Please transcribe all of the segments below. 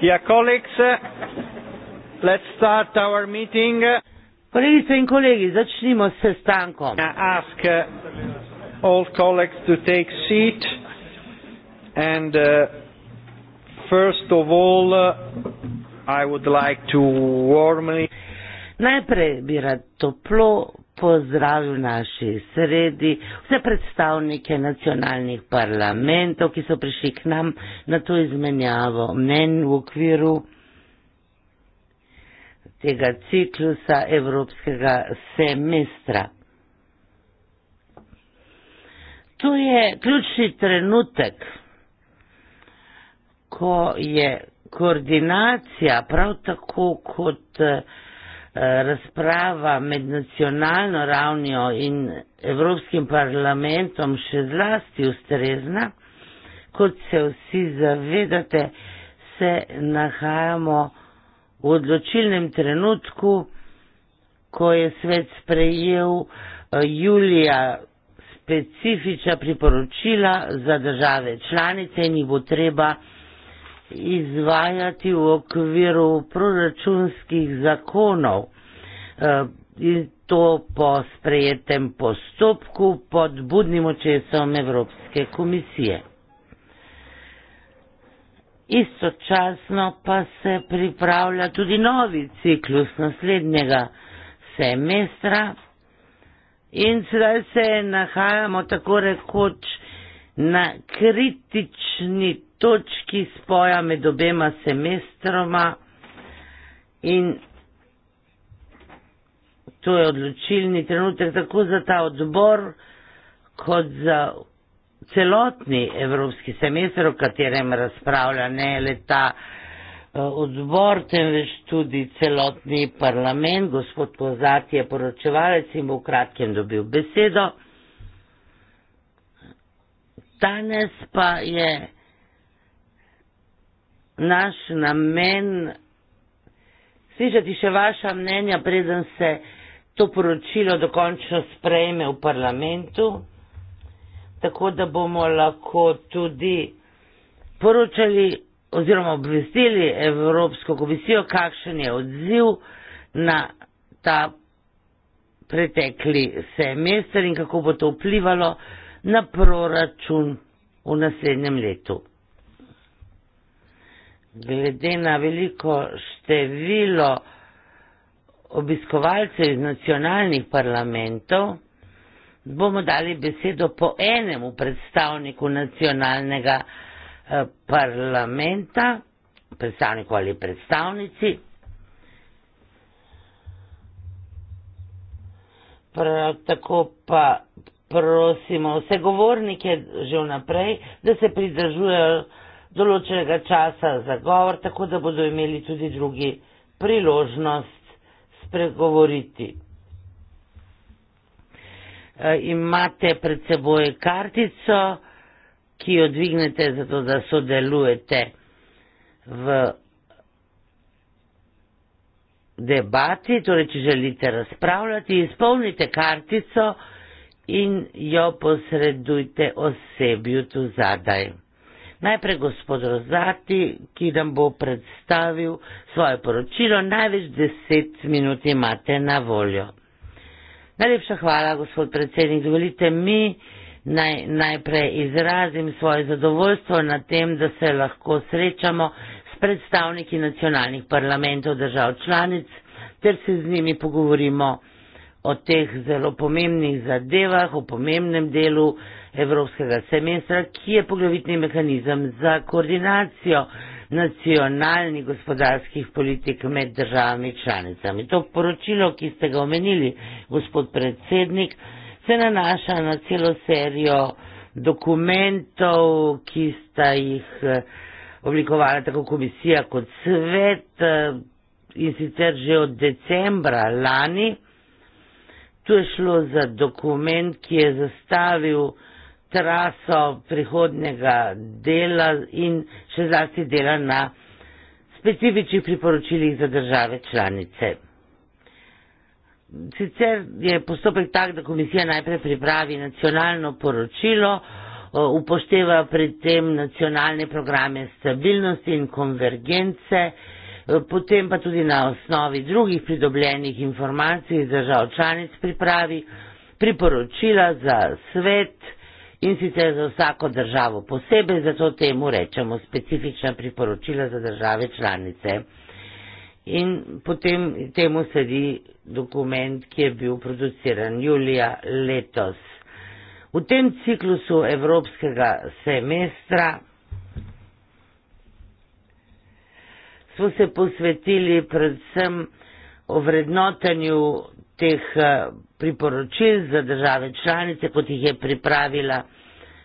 Dear ja, colleagues, let's start our meeting. Kolegice in kolegi, začnimo s sestankom. Ask uh, all colleagues to take seat and uh, first of all uh, I would like to warmly Najprej bi rad toplo pozdravil naši sredi, vse predstavnike nacionalnih parlamentov, ki so prišli k nam na to izmenjavo mnen v okviru tega ciklusa evropskega semestra. To je ključni trenutek, ko je koordinacija prav tako kot uh, razprava med nacionalno ravnjo in Evropskim parlamentom še zlasti ustrezna, kot se vsi zavedate, se nahajamo v odločilnem trenutku, ko je svet sprejel eh, julija specifična priporočila za države članice in jih bo treba izvajati v okviru proračunskih zakonov e, in to po sprejetem postopku pod budnim očesom Evropske komisije. Istočasno pa se pripravlja tudi novi ciklus naslednjega semestra in sedaj se nahajamo tako rekoč na kritični točki spoja med obema semestroma in to je odločilni trenutek tako za ta odbor kot za celotni evropski semester, o katerem razpravlja ne le ta eh, odbor, temveč tudi celotni parlament. Gospod Kozat je poročevalec in bo v kratkem dobil besedo. Danes pa je naš namen slišati še vaša mnenja, preden se to poročilo dokončno sprejme v parlamentu, tako da bomo lahko tudi poročali oziroma obvestili Evropsko komisijo, kakšen je odziv na ta pretekli semester in kako bo to vplivalo na proračun v naslednjem letu glede na veliko število obiskovalcev iz nacionalnih parlamentov, bomo dali besedo po enemu predstavniku nacionalnega eh, parlamenta, predstavniku ali predstavnici. Prav tako pa prosimo vse govornike že vnaprej, da se pridržujejo določenega časa za govor, tako da bodo imeli tudi drugi priložnost spregovoriti. E, imate pred seboj kartico, ki jo dvignete zato, da sodelujete v debati, torej če želite razpravljati, izpolnite kartico in jo posredujte osebju tu zadaj najprej gospod Rozati, ki nam bo predstavil svoje poročilo. Največ deset minut imate na voljo. Najlepša hvala, gospod predsednik. Dovolite mi naj, najprej izrazim svoje zadovoljstvo na tem, da se lahko srečamo s predstavniki nacionalnih parlamentov držav članic, ter se z njimi pogovorimo o teh zelo pomembnih zadevah, o pomembnem delu evropskega semestra, ki je poglavitni mehanizem za koordinacijo nacionalnih gospodarskih politik med državami članicami. To poročilo, ki ste ga omenili, gospod predsednik, se nanaša na celo serijo dokumentov, ki sta jih eh, oblikovala tako komisija kot svet eh, in sicer že od decembra lani. Tu je šlo za dokument, ki je zastavil traso prihodnega dela in še zlasti dela na specifičnih priporočilih za države članice. Sicer je postopek tak, da komisija najprej pripravi nacionalno poročilo, upošteva pri tem nacionalne programe stabilnosti in konvergence, potem pa tudi na osnovi drugih pridobljenih informacij iz držav članic pripravi priporočila za svet, in sicer za vsako državo posebej, zato temu rečemo specifična priporočila za države članice. In potem temu sledi dokument, ki je bil produciran julija letos. V tem ciklusu evropskega semestra smo se posvetili predvsem o vrednotenju teh eh, priporočil za države članice, kot jih je pripravila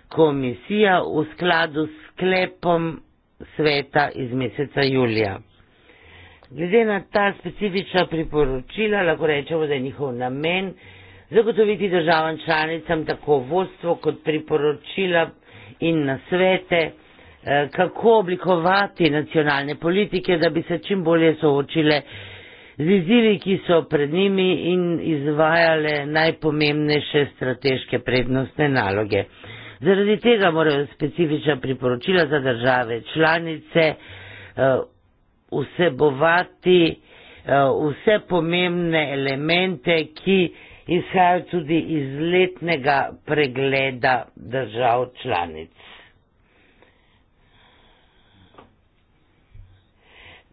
komisija v skladu s sklepom sveta iz meseca julija. Glede na ta specifična priporočila lahko rečemo, da je njihov namen zagotoviti državam članicam tako vodstvo kot priporočila in nasvete, eh, kako oblikovati nacionalne politike, da bi se čim bolje soočile z izzivi, ki so pred njimi in izvajale najpomembnejše strateške prednostne naloge. Zaradi tega morajo specifična priporočila za države članice eh, vsebovati eh, vse pomembne elemente, ki izhajajo tudi iz letnega pregleda držav članic.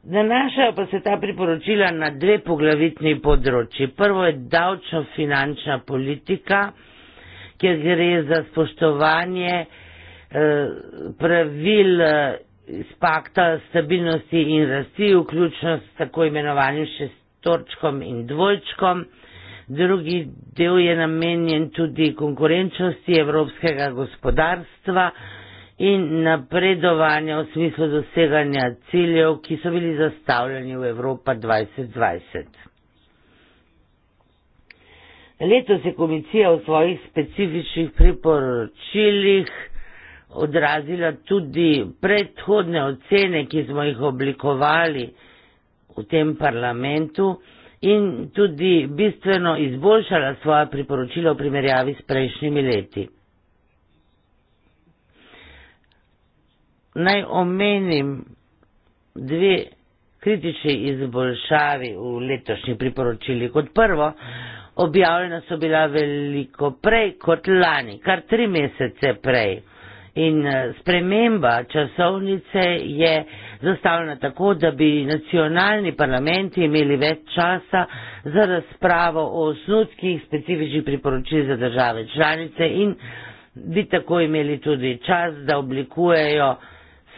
Nanašajo pa se ta priporočila na dve poglavitni področji. Prvo je davčno-finančna politika, kjer gre za spoštovanje eh, pravil eh, iz eh, pakta stabilnosti in rasti, vključno s tako imenovanim šestorčkom in dvojčkom. Drugi del je namenjen tudi konkurenčnosti evropskega gospodarstva in napredovanja v smislu doseganja ciljev, ki so bili zastavljeni v Evropa 2020. Letos je komisija v svojih specifičnih priporočilih odrazila tudi predhodne ocene, ki smo jih oblikovali v tem parlamentu in tudi bistveno izboljšala svoja priporočila v primerjavi s prejšnjimi leti. naj omenim dve kritični izboljšavi v letošnji priporočili. Kot prvo, objavljena so bila veliko prej kot lani, kar tri mesece prej. In eh, sprememba časovnice je zastavljena tako, da bi nacionalni parlamenti imeli več časa za razpravo o osnutkih specifičnih priporočil za države članice in bi tako imeli tudi čas, da oblikujejo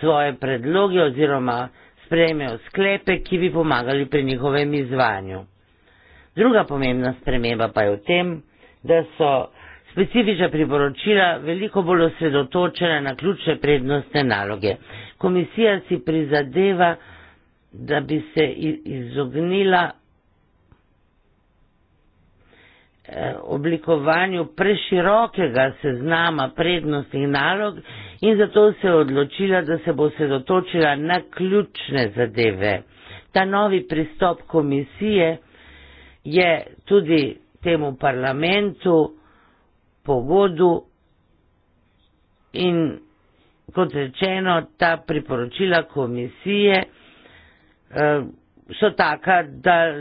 svoje predloge oziroma sprejmejo sklepe, ki bi pomagali pri njihovem izvajanju. Druga pomembna sprememba pa je v tem, da so specifična priporočila veliko bolj osredotočena na ključne prednostne naloge. Komisija si prizadeva, da bi se izognila eh, oblikovanju preširokega seznama prednostnih nalog in zato se je odločila, da se bo sedotočila na ključne zadeve. Ta novi pristop komisije je tudi temu parlamentu pogodu in kot rečeno, ta priporočila komisije eh, so taka, da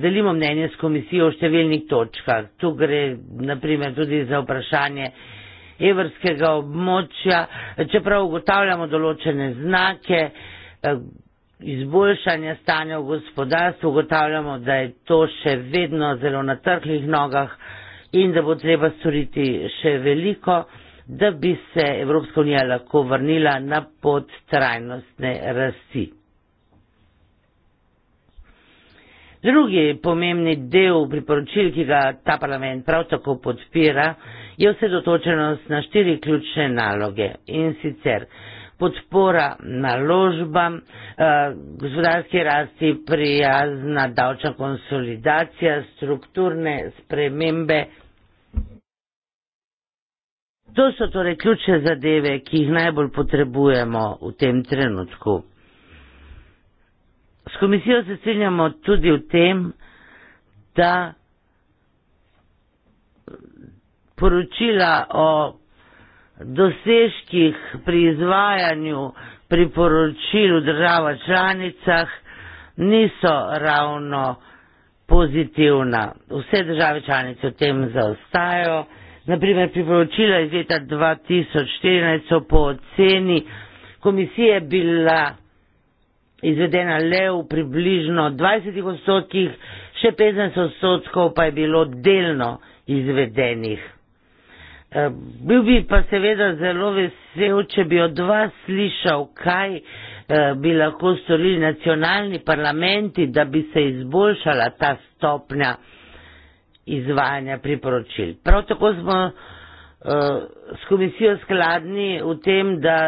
delimo mnenje s komisijo v številnih točkah. Tu gre naprimer tudi za vprašanje evrskega območja, čeprav ugotavljamo določene znake eh, izboljšanja stanja v gospodarstvu, ugotavljamo, da je to še vedno zelo na trhlih nogah in da bo treba storiti še veliko, da bi se Evropska unija lahko vrnila na pot trajnostne rasti. Drugi pomembni del priporočil, ki ga ta parlament prav tako podpira, je osredotočenost na štiri ključne naloge in sicer podpora naložbam, eh, gospodarski rasti, prijazna davčna konsolidacija, strukturne spremembe. To so torej ključne zadeve, ki jih najbolj potrebujemo v tem trenutku. S komisijo se strinjamo tudi v tem, da poročila o dosežkih pri izvajanju priporočil v država članicah niso ravno pozitivna. Vse države članice v tem zaostajajo. Naprimer, priporočila iz leta 2014 so po oceni komisije bila izvedena le v približno 20 odstotkih, še 15 odstotkov pa je bilo delno izvedenih. Eh, bil bi pa seveda zelo vesel, če bi od vas slišal, kaj eh, bi lahko storili nacionalni parlamenti, da bi se izboljšala ta stopnja izvajanja priporočil. Prav tako smo eh, s komisijo skladni v tem, da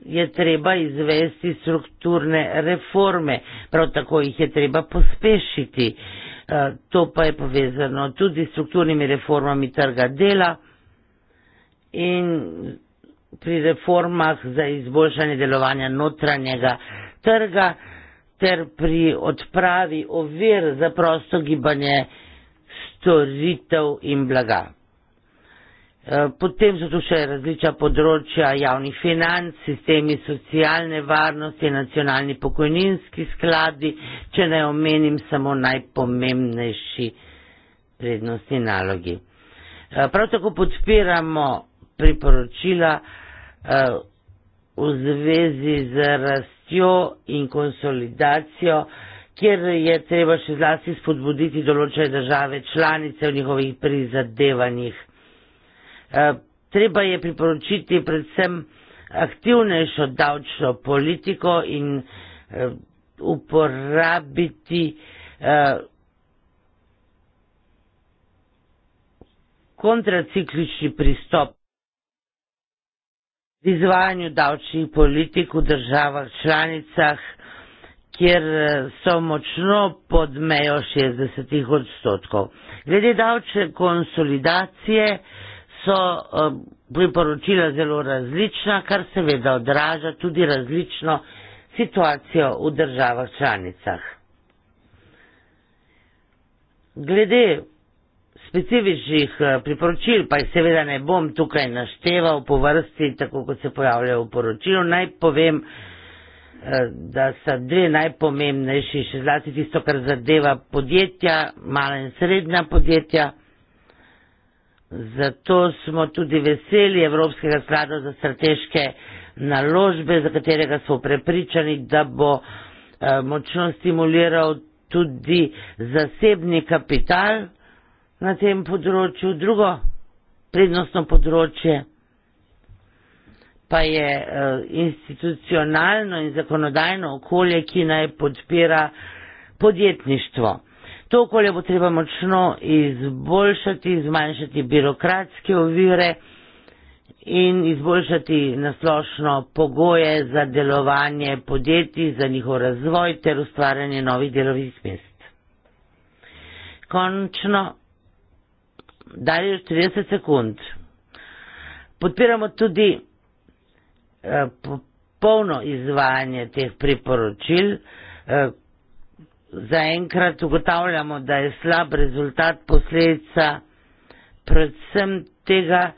je treba izvesti strukturne reforme, prav tako jih je treba pospešiti. To pa je povezano tudi s strukturnimi reformami trga dela in pri reformah za izboljšanje delovanja notranjega trga ter pri odpravi ovir za prosto gibanje storitev in blaga. Eh, potem so tu še različna področja javnih financ, sistemi socialne varnosti, nacionalni pokojninski skladi, če ne omenim samo najpomembnejši prednostni nalogi. Eh, prav tako podpiramo priporočila eh, v zvezi z rastjo in konsolidacijo, kjer je treba še zlasti spodbuditi določene države članice v njihovih prizadevanjih. Eh, treba je priporočiti predvsem aktivnejšo davčno politiko in eh, uporabiti kontraciklični pristop v izvajanju davčnih politik v državah članicah, kjer eh, so močno pod mejo 60 odstotkov. Glede davčne konsolidacije so eh, priporočila zelo različna, kar seveda odraža tudi različno situacijo v državah članicah. Glede specifičnih eh, priporočil, pa jih seveda ne bom tukaj našteval po vrsti, tako kot se pojavljajo v poročilu. Naj povem, eh, da so dve najpomembnejši, še zlasti tisto, kar zadeva podjetja, mala in srednja podjetja. Zato smo tudi veseli Evropskega sklada za strateške naložbe, za katerega smo prepričani, da bo eh, močno stimuliral tudi zasebni kapital na tem področju, drugo prednostno področje pa je eh, institucionalno in zakonodajno okolje, ki naj podpira podjetništvo. To okolje bo treba močno izboljšati, zmanjšati birokratske ovire in izboljšati nasplošno pogoje za delovanje podjetij, za njihov razvoj ter ustvarjanje novih delovnih mest. Končno dajo 30 sekund. Podpiramo tudi eh, polno izvajanje teh priporočil. Eh, Zaenkrat ugotavljamo, da je slab rezultat posledica predvsem tega,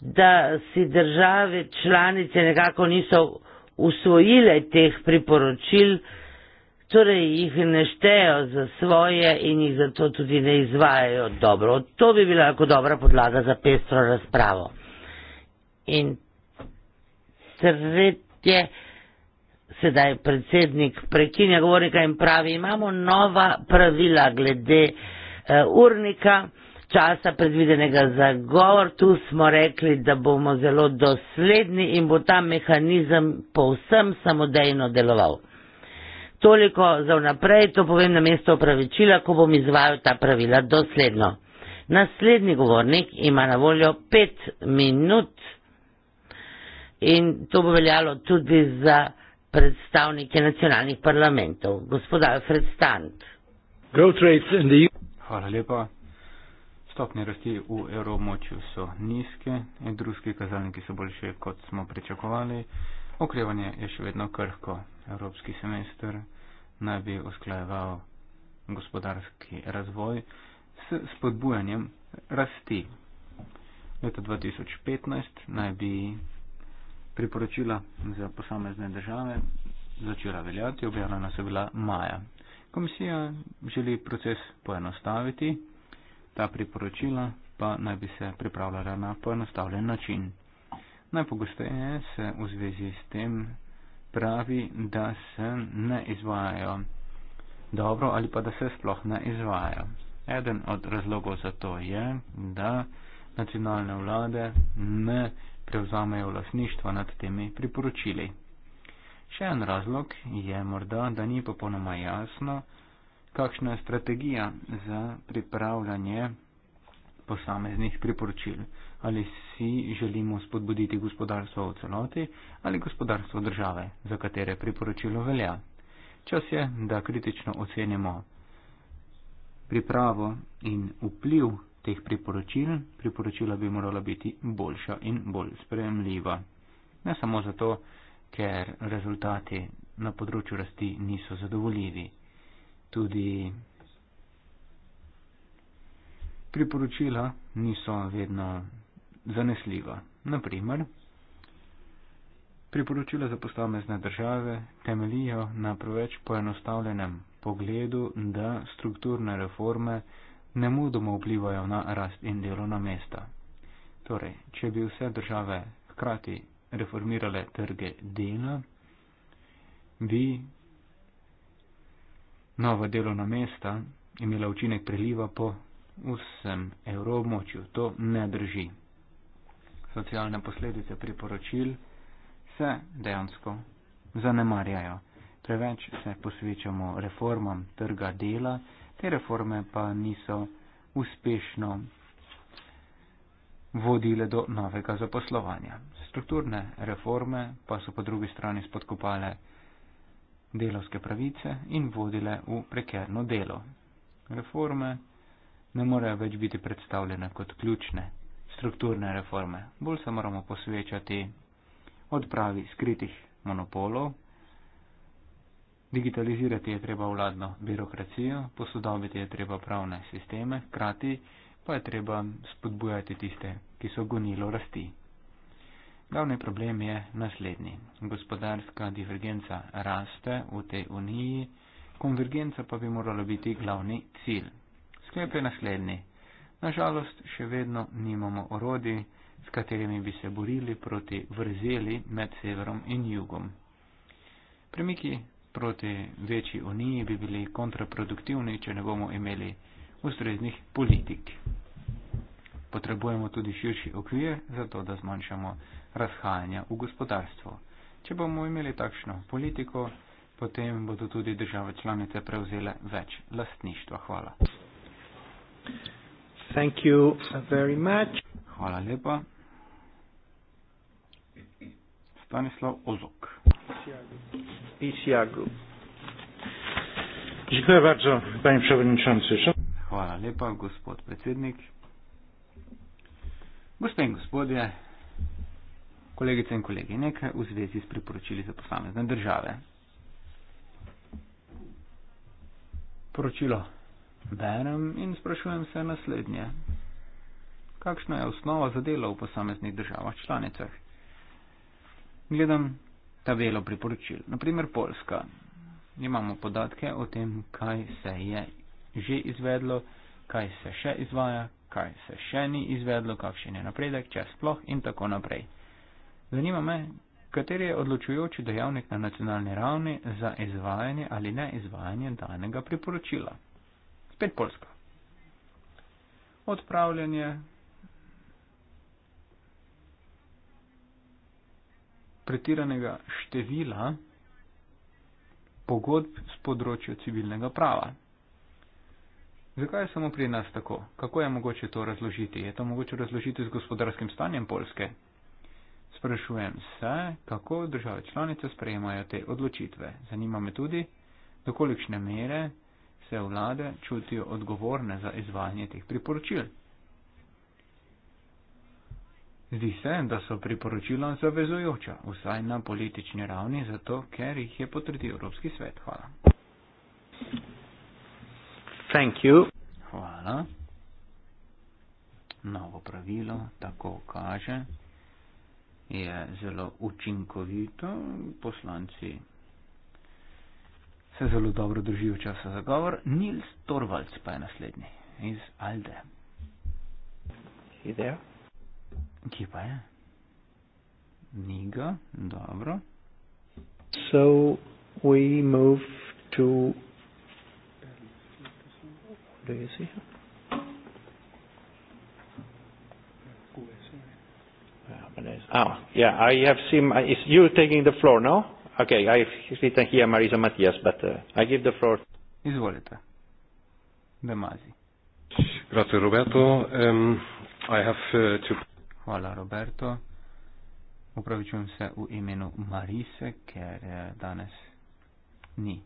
da si države članice nekako niso usvojile teh priporočil eh, torej jih ne štejo za svoje in jih zato tudi ne izvajajo dobro. To bi bila lahko dobra podlaga za pestro razpravo. In tretje, sedaj predsednik prekinja govornika in pravi, imamo nova pravila glede uh, urnika, časa predvidenega za govor. Tu smo rekli, da bomo zelo dosledni in bo ta mehanizem povsem samodejno deloval. Toliko za vnaprej, to povem na mesto opravičila, ko bom izvajal ta pravila dosledno. Naslednji govornik ima na voljo pet minut in to bo veljalo tudi za predstavnike nacionalnih parlamentov. Gospod Alfred Stant. Hvala lepa. Stopne rasti v evroobmočju so nizke, industrijski kazalniki so boljše, kot smo pričakovali. Okrevanje je še vedno krhko. Evropski semester naj bi usklajeval gospodarski razvoj s spodbujanjem rasti. Leta 2015 naj bi priporočila za posamezne države začela veljati, objavljena so bila maja. Komisija želi proces poenostaviti, ta priporočila pa naj bi se pripravljala na poenostavljen način. Najpogosteje se v zvezi s tem pravi, da se ne izvajajo dobro ali pa da se sploh ne izvajajo. Eden od razlogov za to je, da nacionalne vlade ne prevzamejo lasništva nad temi priporočili. Še en razlog je morda, da ni popolnoma jasno, kakšna je strategija za pripravljanje posameznih priporočil. Ali si želimo spodbuditi gospodarstvo v celoti ali gospodarstvo države, za katere priporočilo velja. Čas je, da kritično ocenimo pripravo in vpliv teh priporočil. Priporočila bi morala biti boljša in bolj sprejemljiva. Ne samo zato, ker rezultati na področju rasti niso zadovoljivi. Tudi priporočila niso vedno zanesljiva. Naprimer, priporočila za posamezne države temelijo na preveč poenostavljenem pogledu, da strukturne reforme ne mudoma vplivajo na rast in delovna mesta. Torej, če bi vse države hkrati reformirale trge dela, bi nova delovna mesta imela učinek priliva po vsem evroobmočju. To ne drži. Socialne posledice priporočil se dejansko zanemarjajo. Preveč se posvečamo reformam trga dela, te reforme pa niso uspešno vodile do novega zaposlovanja. Strukturne reforme pa so po drugi strani spodkopale delovske pravice in vodile v prekerno delo. Reforme ne morejo več biti predstavljene kot ključne strukturne reforme. Bolj se moramo posvečati odpravi skritih monopolov, digitalizirati je treba vladno birokracijo, posodobiti je treba pravne sisteme, hkrati pa je treba spodbujati tiste, ki so gonilo rasti. Glavni problem je naslednji. Gospodarska divergenca raste v tej uniji, konvergenca pa bi morala biti glavni cilj. Sklep je naslednji. Nažalost, še vedno nimamo orodi, s katerimi bi se borili proti vrzeli med severom in jugom. Premiki proti večji uniji bi bili kontraproduktivni, če ne bomo imeli ustreznih politik. Potrebujemo tudi širši okvir, zato da zmanjšamo razhajanja v gospodarstvo. Če bomo imeli takšno politiko, potem bodo tudi države članice prevzele več lastništva. Hvala. Thank you very much. Hvala lepa. Stanislav Ozok. PCR Group. Dziękuję bardzo, panie przewodniczący. Hvala lepa, gospod predsednik. Gospe in gospodje, kolegice in kolegi, nekaj v zvezi s priporočili za posamezne države. Poročilo. Berem in sprašujem se naslednje. Kakšna je osnova za delo v posameznih državah članicah? Gledam ta velo priporočil. Naprimer Poljska. Imamo podatke o tem, kaj se je že izvedlo, kaj se še izvaja, kaj se še ni izvedlo, kakšen je napredek, če sploh in tako naprej. Zanima me, kateri je odločujoči dejavnik na nacionalni ravni za izvajanje ali ne izvajanje danega priporočila. 5 Poljska. Odpravljanje. pretiranega števila pogodb z področja civilnega prava. Zakaj je samo pri nas tako? Kako je mogoče to razložiti? Je to mogoče razložiti z gospodarskim stanjem Polske? Sprašujem se, kako države članice sprejemajo te odločitve. Zanima me tudi, dokolikšne mere se vlade čutijo odgovorne za izvajanje teh priporočil. Zdi se, da so priporočila zavezujoča, vsaj na politični ravni, zato ker jih je potrdil Evropski svet. Hvala. Thank you. Hvala. Novo pravilo, tako kaže, je zelo učinkovito. Poslanci se zelo dobro držijo časa za govor. Nils Torvalds pa je naslednji iz Alde. Ideja? Kje pa je? Niga, dobro. So we move to. Do you see her? Ah, ah, yeah, I have seen. My, is you taking the floor now? Okay, I have written here Marisa Matias, but uh, I give the floor. Izvolite. Demazi. Grazie Roberto. Um, I have uh, to... Hvala Roberto. Upravičujem se v imenu Marise, ker eh, danes ni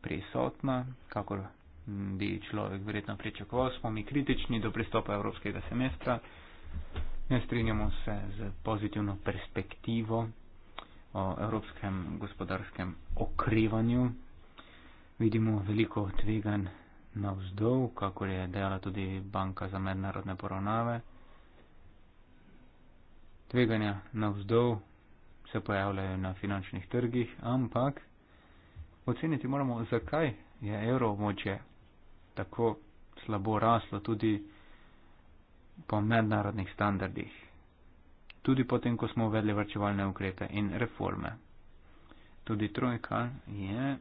prisotna, kakor bi človek verjetno pričakoval, smo mi kritični do pristopa evropskega semestra, ne strinjamo se z pozitivno perspektivo o evropskem gospodarskem okrevanju. Vidimo veliko tveganj navzdol, kakor je dejala tudi Banka za mednarodne poravnave. Tveganja navzdol se pojavljajo na finančnih trgih, ampak oceniti moramo, zakaj je evro območje tako slabo raslo tudi po mednarodnih standardih tudi potem, ko smo uvedli vrčevalne ukrepe in reforme. Tudi trojka je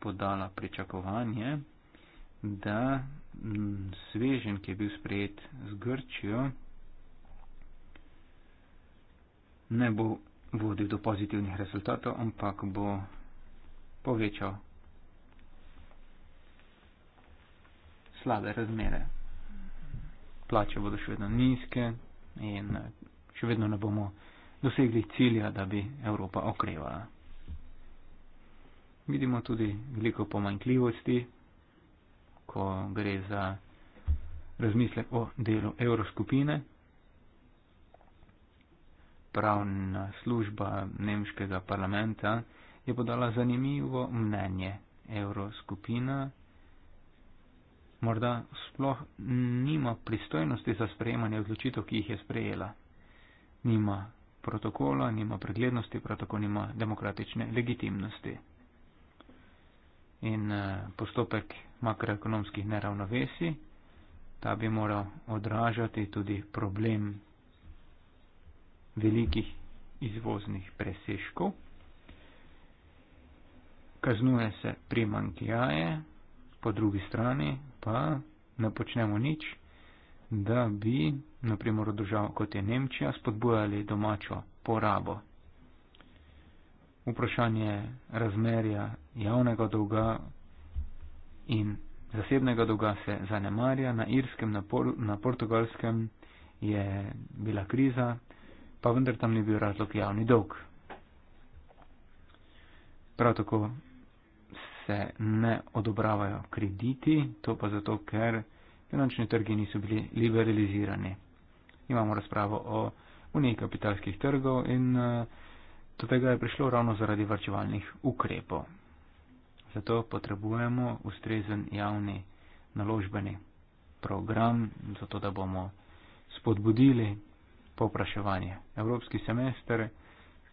podala pričakovanje, da svežen, ki je bil sprejet z Grčijo, ne bo vodil do pozitivnih rezultatov, ampak bo povečal slabe razmere. Plače bodo še vedno nizke in še vedno ne bomo dosegli cilja, da bi Evropa okrevala. Vidimo tudi veliko pomankljivosti, ko gre za razmislek o delu evroskupine. Pravna služba nemškega parlamenta je podala zanimivo mnenje. Evroskupina morda sploh nima pristojnosti za sprejemanje odločitev, ki jih je sprejela nima protokola, nima preglednosti, prav tako nima demokratične legitimnosti. In eh, postopek makroekonomskih neravnovesij, ta bi moral odražati tudi problem velikih izvoznih presežkov. Kaznuje se primankjaje, po drugi strani pa ne počnemo nič, da bi, naprimer, država kot je Nemčija, spodbujali domačo porabo. Vprašanje razmerja javnega dolga in zasebnega dolga se zanemarja. Na Irskem, na, por na Portugalskem je bila kriza, pa vendar tam ni bil razlog javni dolg. Prav tako se ne odobravajo krediti, to pa zato, ker finančni trgi niso bili liberalizirani. Imamo razpravo o uniji kapitalskih trgov in eh, do tega je prišlo ravno zaradi varčevalnih ukrepov. Zato potrebujemo ustrezen javni naložbeni program, zato da bomo spodbudili popraševanje. Evropski semester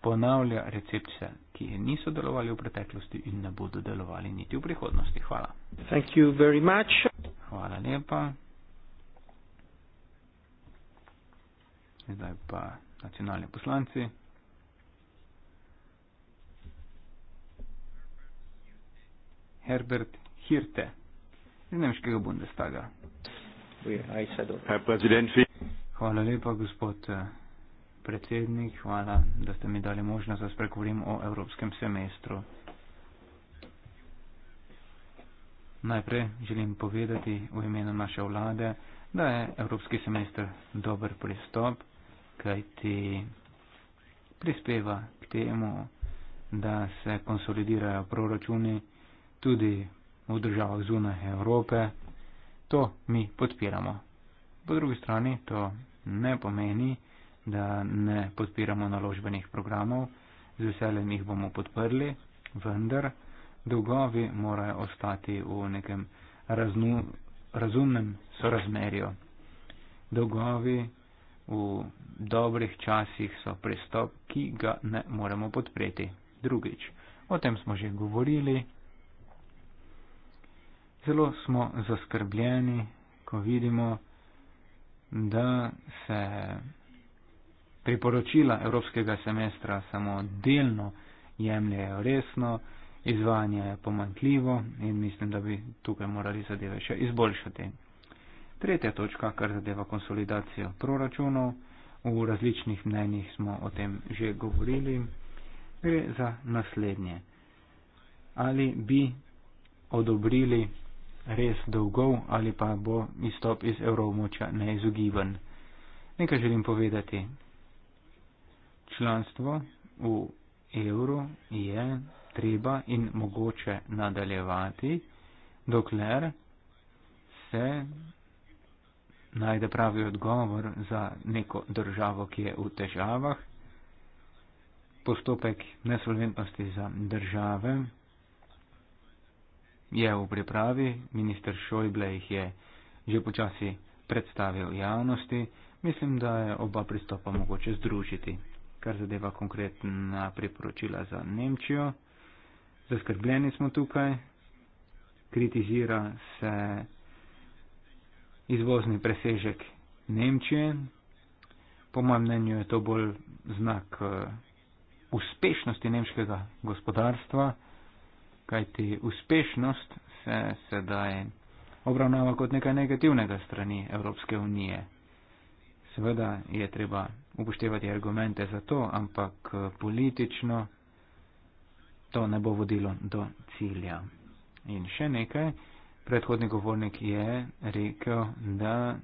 ponavlja recepte, ki niso delovali v preteklosti in ne bodo delovali niti v prihodnosti. Hvala. Thank you very much. Hvala lepa. Zdaj pa nacionalni poslanci. Herbert Hirte iz nemškega Bundestaga. Hvala lepa, gospod eh, predsednik. Hvala, da ste mi dali možnost, da spregovorim o evropskem semestru. Najprej želim povedati v imenu naše vlade, da je Evropski semester dober pristop, kaj ti prispeva k temu, da se konsolidirajo proračuni tudi v državah zunaj Evrope. To mi podpiramo. Po drugi strani to ne pomeni, da ne podpiramo naložbenih programov, z veseljem jih bomo podprli, vendar dolgovi morajo ostati v nekem raznu, razumnem sorazmerju. Dolgovi v dobrih časih so pristop, ki ga ne moremo podpreti. Drugič, o tem smo že govorili. Zelo smo zaskrbljeni, ko vidimo, da se priporočila evropskega semestra samo delno jemljejo resno izvajanje je pomankljivo in mislim, da bi tukaj morali zadeve še izboljšati. Tretja točka, kar zadeva konsolidacijo proračunov, v različnih mnenjih smo o tem že govorili, gre za naslednje. Ali bi odobrili res dolgov ali pa bo izstop iz evromoča neizogiben. Nekaj želim povedati. Članstvo v evru je treba in mogoče nadaljevati, dokler se najde pravi odgovor za neko državo, ki je v težavah. Postopek nesolventnosti za države je v pripravi, minister Šojble jih je že počasi predstavil javnosti. Mislim, da je oba pristopa mogoče združiti, kar zadeva konkretna priporočila za Nemčijo zaskrbljeni smo tukaj, kritizira se izvozni presežek Nemčije. Po mojem mnenju je to bolj znak eh, uspešnosti nemškega gospodarstva, kajti uspešnost se sedaj obravnava kot nekaj negativnega strani Evropske unije. Seveda je treba upoštevati argumente za to, ampak eh, politično to ne bo vodilo do cilja. In še nekaj, predhodni govornik je rekel, da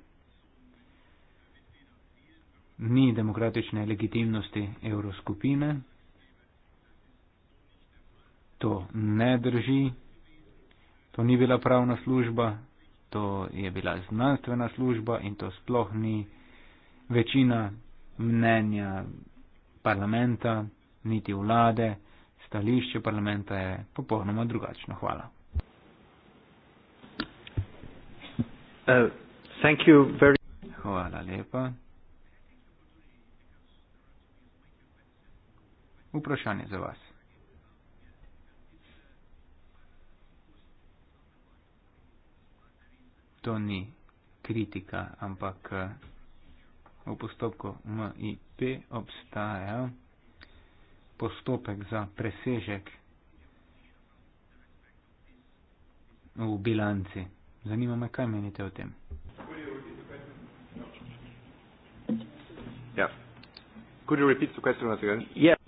ni demokratične legitimnosti evroskupine. To ne drži, to ni bila pravna služba, to je bila znanstvena služba in to sploh ni večina mnenja parlamenta, niti vlade, stališče parlamenta je popolnoma drugačno. Hvala. Uh, very... Hvala lepa. Vprašanje za vas. To ni kritika, ampak uh, v postopku MIP obstajajo postopek za presežek v bilanci. Zanima me, kaj menite o tem. Ja. Yeah.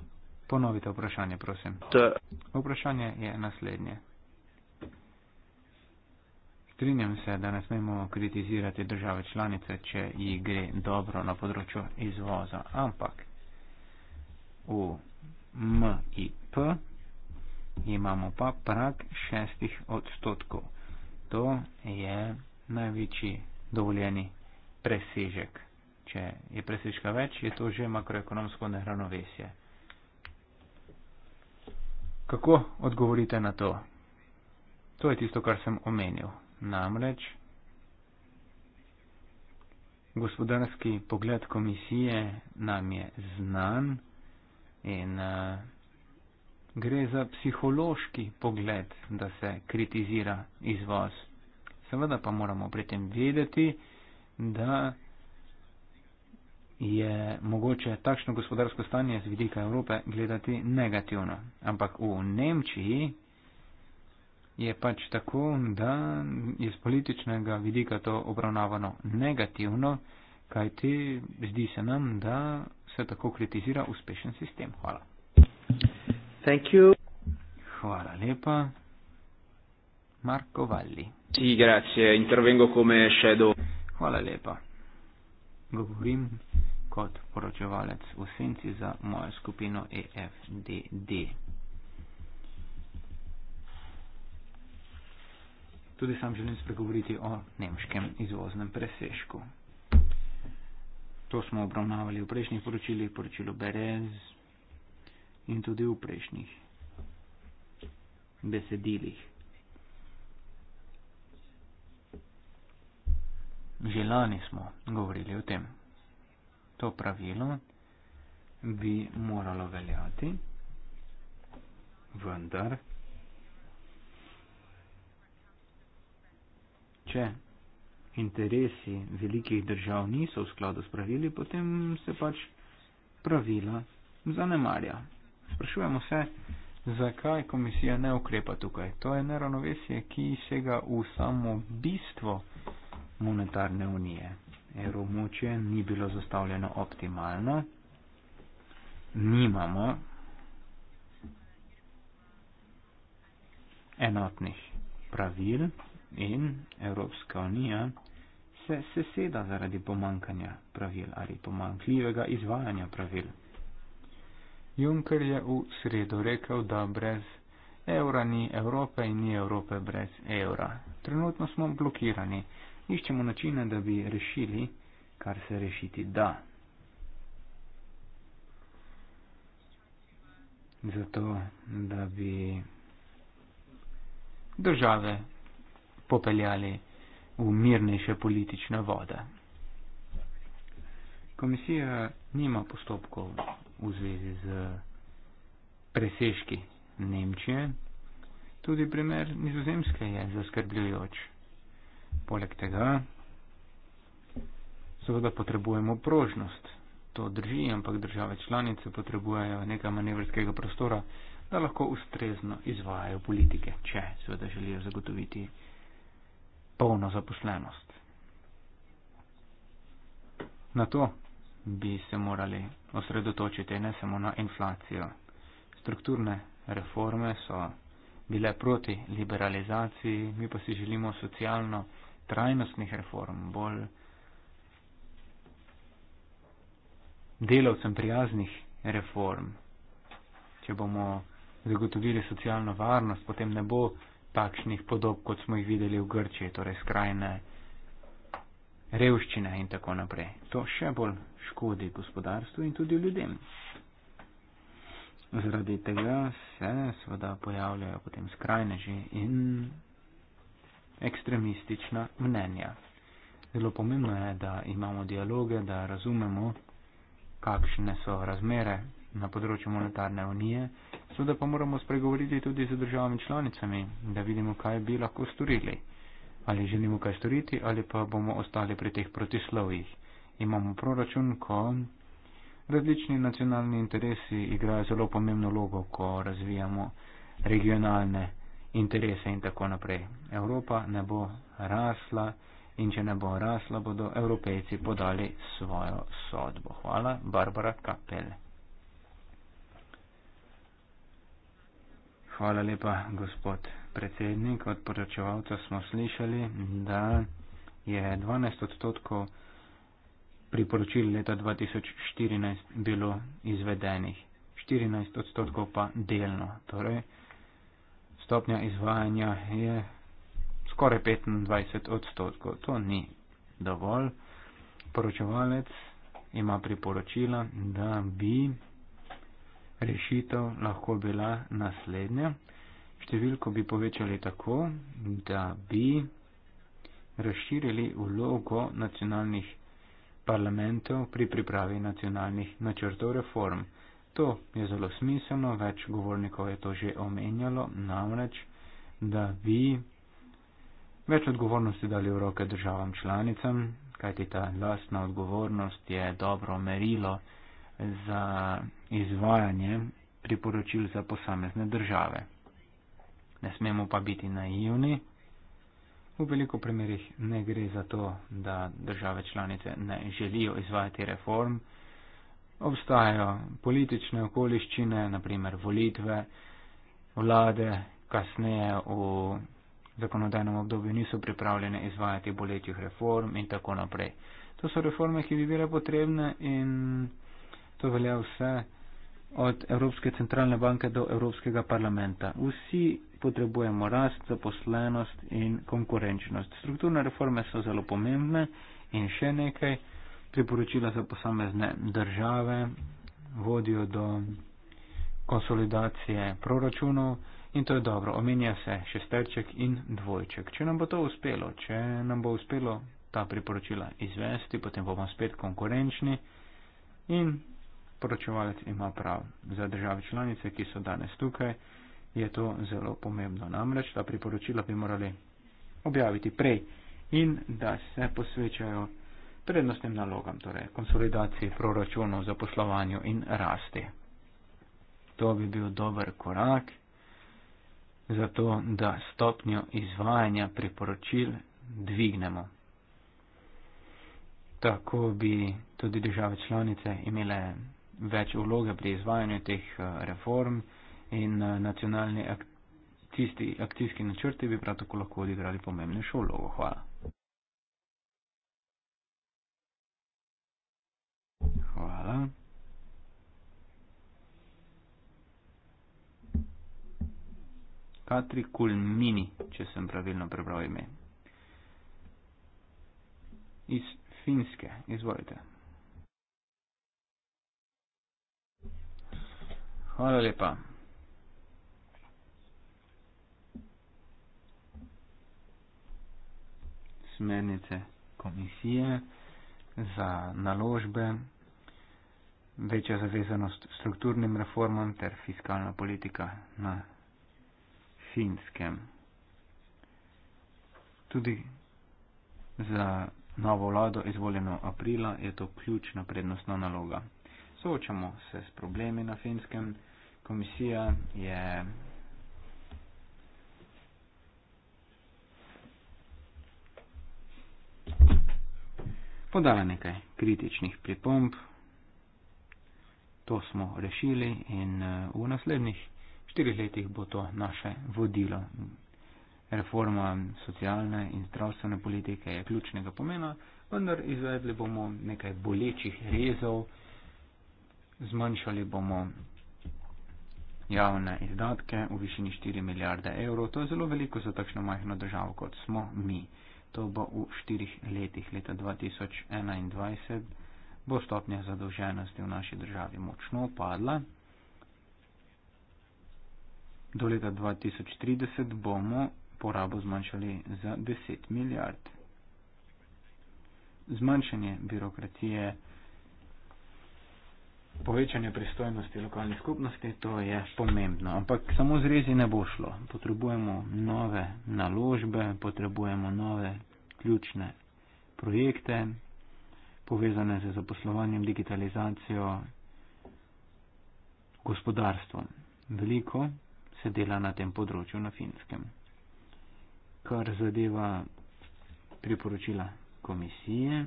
Ponovite vprašanje, prosim. Vprašanje je naslednje. Strinjam se, da ne smemo kritizirati države članice, če ji gre dobro na področju izvoza, ampak v M i P, imamo pa prak šestih odstotkov. To je največji dovoljeni presežek. Če je presežka več, je to že makroekonomsko neravnovesje. Kako odgovorite na to? To je tisto, kar sem omenil. Namreč gospodarski pogled komisije nam je znan. In uh, gre za psihološki pogled, da se kritizira izvoz. Seveda pa moramo pri tem vedeti, da je mogoče takšno gospodarsko stanje z vidika Evrope gledati negativno. Ampak v Nemčiji je pač tako, da je z političnega vidika to obravnavano negativno, kajti zdi se nam, da se tako kritizira uspešen sistem. Hvala. Thank you. Hvala lepa. Marko Valli. Sì, grazie. Intervengo come shadow. Hvala lepa. Govorim kot poročevalec v senci za mojo skupino EFDD. Tudi sam želim spregovoriti o nemškem izvoznem presežku. To smo obravnavali v prejšnjih poročilih, poročilo Berez in tudi v prejšnjih besedilih. Že lani smo govorili o tem. To pravilo bi moralo veljati, vendar interesi velikih držav niso v skladu s pravili, potem se pač pravila zanemarja. Sprašujemo se, zakaj komisija ne ukrepa tukaj. To je neravnovesje, ki sega v samo bistvo monetarne unije. Evromočje ni bilo zastavljeno optimalno. Nimamo enotnih pravil in Evropska unija se seseda zaradi pomankanja pravil ali pomankljivega izvajanja pravil. Juncker je v sredo rekel, da brez evra ni Evrope in ni Evrope brez evra. Trenutno smo blokirani, iščemo načine, da bi rešili, kar se rešiti da. Zato, da bi države popeljali v mirnejše politične vode. Komisija nima postopkov v zvezi z presežki Nemčije. Tudi primer nizozemske je zaskrbljujoč. Poleg tega, seveda potrebujemo prožnost. To drži, ampak države članice potrebujejo nekaj manevrskega prostora, da lahko ustrezno izvajajo politike, če seveda želijo zagotoviti polno zaposlenost. Na to bi se morali osredotočiti ne samo na inflacijo. Strukturne reforme so bile proti liberalizaciji, mi pa si želimo socialno trajnostnih reform, bolj delavcem prijaznih reform. Če bomo zagotovili socialno varnost, potem ne bo takšnih podob, kot smo jih videli v Grčiji, torej skrajne revščine in tako naprej. To še bolj škodi gospodarstvu in tudi ljudem. Zaradi tega se seveda pojavljajo potem skrajneži in ekstremistična mnenja. Zelo pomembno je, da imamo dialoge, da razumemo, kakšne so razmere na področju monetarne unije. Seveda pa moramo spregovoriti tudi z državami članicami, da vidimo, kaj bi lahko storili. Ali želimo kaj storiti, ali pa bomo ostali pri teh protislovjih. Imamo proračun, ko različni nacionalni interesi igrajo zelo pomembno logo, ko razvijamo regionalne interese in tako naprej. Evropa ne bo rasla in če ne bo rasla, bodo evropejci podali svojo sodbo. Hvala, Barbara Kapele. Hvala lepa, gospod predsednik. Od poročevalca smo slišali, da je 12 odstotkov priporočil leta 2014 bilo izvedenih, 14 odstotkov pa delno. Torej, stopnja izvajanja je skoraj 25 odstotkov. To ni dovolj. Poročevalec ima priporočila, da bi rešitev lahko bila naslednja. Številko bi povečali tako, da bi razširili vlogo nacionalnih parlamentov pri pripravi nacionalnih načrtov reform. To je zelo smiselno, več govornikov je to že omenjalo, namreč, da bi več odgovornosti dali v roke državam članicam, kajti ta lastna odgovornost je dobro merilo za izvajanje priporočil za posamezne države. Ne smemo pa biti naivni. V veliko primerih ne gre za to, da države članice ne želijo izvajati reform. Obstajajo politične okoliščine, naprimer volitve, vlade kasneje v zakonodajnem obdobju niso pripravljene izvajati boletjih reform in tako naprej. To so reforme, ki bi bile potrebne in To velja vse od Evropske centralne banke do Evropskega parlamenta. Vsi potrebujemo rast, zaposlenost in konkurenčnost. Strukturne reforme so zelo pomembne in še nekaj priporočila za posamezne države vodijo do konsolidacije proračunov in to je dobro. Omenja se šesterček in dvojček. Če nam bo to uspelo, če nam bo uspelo ta priporočila izvesti, potem bomo spet konkurenčni in poročevalec ima prav. Za države članice, ki so danes tukaj, je to zelo pomembno. Namreč ta priporočila bi morali objaviti prej in da se posvečajo prednostnim nalogam, torej konsolidaciji proračunov za poslovanje in rasti. To bi bil dober korak za to, da stopnjo izvajanja priporočil dvignemo. Tako bi tudi države članice imele več vloge pri izvajanju teh eh, reform in eh, nacionalni ak tisti, akcijski načrti bi prav tako lahko odigrali pomembnejšo vlogo. Hvala. Hvala. Katri Kulmini, če sem pravilno prebral ime. Iz Finske, izvolite. Hvala lepa. Smernice komisije za naložbe, večja zavezanost strukturnim reformam ter fiskalna politika na finskem. Tudi za novo vlado izvoljeno aprila je to ključna prednostna naloga. Soočamo se s problemi na finskem komisija je podala nekaj kritičnih pripomb. To smo rešili in eh, v naslednjih štirih letih bo to naše vodilo. Reforma socialne in zdravstvene politike je ključnega pomena, vendar izvedli bomo nekaj bolečih rezov, zmanjšali bomo javne izdatke v višini 4 milijarde evrov. To je zelo veliko za takšno majhno državo, kot smo mi. To bo v štirih letih, leta 2021, bo stopnja zadolženosti v naši državi močno upadla. Do leta 2030 bomo porabo zmanjšali za 10 milijard. Zmanjšanje birokracije povečanje pristojnosti lokalne skupnosti, to je pomembno. Ampak samo zrezi ne bo šlo. Potrebujemo nove naložbe, potrebujemo nove ključne projekte, povezane z zaposlovanjem, digitalizacijo, gospodarstvom. Veliko se dela na tem področju na finskem. Kar zadeva priporočila komisije,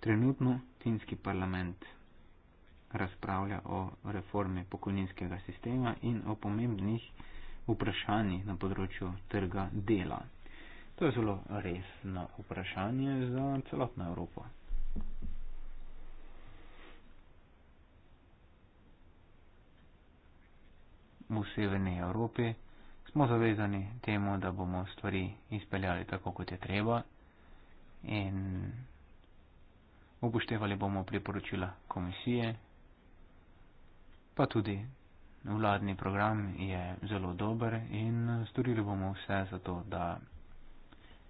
trenutno finski parlament razpravlja o reformi pokojninskega sistema in o pomembnih vprašanjih na področju trga dela. To je zelo resno vprašanje za celotno Evropo. V severni Evropi smo zavezani temu, da bomo stvari izpeljali tako, kot je treba. In upoštevali bomo priporočila komisije, pa tudi vladni program je zelo dober in storili bomo vse za to, da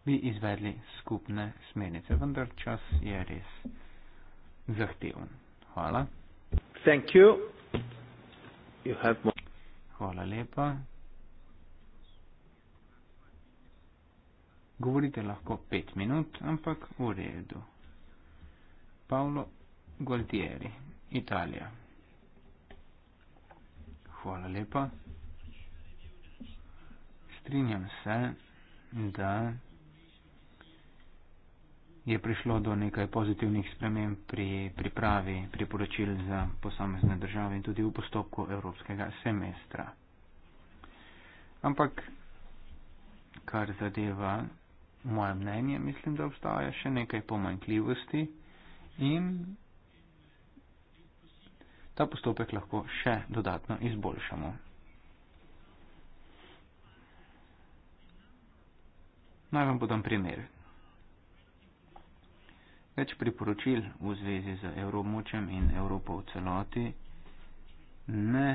bi izvedli skupne smernice, vendar čas je res zahteven. Hvala. Hvala lepa. Govorite lahko pet minut, ampak v redu. Paolo Gualtieri, Italija. Hvala lepa. Strinjam se, da je prišlo do nekaj pozitivnih sprememb pri pripravi priporočil za posamezne države in tudi v postopku evropskega semestra. Ampak, kar zadeva moje mnenje, mislim, da obstaja še nekaj pomanjkljivosti in ta postopek lahko še dodatno izboljšamo. Naj vam podam primer. Več priporočil v zvezi z evromočem in Evropo v celoti ne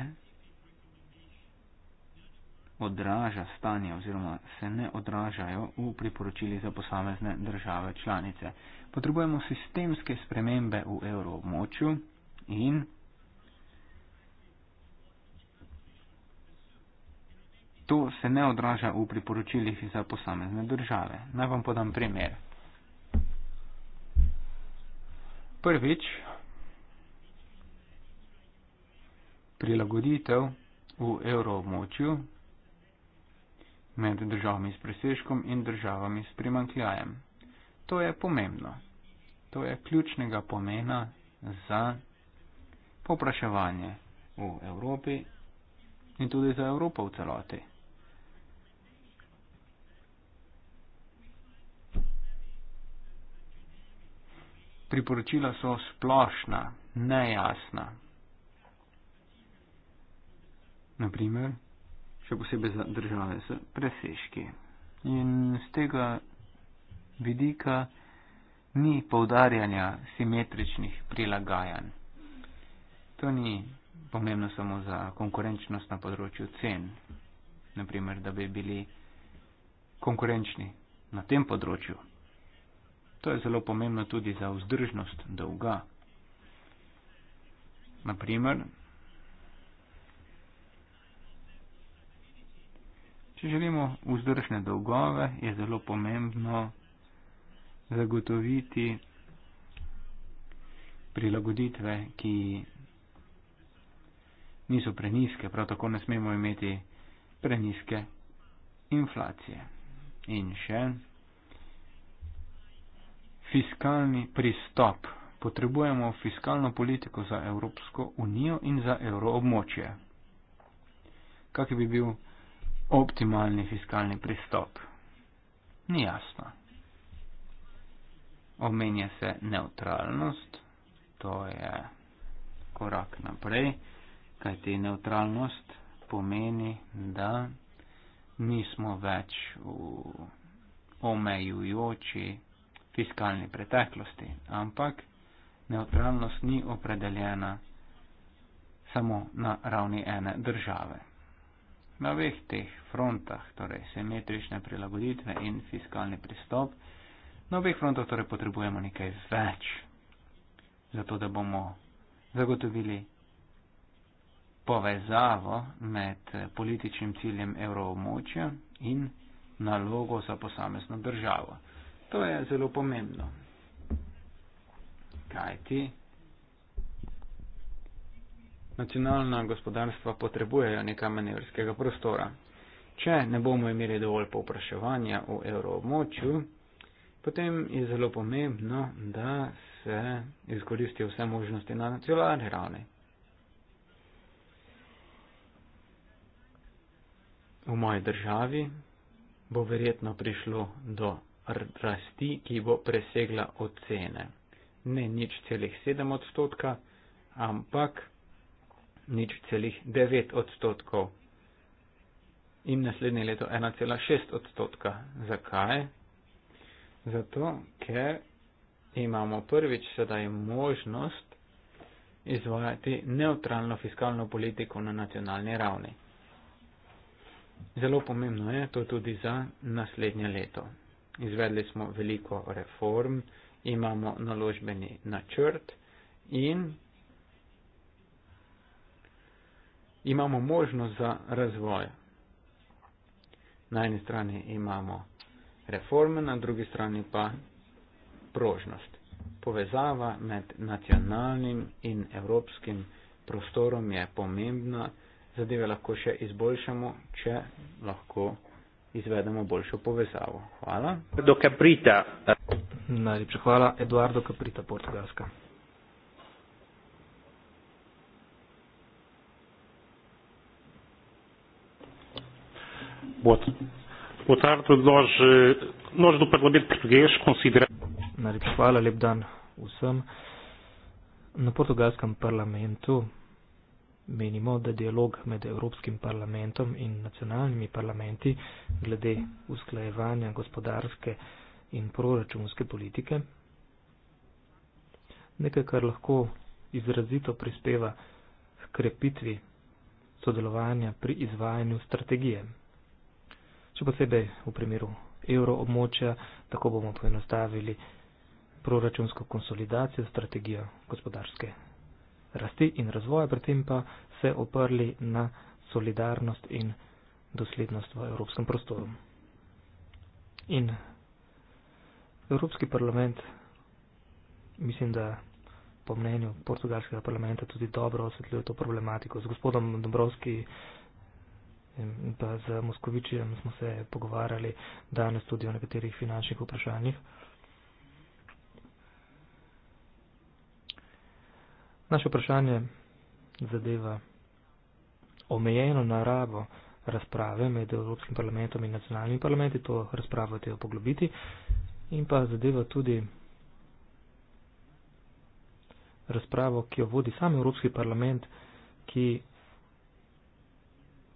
odraža stanje oziroma se ne odražajo v priporočili za posamezne države članice. Potrebujemo sistemske spremembe v evroobmočju in to se ne odraža v priporočilih za posamezne države. Naj vam podam primer. Prvič, prilagoditev v evroobmočju med državami s presežkom in državami s primankljajem. To je pomembno. To je ključnega pomena za popraševanje v Evropi in tudi za Evropo v celoti. Priporočila so splošna, nejasna. Naprimer, še posebej za države, so preseški. In z tega vidika ni povdarjanja simetričnih prilagajanj. To ni pomembno samo za konkurenčnost na področju cen, naprimer, da bi bili konkurenčni na tem področju. To je zelo pomembno tudi za vzdržnost dolga. Naprimer, Če želimo vzdržne dolgove, je zelo pomembno zagotoviti prilagoditve, ki niso preniske, prav tako ne smemo imeti preniske inflacije. In še fiskalni pristop. Potrebujemo fiskalno politiko za Evropsko unijo in za evroobmočje. Kak bi bil optimalni fiskalni pristop? Ni jasno. Omenja se neutralnost, to je korak naprej, kajti neutralnost pomeni, da nismo več v omejujoči fiskalni preteklosti, ampak neutralnost ni opredeljena samo na ravni ene države na veh teh frontah, torej simetrične prilagoditve in fiskalni pristop, na veh frontah torej potrebujemo nekaj več, zato da bomo zagotovili povezavo med političnim ciljem evroobmočja in nalogo za posamezno državo. To je zelo pomembno. Kaj ti? nacionalna gospodarstva potrebujejo nekaj manevrskega prostora. Če ne bomo imeli dovolj povpraševanja v evroobmočju, potem je zelo pomembno, da se izkoristijo vse možnosti na nacionalni ravni. V moji državi bo verjetno prišlo do rasti, ki bo presegla ocene. Ne nič celih sedem odstotka, ampak nič celih 9 odstotkov in naslednje leto 1,6 odstotka. Zakaj? Zato, ker imamo prvič sedaj možnost izvajati neutralno fiskalno politiko na nacionalni ravni. Zelo pomembno je to tudi za naslednje leto. Izvedli smo veliko reform, imamo naložbeni načrt in imamo možnost za razvoj. Na eni strani imamo reforme, na drugi strani pa prožnost. Povezava med nacionalnim in evropskim prostorom je pomembna, zadeve lahko še izboljšamo, če lahko izvedemo boljšo povezavo. Hvala. Do Caprita. Najlepša hvala, Eduardo Caprita, portugalska. Boa, boa tarde. Nós, eh, nós do Parlamento Português consideramos. Fala, Lebdan Usam. No Portugalskem Parlamentu menimo, da dialog med Evropskim parlamentom in nacionalnimi parlamenti glede usklajevanja gospodarske in proračunske politike nekaj, kar lahko izrazito prispeva k krepitvi sodelovanja pri izvajanju strategije še posebej v primeru evroobmočja, tako bomo poenostavili proračunsko konsolidacijo, strategijo gospodarske rasti in razvoja, predtem pa se oprli na solidarnost in doslednost v evropskem prostoru. In Evropski parlament, mislim, da po mnenju portugalskega parlamenta tudi dobro osvetljuje to problematiko. Z gospodom Dombrovskim in pa z Moskovičem smo se pogovarjali danes tudi o nekaterih finančnih vprašanjih. Naše vprašanje zadeva omejeno narabo razprave med Evropskim parlamentom in nacionalnimi parlamenti, to razpravo je poglobiti, in pa zadeva tudi razpravo, ki jo vodi sam Evropski parlament, ki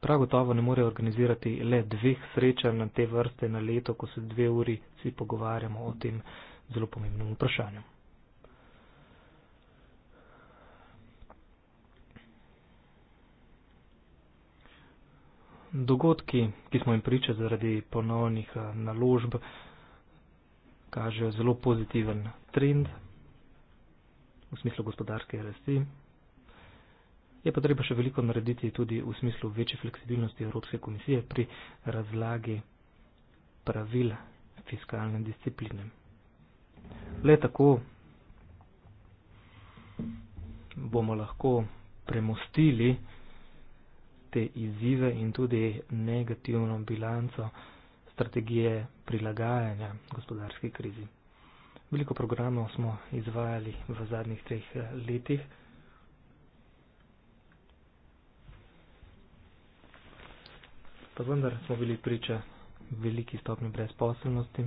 prav gotovo ne more organizirati le dveh srečanj na te vrste na leto, ko se dve uri vsi pogovarjamo o tem zelo pomembnem vprašanju. Dogodki, ki smo jim priča zaradi ponovnih eh, naložb, kažejo zelo pozitiven trend v smislu gospodarske rasti. Je pa treba še veliko narediti tudi v smislu večje fleksibilnosti Evropske komisije pri razlagi pravil fiskalne discipline. Le tako bomo lahko premostili te izzive in tudi negativno bilanco strategije prilagajanja gospodarski krizi. Veliko programov smo izvajali v zadnjih treh letih. pa vendar smo bili priča veliki stopni brezposobnosti.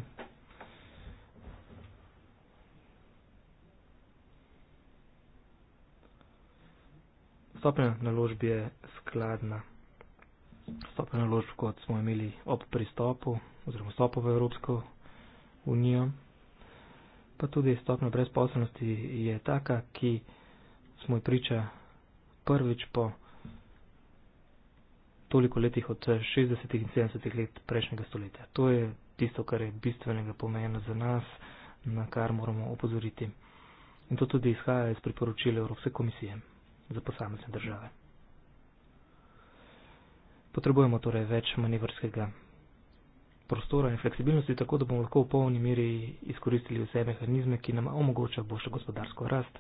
Stopnja naložb je skladna. Stopnja naložb, kot smo imeli ob pristopu oziroma vstopu v Evropsko unijo, pa tudi stopnja brezposobnosti je taka, ki smo ji priča prvič po toliko letih od 60 in 70 let prejšnjega stoletja. To je tisto, kar je bistvenega pomena za nas, na kar moramo opozoriti. In to tudi izhaja iz priporočila Evropske komisije za posamezne države. Potrebujemo torej več manevrskega prostora in fleksibilnosti, tako da bomo lahko v polni meri izkoristili vse mehanizme, ki nam omogočajo boljšo gospodarsko rast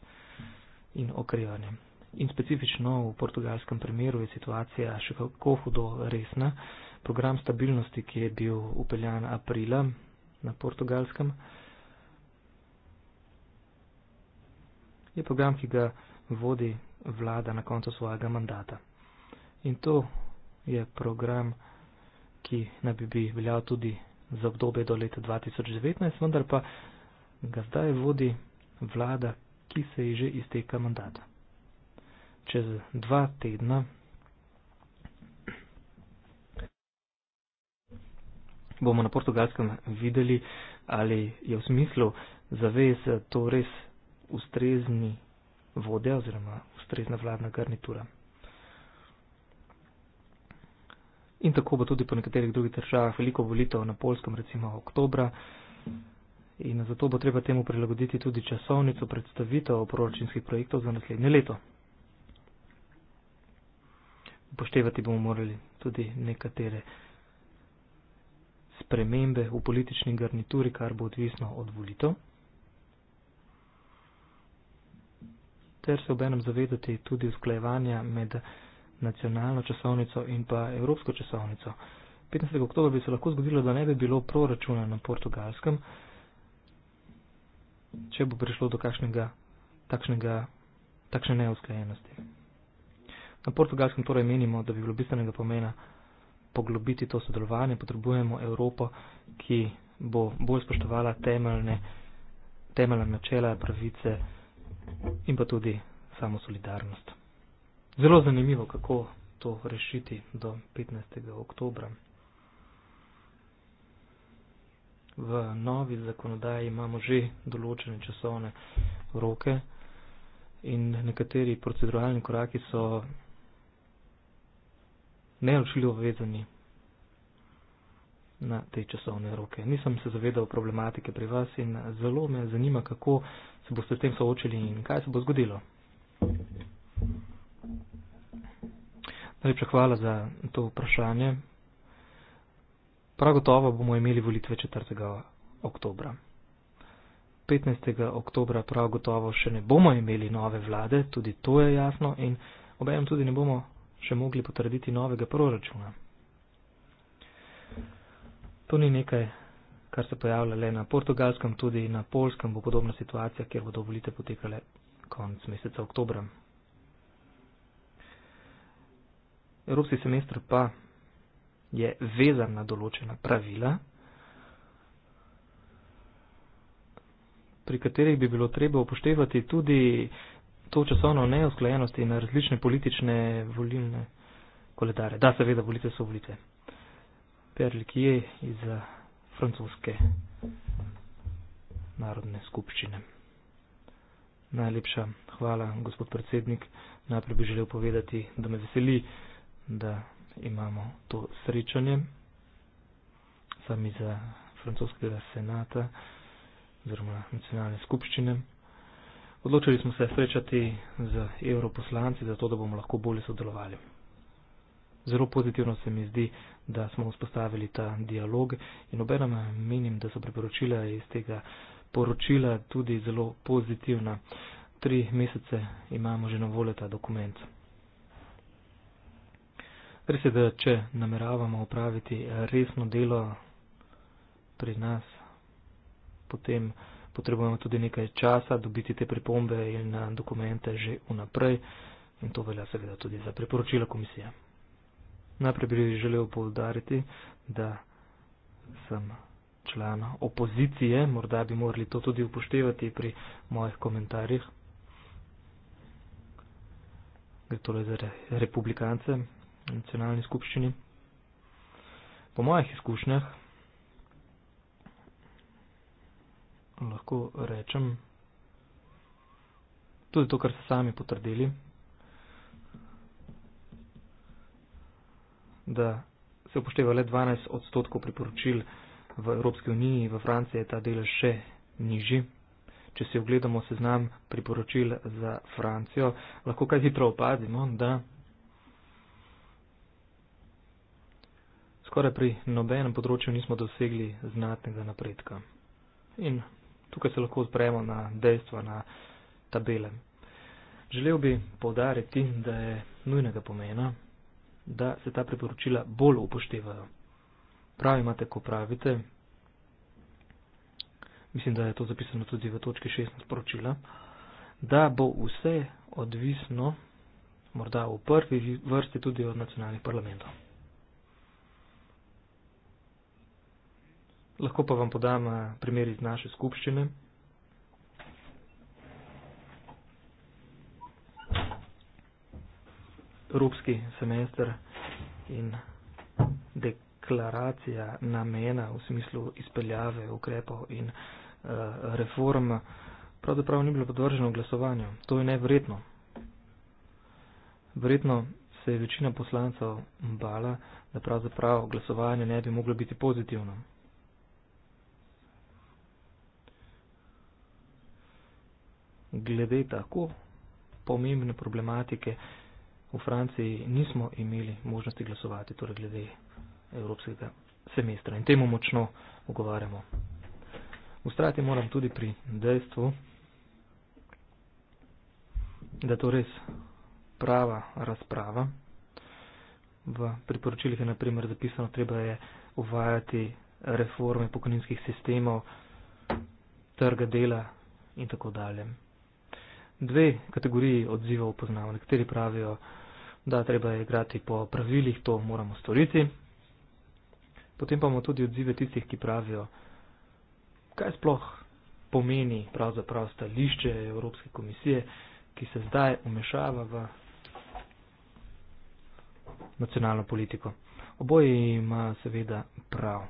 in okrevanje in specifično v portugalskem primeru je situacija še kako hudo resna. Program stabilnosti, ki je bil upeljan aprila na portugalskem, je program, ki ga vodi vlada na koncu svojega mandata. In to je program, ki naj bi veljal tudi za obdobje do leta 2019, vendar pa ga zdaj vodi vlada, ki se ji že izteka mandata čez dva tedna bomo na portugalskem videli, ali je v smislu zavez to res ustrezni vodja oziroma ustrezna vladna garnitura. In tako bo tudi po nekaterih drugih državah veliko volitev na polskem, recimo oktobra. In zato bo treba temu prilagoditi tudi časovnico predstavitev proračunskih projektov za naslednje leto upoštevati bomo morali tudi nekatere spremembe v politični garnituri, kar bo odvisno od volitev. ter se obenem zavedati tudi usklajevanja med nacionalno časovnico in pa evropsko časovnico. 15. oktober bi se lahko zgodilo, da ne bi bilo proračuna na portugalskem, če bo prišlo do kakšnega, takšnega, takšne neusklajenosti. Na portugalskem torej menimo, da bi bilo bistvenega pomena poglobiti to sodelovanje, potrebujemo Evropo, ki bo bolj spoštovala temeljne, temeljne načela, pravice in pa tudi samo solidarnost. Zelo zanimivo, kako to rešiti do 15. oktobra. V novi zakonodaji imamo že določene časovne roke in nekateri proceduralni koraki so neločljivo vezani na te časovne roke. Nisem se zavedal problematike pri vas in zelo me zanima, kako se boste s tem soočili in kaj se bo zgodilo. Najlepša hvala za to vprašanje. Prav gotovo bomo imeli volitve 4. oktobra. 15. oktobra prav gotovo še ne bomo imeli nove vlade, tudi to je jasno in obenem tudi ne bomo še mogli potrditi novega proračuna. To ni nekaj, kar se pojavlja le na portugalskem, tudi na polskem bo podobna situacija, kjer bodo volite potekale konc meseca oktobra. Evropski semestr pa je vezan na določena pravila, pri katerih bi bilo treba upoštevati tudi to časovno neusklajenosti na različne politične volilne koledare. Da, seveda, volitve so volitve. Perlikije iz eh, francoske narodne skupščine. Najlepša hvala, gospod predsednik. Najprej bi želel povedati, da me veseli, da imamo to srečanje. Sami za francoskega senata oziroma nacionalne skupščine. Odločili smo se srečati z europoslanci, zato da bomo lahko bolje sodelovali. Zelo pozitivno se mi zdi, da smo vzpostavili ta dialog in obenem menim, da so priporočila iz tega poročila tudi zelo pozitivna. Tri mesece imamo že na voljo ta dokument. Res je, da če nameravamo upraviti resno delo pri nas, potem potrebujemo tudi nekaj časa, dobiti te pripombe in eh, dokumente že vnaprej in to velja seveda tudi za priporočila komisije. Najprej bi želel povdariti, da sem član opozicije, morda bi morali to tudi upoštevati pri mojih komentarjih. Gre torej za republikance, nacionalni skupščini. Po mojih izkušnjah lahko rečem, tudi to, kar ste sami potrdili, da se upošteva le 12 odstotkov priporočil v Evropski uniji, v Franciji je ta del še nižji. Če si ogledamo seznam priporočil za Francijo, lahko kaj hitro opazimo, da skoraj pri nobenem področju nismo dosegli znatnega napredka. In Tukaj se lahko odpremo na dejstva, na tabele. Želel bi povdariti, da je nujnega pomena, da se ta priporočila bolj upoštevajo. Pravi imate, ko pravite, mislim, da je to zapisano tudi v točki 16 poročila, da bo vse odvisno, morda v prvi vrsti tudi od nacionalnih parlamentov. lahko pa vam podam eh, primer iz naše skupščine. Evropski semester in deklaracija namena v smislu izpeljave ukrepov in uh, reform pravzaprav ni bilo podvrženo glasovanju. To je nevredno. Verjetno se je večina poslancev bala, da pravzaprav glasovanje ne bi moglo biti pozitivno. glede tako pomembne problematike v Franciji nismo imeli možnosti glasovati, torej glede evropskega semestra. In temu močno ogovarjamo. Ustrati moram tudi pri dejstvu, da to res prava razprava. V priporočilih je naprimer zapisano, treba je uvajati reforme pokojninskih sistemov, trga dela in tako dalje dve kategoriji odzivov poznamo. Nekateri pravijo, da treba igrati po pravilih, to moramo storiti. Potem pa imamo tudi odzive tistih, ki pravijo, kaj sploh pomeni pravzaprav stališče Evropske komisije, ki se zdaj umešava v nacionalno politiko. Oboje ima seveda prav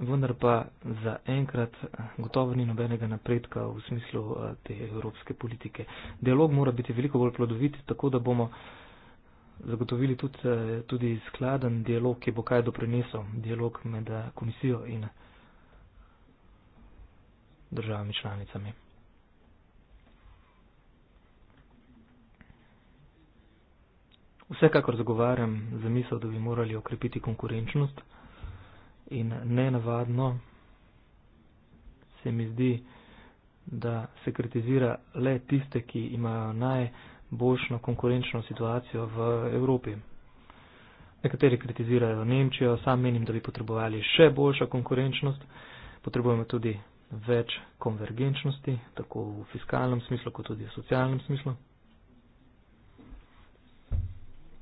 vendar pa za enkrat gotovo ni nobenega napredka v smislu eh, te evropske politike. Dialog mora biti veliko bolj plodovit, tako da bomo zagotovili tudi, eh, tudi skladen dialog, ki bo kaj doprinesel, dialog med eh, komisijo in državami članicami. Vsekakor zagovarjam zamisel, da bi morali okrepiti konkurenčnost in nenavadno se mi zdi, da se kritizira le tiste, ki imajo najboljšno konkurenčno situacijo v Evropi. Nekateri kritizirajo Nemčijo, sam menim, da bi potrebovali še boljšo konkurenčnost, potrebujemo tudi več konvergenčnosti, tako v fiskalnem smislu, kot tudi v socialnem smislu.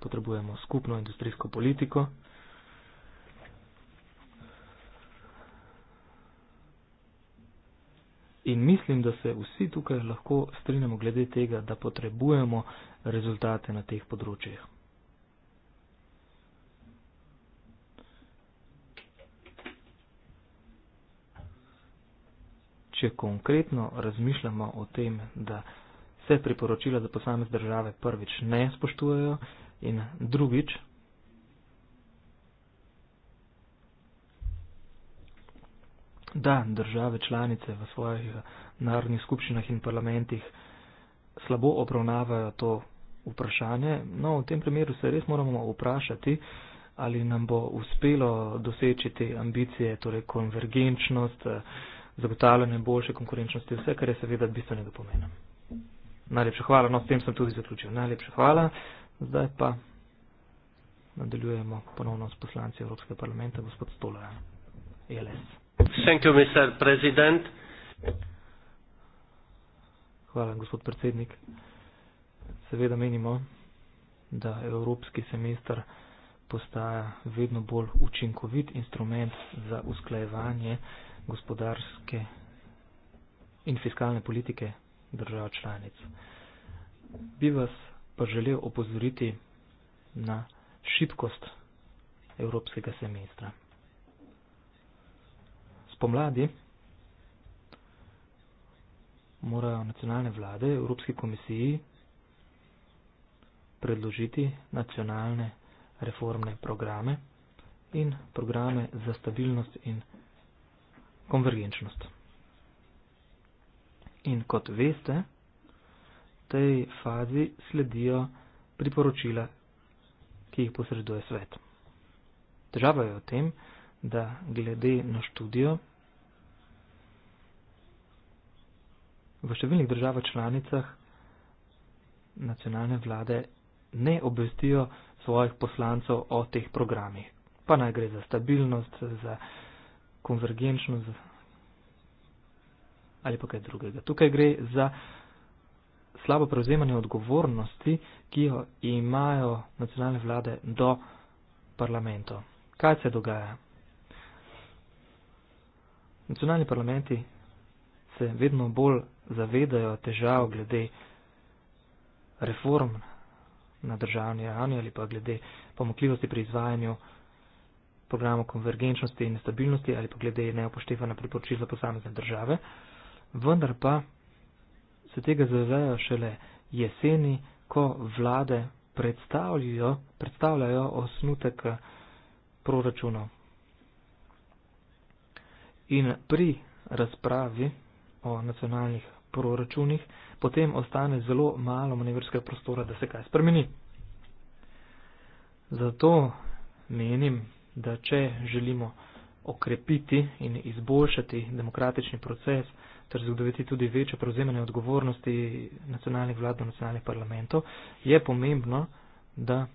Potrebujemo skupno industrijsko politiko, In mislim, da se vsi tukaj lahko strinjamo glede tega, da potrebujemo rezultate na teh področjih. Če konkretno razmišljamo o tem, da se priporočila za posamez države prvič ne spoštujejo in drugič da države članice v svojih eh, narodnih skupščinah in parlamentih slabo obravnavajo to vprašanje. No, v tem primeru se res moramo vprašati, ali nam bo uspelo doseči te ambicije, torej konvergenčnost, eh, zagotavljanje boljše konkurenčnosti, vse, kar je seveda bistvenega pomena. Najlepša hvala, no s tem sem tudi zaključil. Najlepša hvala, zdaj pa nadaljujemo ponovno s poslanci Evropskega parlamenta, gospod Stolaj, ELS. Thank you, Mr. President. Hvala, gospod predsednik. Seveda menimo, da evropski semester postaja vedno bolj učinkovit instrument za usklajevanje gospodarske in fiskalne politike držav članic. Bi vas pa želel opozoriti na šibkost evropskega semestra spomladi morajo nacionalne vlade Evropski komisiji predložiti nacionalne reformne programe in programe za stabilnost in konvergenčnost. In kot veste, tej fazi sledijo priporočila, ki jih posreduje svet. Država je v tem, da glede na študijo v številnih državah članicah nacionalne vlade ne obvestijo svojih poslancov o teh programih. Pa naj gre za stabilnost, za konvergenčnost ali pa kaj drugega. Tukaj gre za slabo prevzemanje odgovornosti, ki jo imajo nacionalne vlade do parlamentov. Kaj se dogaja? Nacionalni parlamenti se vedno bolj zavedajo težav glede reform na državni ravni ali pa glede pomakljivosti pri izvajanju programov konvergenčnosti in nestabilnosti ali pa glede neopoštevanja priporočil za posamezne države. Vendar pa se tega zavedajo šele jeseni, ko vlade predstavljajo, predstavljajo osnutek proračuna. In pri razpravi o nacionalnih proračunih, potem ostane zelo malo manevrskega prostora, da se kaj spremeni. Zato menim, da če želimo okrepiti in izboljšati demokratični proces ter zagotoviti tudi večje prevzemanje odgovornosti nacionalnih vlad do nacionalnih parlamentov, je pomembno, da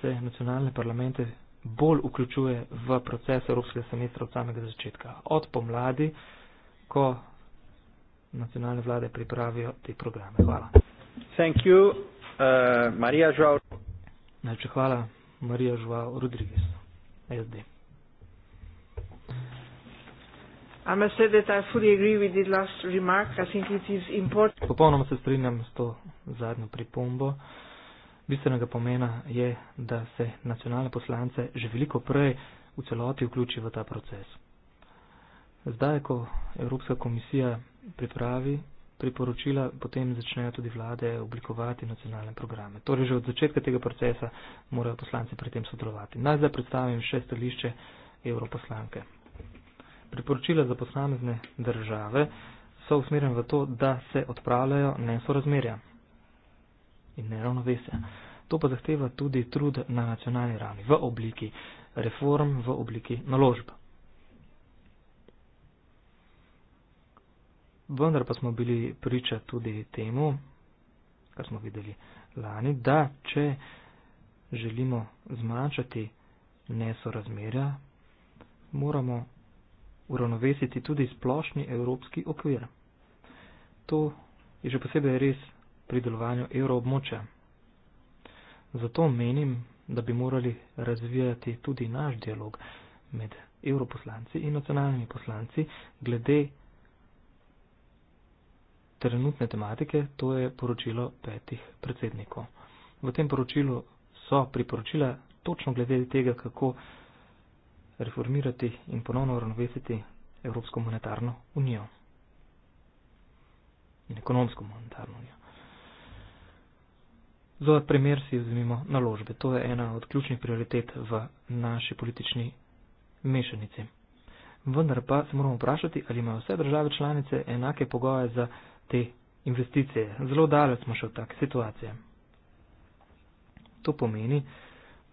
se nacionalne parlamente bolj vključuje v proces evropskega semestra od samega začetka. Od pomladi, ko nacionalne vlade pripravijo te programe. Hvala. Thank you, uh, Maria Joao. Najče hvala, Maria Joao Rodriguez, SD. I must say that I fully agree with the last remark. I think it is important. Popolnoma se strinjam s to zadnjo pripombo. Bistvenega pomena je, da se nacionalne poslance že veliko prej v celoti vključi v ta proces. Zdaj, ko Evropska komisija pripravi priporočila, potem začnejo tudi vlade oblikovati nacionalne programe. Torej, že od začetka tega procesa morajo poslanci pri tem sodelovati. Naj zdaj predstavim še stališče europoslanke. Priporočila za posamezne države so usmerjena v to, da se odpravljajo nesorazmerja in neravnovesja. To pa zahteva tudi trud na nacionalni ravni, v obliki reform, v obliki naložb. Vendar pa smo bili priča tudi temu, kar smo videli lani, da če želimo zmanjšati nesorazmerja, moramo uravnovesiti tudi splošni evropski okvir. To je že posebej res pri delovanju evroobmoča. Zato menim, da bi morali razvijati tudi naš dialog med evroposlanci in nacionalnimi poslanci glede trenutne tematike, to je poročilo petih predsednikov. V tem poročilu so priporočila točno glede tega, kako reformirati in ponovno uravnovesiti Evropsko monetarno unijo in ekonomsko monetarno unijo. Za primer si vzemimo naložbe. To je ena od ključnih prioritet v naši politični mešanici. Vendar pa se moramo vprašati, ali imajo vse države članice enake pogoje za te investicije. Zelo daleč smo še v take situacije. To pomeni,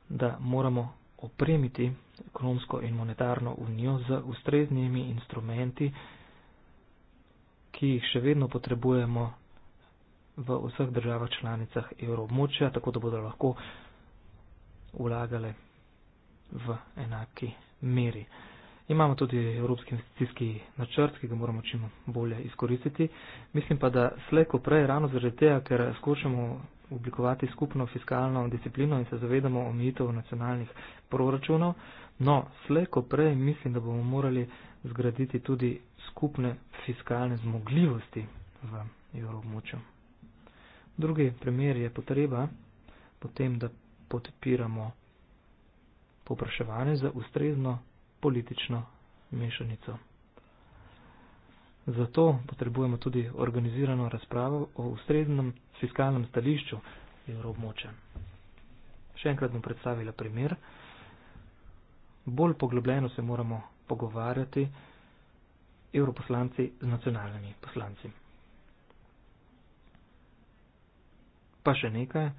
da moramo opremiti ekonomsko in monetarno unijo z ustreznimi instrumenti, ki jih še vedno potrebujemo v vseh državah članicah evroobmočja, tako da bodo lahko vlagale v enaki meri. Imamo tudi evropski investicijski načrt, ki ga moramo čim bolje izkoristiti. Mislim pa, da sleko prej, ravno zaradi tega, ker skušamo oblikovati skupno fiskalno disciplino in se zavedamo omejitev nacionalnih proračunov, no sleko prej mislim, da bomo morali zgraditi tudi skupne fiskalne zmogljivosti v evroobmočju. Drugi primer je potreba potem, da podpiramo popraševanje za ustrezno politično mešanico. Zato potrebujemo tudi organizirano razpravo o ustreznem fiskalnem stališču evroobmoča. Še enkrat bom predstavila primer. Bolj poglobljeno se moramo pogovarjati evroposlanci z nacionalnimi poslanci. Pa še nekaj.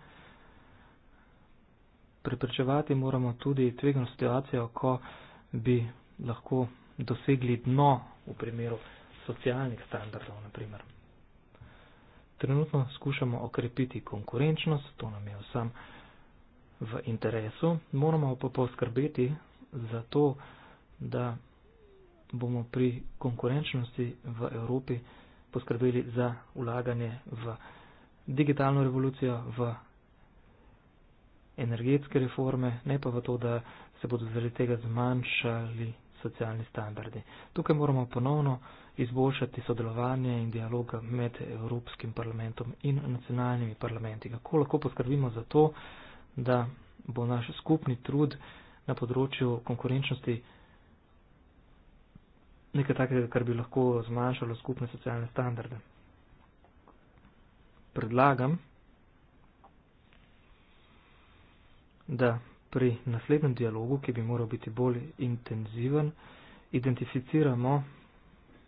Preprečevati moramo tudi tvegano situacijo, ko bi lahko dosegli dno v primeru socialnih standardov. Naprimer. Trenutno skušamo okrepiti konkurenčnost, to nam je vsem v interesu, moramo pa poskrbeti za to, da bomo pri konkurenčnosti v Evropi poskrbeli za ulaganje v digitalno revolucijo, v energetske reforme, ne pa v to, da se bodo zaradi tega zmanjšali socialni standardi. Tukaj moramo ponovno izboljšati sodelovanje in dialog med Evropskim parlamentom in nacionalnimi parlamenti. Kako lahko poskrbimo za to, da bo naš skupni trud na področju konkurenčnosti nekaj takega, kar bi lahko zmanjšalo skupne socialne standarde. Predlagam, da pri naslednjem dialogu, ki bi moral biti bolj intenziven, identificiramo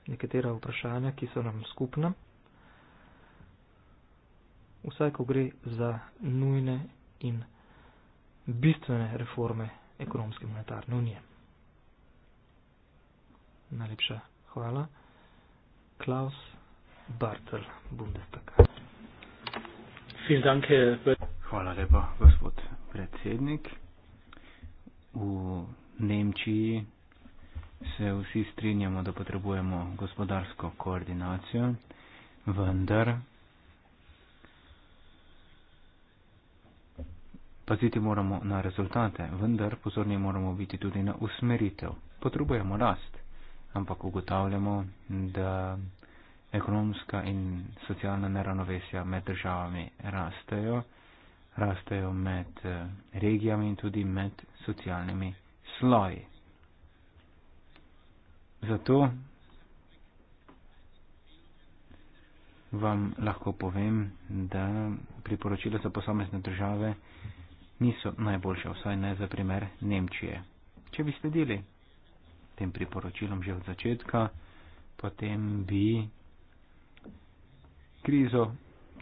nekatera vprašanja, ki so nam skupna, vsaj ko gre za nujne in bistvene reforme ekonomske monetarne unije. Najlepša hvala. Klaus Bartel, Bundestag. Hvala lepa, gospod predsednik v Nemčiji se vsi strinjamo, da potrebujemo gospodarsko koordinacijo, vendar paziti moramo na rezultate, vendar pozorni moramo biti tudi na usmeritev. Potrebujemo rast, ampak ugotavljamo, da ekonomska in socialna neravnovesja med državami rastejo rastejo med eh, regijami in tudi med socialnimi sloji. Zato vam lahko povem, da priporočila za posamezne države niso najboljša, vsaj ne za primer Nemčije. Če bi sledili tem priporočilom že od začetka, potem bi krizo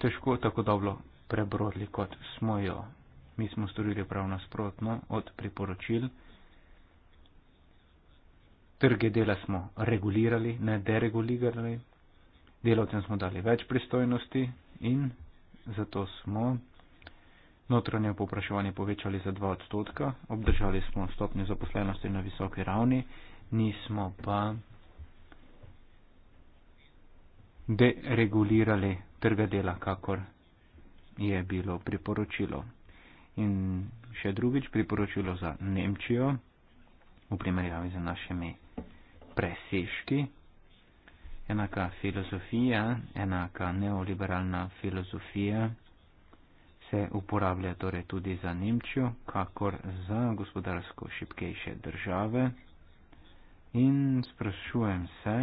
težko tako dobro prebrodili, kot smo jo. Mi smo storili prav nasprotno od priporočil. Trge dela smo regulirali, ne deregulirali. Delovcem smo dali več pristojnosti in zato smo notranje popraševanje povečali za 2 odstotka. Obdržali smo stopnjo zaposlenosti na visoki ravni, nismo pa deregulirali trga dela, kakor je bilo priporočilo. In še drugič priporočilo za Nemčijo v primerjavi z našimi presežki. Enaka filozofija, enaka neoliberalna filozofija se uporablja torej tudi za Nemčijo, kakor za gospodarsko šipkejše države. In sprašujem se,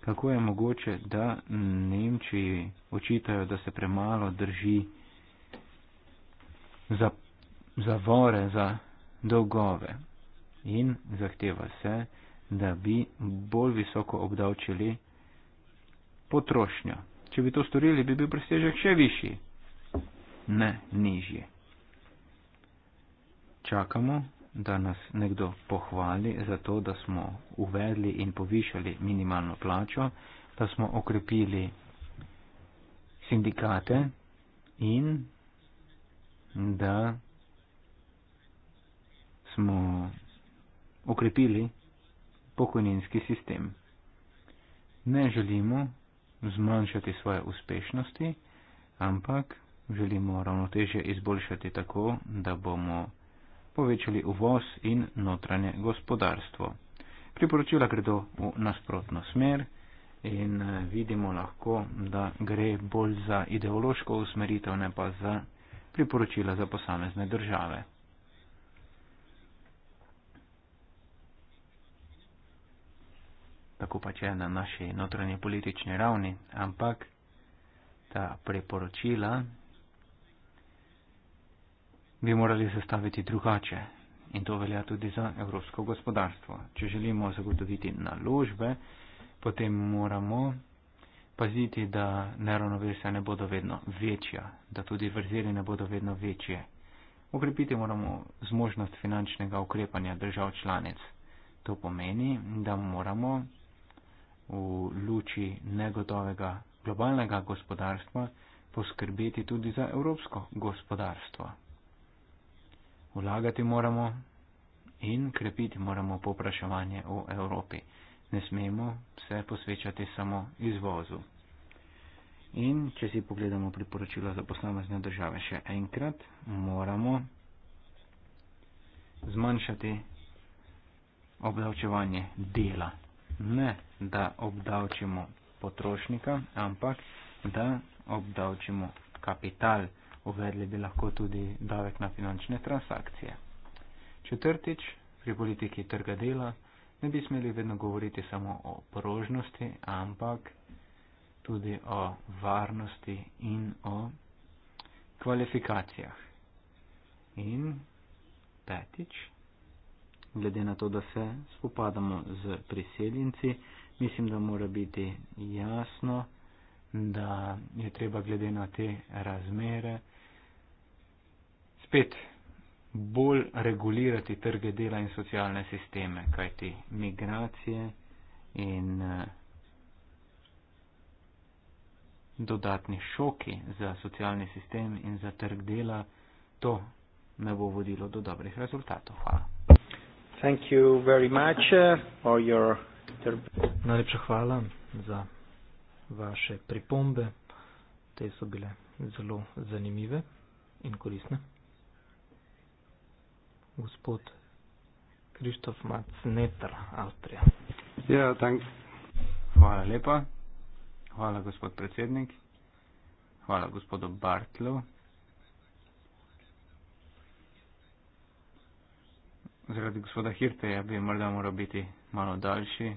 kako je mogoče, da Nemčiji očitajo, da se premalo drži za, za vore, za dolgove in zahteva se, da bi bolj visoko obdavčili potrošnjo. Če bi to storili, bi bil presežek še višji, ne nižji. Čakamo, da nas nekdo pohvali za to, da smo uvedli in povišali minimalno plačo, da smo okrepili sindikate in da smo okrepili pokojninski sistem. Ne želimo zmanjšati svoje uspešnosti, ampak želimo ravnoteže izboljšati tako, da bomo povečali uvoz in notranje gospodarstvo. Priporočila gredo v nasprotno smer in eh, vidimo lahko, da gre bolj za ideološko usmeritev, ne pa za priporočila za posamezne države. Tako pač je na naši notranji politični ravni, ampak ta priporočila bi morali zastaviti drugače. In to velja tudi za evropsko gospodarstvo. Če želimo zagotoviti naložbe, potem moramo paziti, da neravnovesja ne bodo vedno večja, da tudi vrzeli ne bodo vedno večje. Okrepiti moramo zmožnost finančnega ukrepanja držav članic. To pomeni, da moramo v luči negotovega globalnega gospodarstva poskrbeti tudi za evropsko gospodarstvo. Vlagati moramo in krepiti moramo popraševanje v Evropi. Ne smemo se posvečati samo izvozu. In če si pogledamo priporočila za posamezne države še enkrat, moramo zmanjšati obdavčevanje dela. Ne, da obdavčimo potrošnika, ampak da obdavčimo kapital uvedli bi lahko tudi davek na finančne transakcije. Četrtič, pri politiki trga dela ne bi smeli vedno govoriti samo o porožnosti, ampak tudi o varnosti in o kvalifikacijah. In petič, glede na to, da se spopadamo z priseljenci, mislim, da mora biti jasno, da je treba glede na te razmere, spet bolj regulirati trge dela in socialne sisteme, kajti migracije in eh, dodatni šoki za socialni sistem in za trg dela, to ne bo vodilo do dobrih rezultatov. Hvala. Thank you very much uh, for your... Najlepša hvala za vaše pripombe. Te so bile zelo zanimive in koristne gospod Krištof Macnetr, Avstrija. Ja, tank. Hvala lepa. Hvala, gospod predsednik. Hvala, gospodu Bartlu. Zaradi gospoda Hirteja bi morda moral biti malo daljši.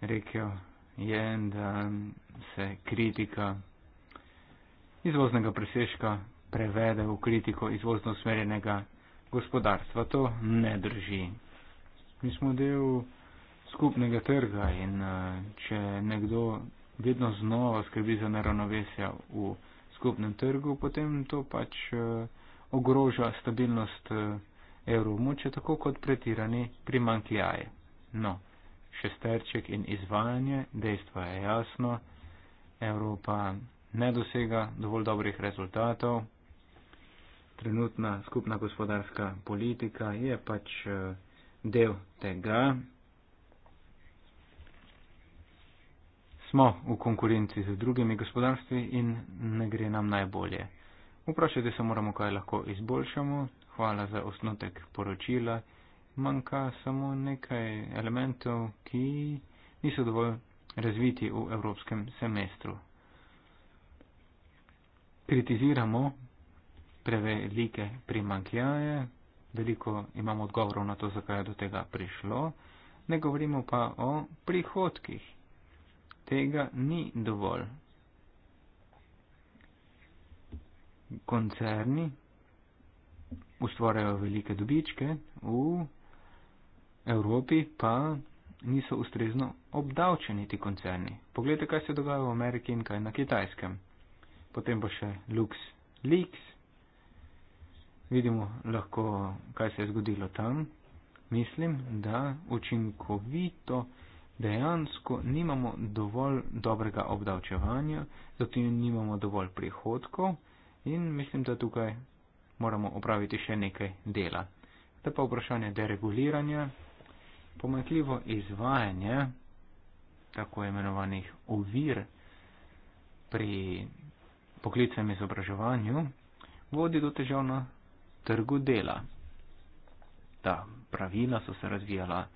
Rekel je, da se kritika izvoznega presežka prevede v kritiko izvozno usmerjenega gospodarstva. To ne drži. Mi smo del skupnega trga in eh, če nekdo vedno znova skrbi za neravnovesja v skupnem trgu, potem to pač eh, ogroža stabilnost eh, evromoče, tako kot pretirani primankljaj. No, šesterček in izvajanje, dejstvo je jasno, Evropa ne dosega dovolj dobrih rezultatov trenutna skupna gospodarska politika je pač eh, del tega. Smo v konkurenci z drugimi gospodarstvi in ne gre nam najbolje. Vprašajte se moramo, kaj lahko izboljšamo. Hvala za osnotek poročila. Manjka samo nekaj elementov, ki niso dovolj razviti v evropskem semestru. Kritiziramo prevelike primankljaje. Veliko imamo odgovorov na to, zakaj je do tega prišlo. Ne govorimo pa o prihodkih. Tega ni dovolj. Koncerni ustvarjajo velike dobičke, v Evropi pa niso ustrezno obdavčeni ti koncerni. Poglejte, kaj se dogaja v Ameriki in kaj na kitajskem. Potem bo še Lux Leaks, vidimo lahko, kaj se je zgodilo tam. Mislim, da učinkovito dejansko nimamo dovolj dobrega obdavčevanja, zato nimamo dovolj prihodkov in mislim, da tukaj moramo opraviti še nekaj dela. Zdaj pa vprašanje dereguliranja, pomakljivo izvajanje tako imenovanih ovir pri poklicem izobraževanju vodi do težav na trgu dela. Ta pravila so se razvijala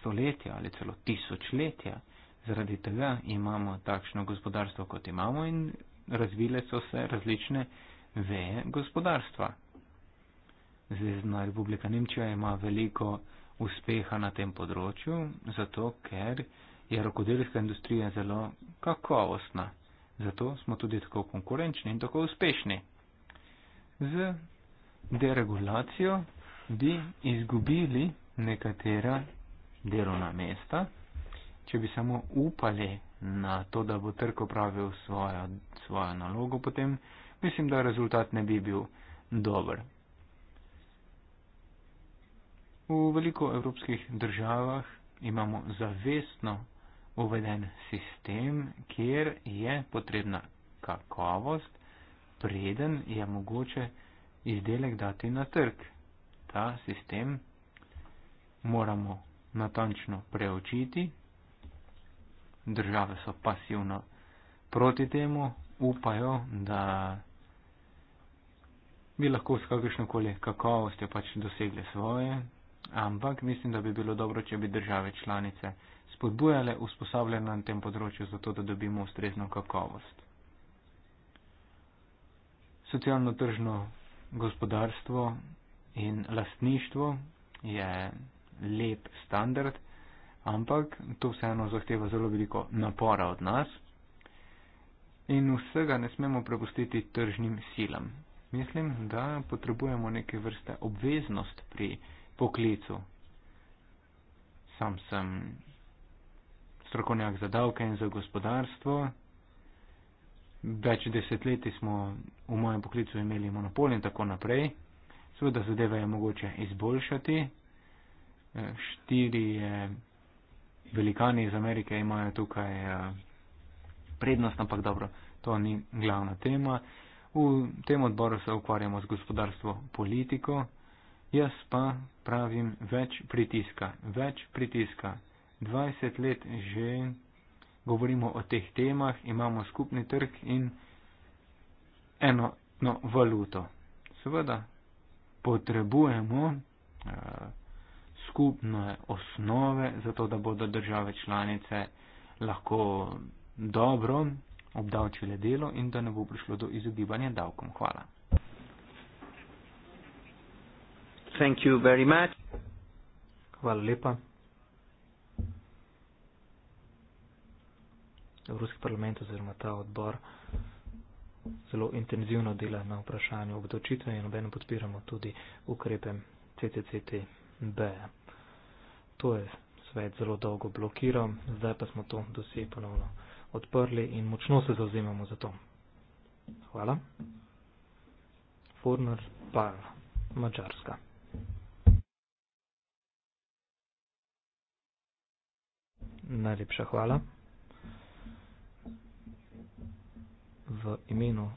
stoletja ali celo tisočletja, zaradi tega imamo takšno gospodarstvo, kot imamo in razvile so se različne veje gospodarstva. Zvezdna republika Nemčija ima veliko uspeha na tem področju, zato ker je rokodelska industrija zelo kakovostna. Zato smo tudi tako konkurenčni in tako uspešni. Z deregulacijo bi izgubili nekatera delovna mesta, če bi samo upali na to, da bo trg opravil svojo, svojo nalogo, potem mislim, da rezultat ne bi bil dober. V veliko evropskih državah imamo zavestno uveden sistem, kjer je potrebna kakovost, preden je mogoče izdelek dati na trg. Ta sistem moramo natančno preočiti. Države so pasivno proti temu, upajo, da bi lahko s kakršno koli kakovostjo pač dosegli svoje, ampak mislim, da bi bilo dobro, če bi države članice spodbujale usposabljanje na tem področju, zato da dobimo ustrezno kakovost. Socialno tržno gospodarstvo in lastništvo je lep standard, ampak to vseeno zahteva zelo veliko napora od nas in vsega ne smemo prepustiti tržnim silam. Mislim, da potrebujemo neke vrste obveznost pri poklicu. Sam sem strokovnjak za davke in za gospodarstvo. Več desetletij smo v mojem poklicu imeli monopol in tako naprej. Seveda zadeve je mogoče izboljšati. Eh, Štiri velikani iz Amerike imajo tukaj eh, prednost, ampak dobro, to ni glavna tema. V tem odboru se ukvarjamo z gospodarstvo politiko, jaz pa pravim več pritiska, več pritiska. 20 let že govorimo o teh temah, imamo skupni trg in eno no, valuto. Seveda potrebujemo eh, skupne osnove, zato da bodo države članice lahko dobro obdavčile delo in da ne bo prišlo do izogibanja davkom. Hvala. Thank you very much. Hvala lepa. Evropski parlament oziroma ta odbor zelo intenzivno dela na vprašanju obdočitve in obenem podpiramo tudi ukrepe CCCTB. To je svet zelo dolgo blokiral, zdaj pa smo to dosej ponovno odprli in močno se zauzemamo za to. Hvala. Furner Pal, Mačarska. Najlepša hvala. v imenu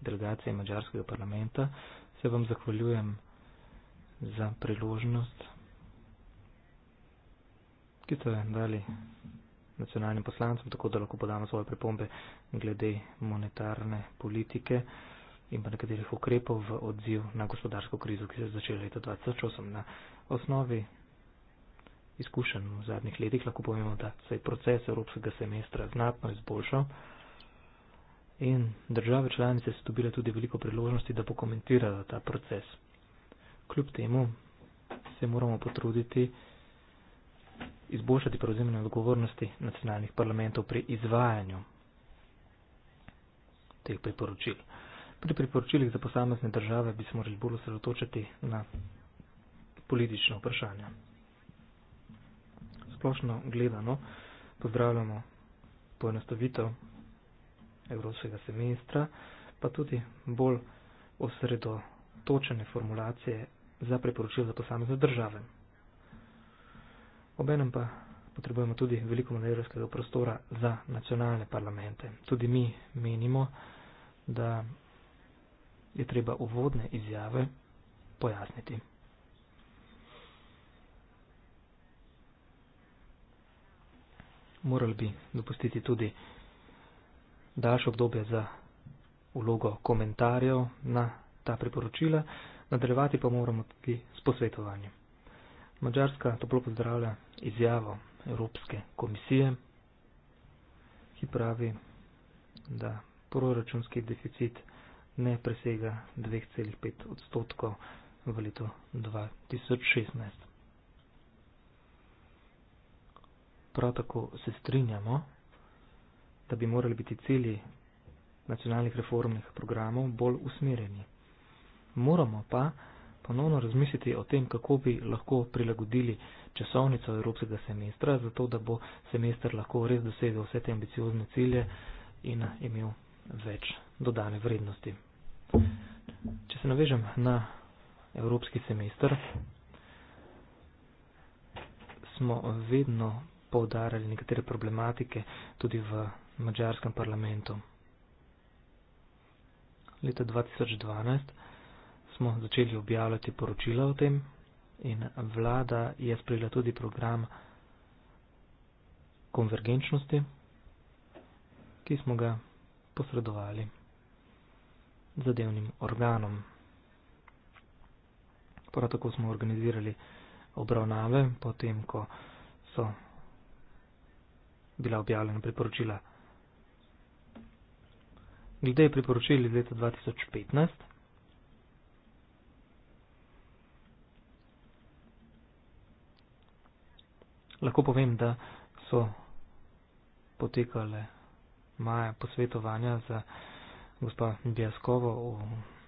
delegacije Mačarskega parlamenta se vam zahvaljujem za priložnost, ki ste jo dali nacionalnim poslancem, tako da lahko podamo svoje pripombe glede monetarne politike in pa nekaterih ukrepov v odziv na gospodarsko krizo, ki se je začela leta 2008. Na osnovi izkušenj v zadnjih letih lahko povemo, da se je proces evropskega semestra znatno izboljšal in države članice so dobile tudi veliko priložnosti, da pokomentirajo ta proces. Kljub temu se moramo potruditi izboljšati prevzemanje odgovornosti nacionalnih parlamentov pri izvajanju teh priporočil. Pri priporočilih za posamezne države bi se morali bolj osredotočiti na politično vprašanje. Splošno gledano pozdravljamo poenostavitev evropskega semestra, pa tudi bolj osredotočene formulacije za priporočila za posamezne države. Obenem pa potrebujemo tudi veliko manevrskega prostora za nacionalne parlamente. Tudi mi menimo, da je treba uvodne izjave pojasniti. Morali bi dopustiti tudi daljše obdobje za vlogo komentarjev na ta priporočila, nadaljevati pa moramo tudi s posvetovanjem. Mačarska toplo pozdravlja izjavo Evropske komisije, ki pravi, da proračunski deficit ne presega 2,5 odstotkov v letu 2016. Prav tako se strinjamo, da bi morali biti cilji nacionalnih reformnih programov bolj usmerjeni. Moramo pa ponovno razmisliti o tem, kako bi lahko prilagodili časovnico evropskega semestra, zato da bo semester lahko res dosegel vse te ambiciozne cilje in imel več dodane vrednosti. Če se navežem na evropski semester, smo vedno poudarjali nekatere problematike tudi v mađarskem parlamentu. Leta 2012 smo začeli objavljati poročila o tem in vlada je sprejela tudi program konvergenčnosti, ki smo ga posredovali zadevnim organom. Prav tako smo organizirali obravnave, potem ko so bila objavljena priporočila glede priporočili iz leta 2015. Lahko povem, da so potekale maja posvetovanja za gospa Bjaskovo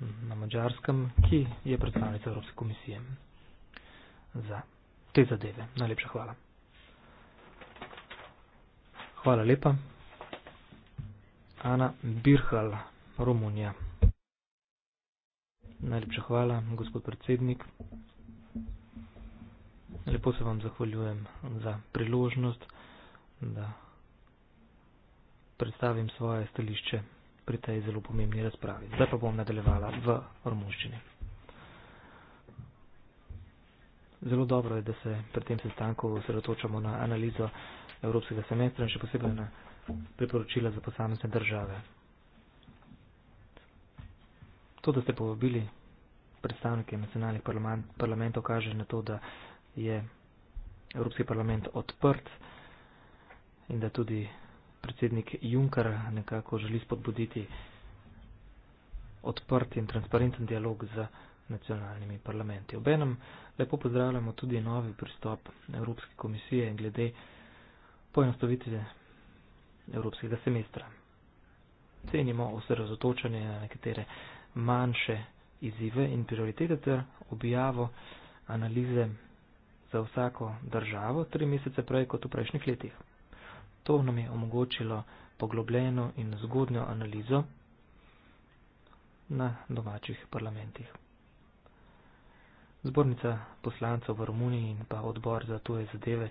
v, na Mačarskem, ki je predstavnica Evropske komisije za te zadeve. Najlepša hvala. Hvala lepa. Ana Birhal, Romunija. Najlepša hvala, gospod predsednik. Lepo se vam zahvaljujem za priložnost, da predstavim svoje stališče pri tej zelo pomembni razpravi. Zdaj pa bom nadaljevala v romunščini. Zelo dobro je, da se pri tem sestanku osredotočamo na analizo evropskega semestra in še posebej na priporočila za posamezne države. To, da ste povabili predstavnike nacionalnih parlament, parlamentov, kaže na to, da je Evropski parlament odprt in da tudi predsednik Juncker nekako želi spodbuditi odprt in transparenten dialog z nacionalnimi parlamenti. Obenem lepo pozdravljamo tudi novi pristop Evropske komisije glede poenostavitve evropskega semestra. Cenimo osredotočanje na nekatere manjše izzive in prioritete ter objavo analize za vsako državo tri mesece prej kot v prejšnjih letih. To nam je omogočilo poglobljeno in zgodnjo analizo na domačih parlamentih. Zbornica poslancev v Romuniji in pa odbor za tuje zadeve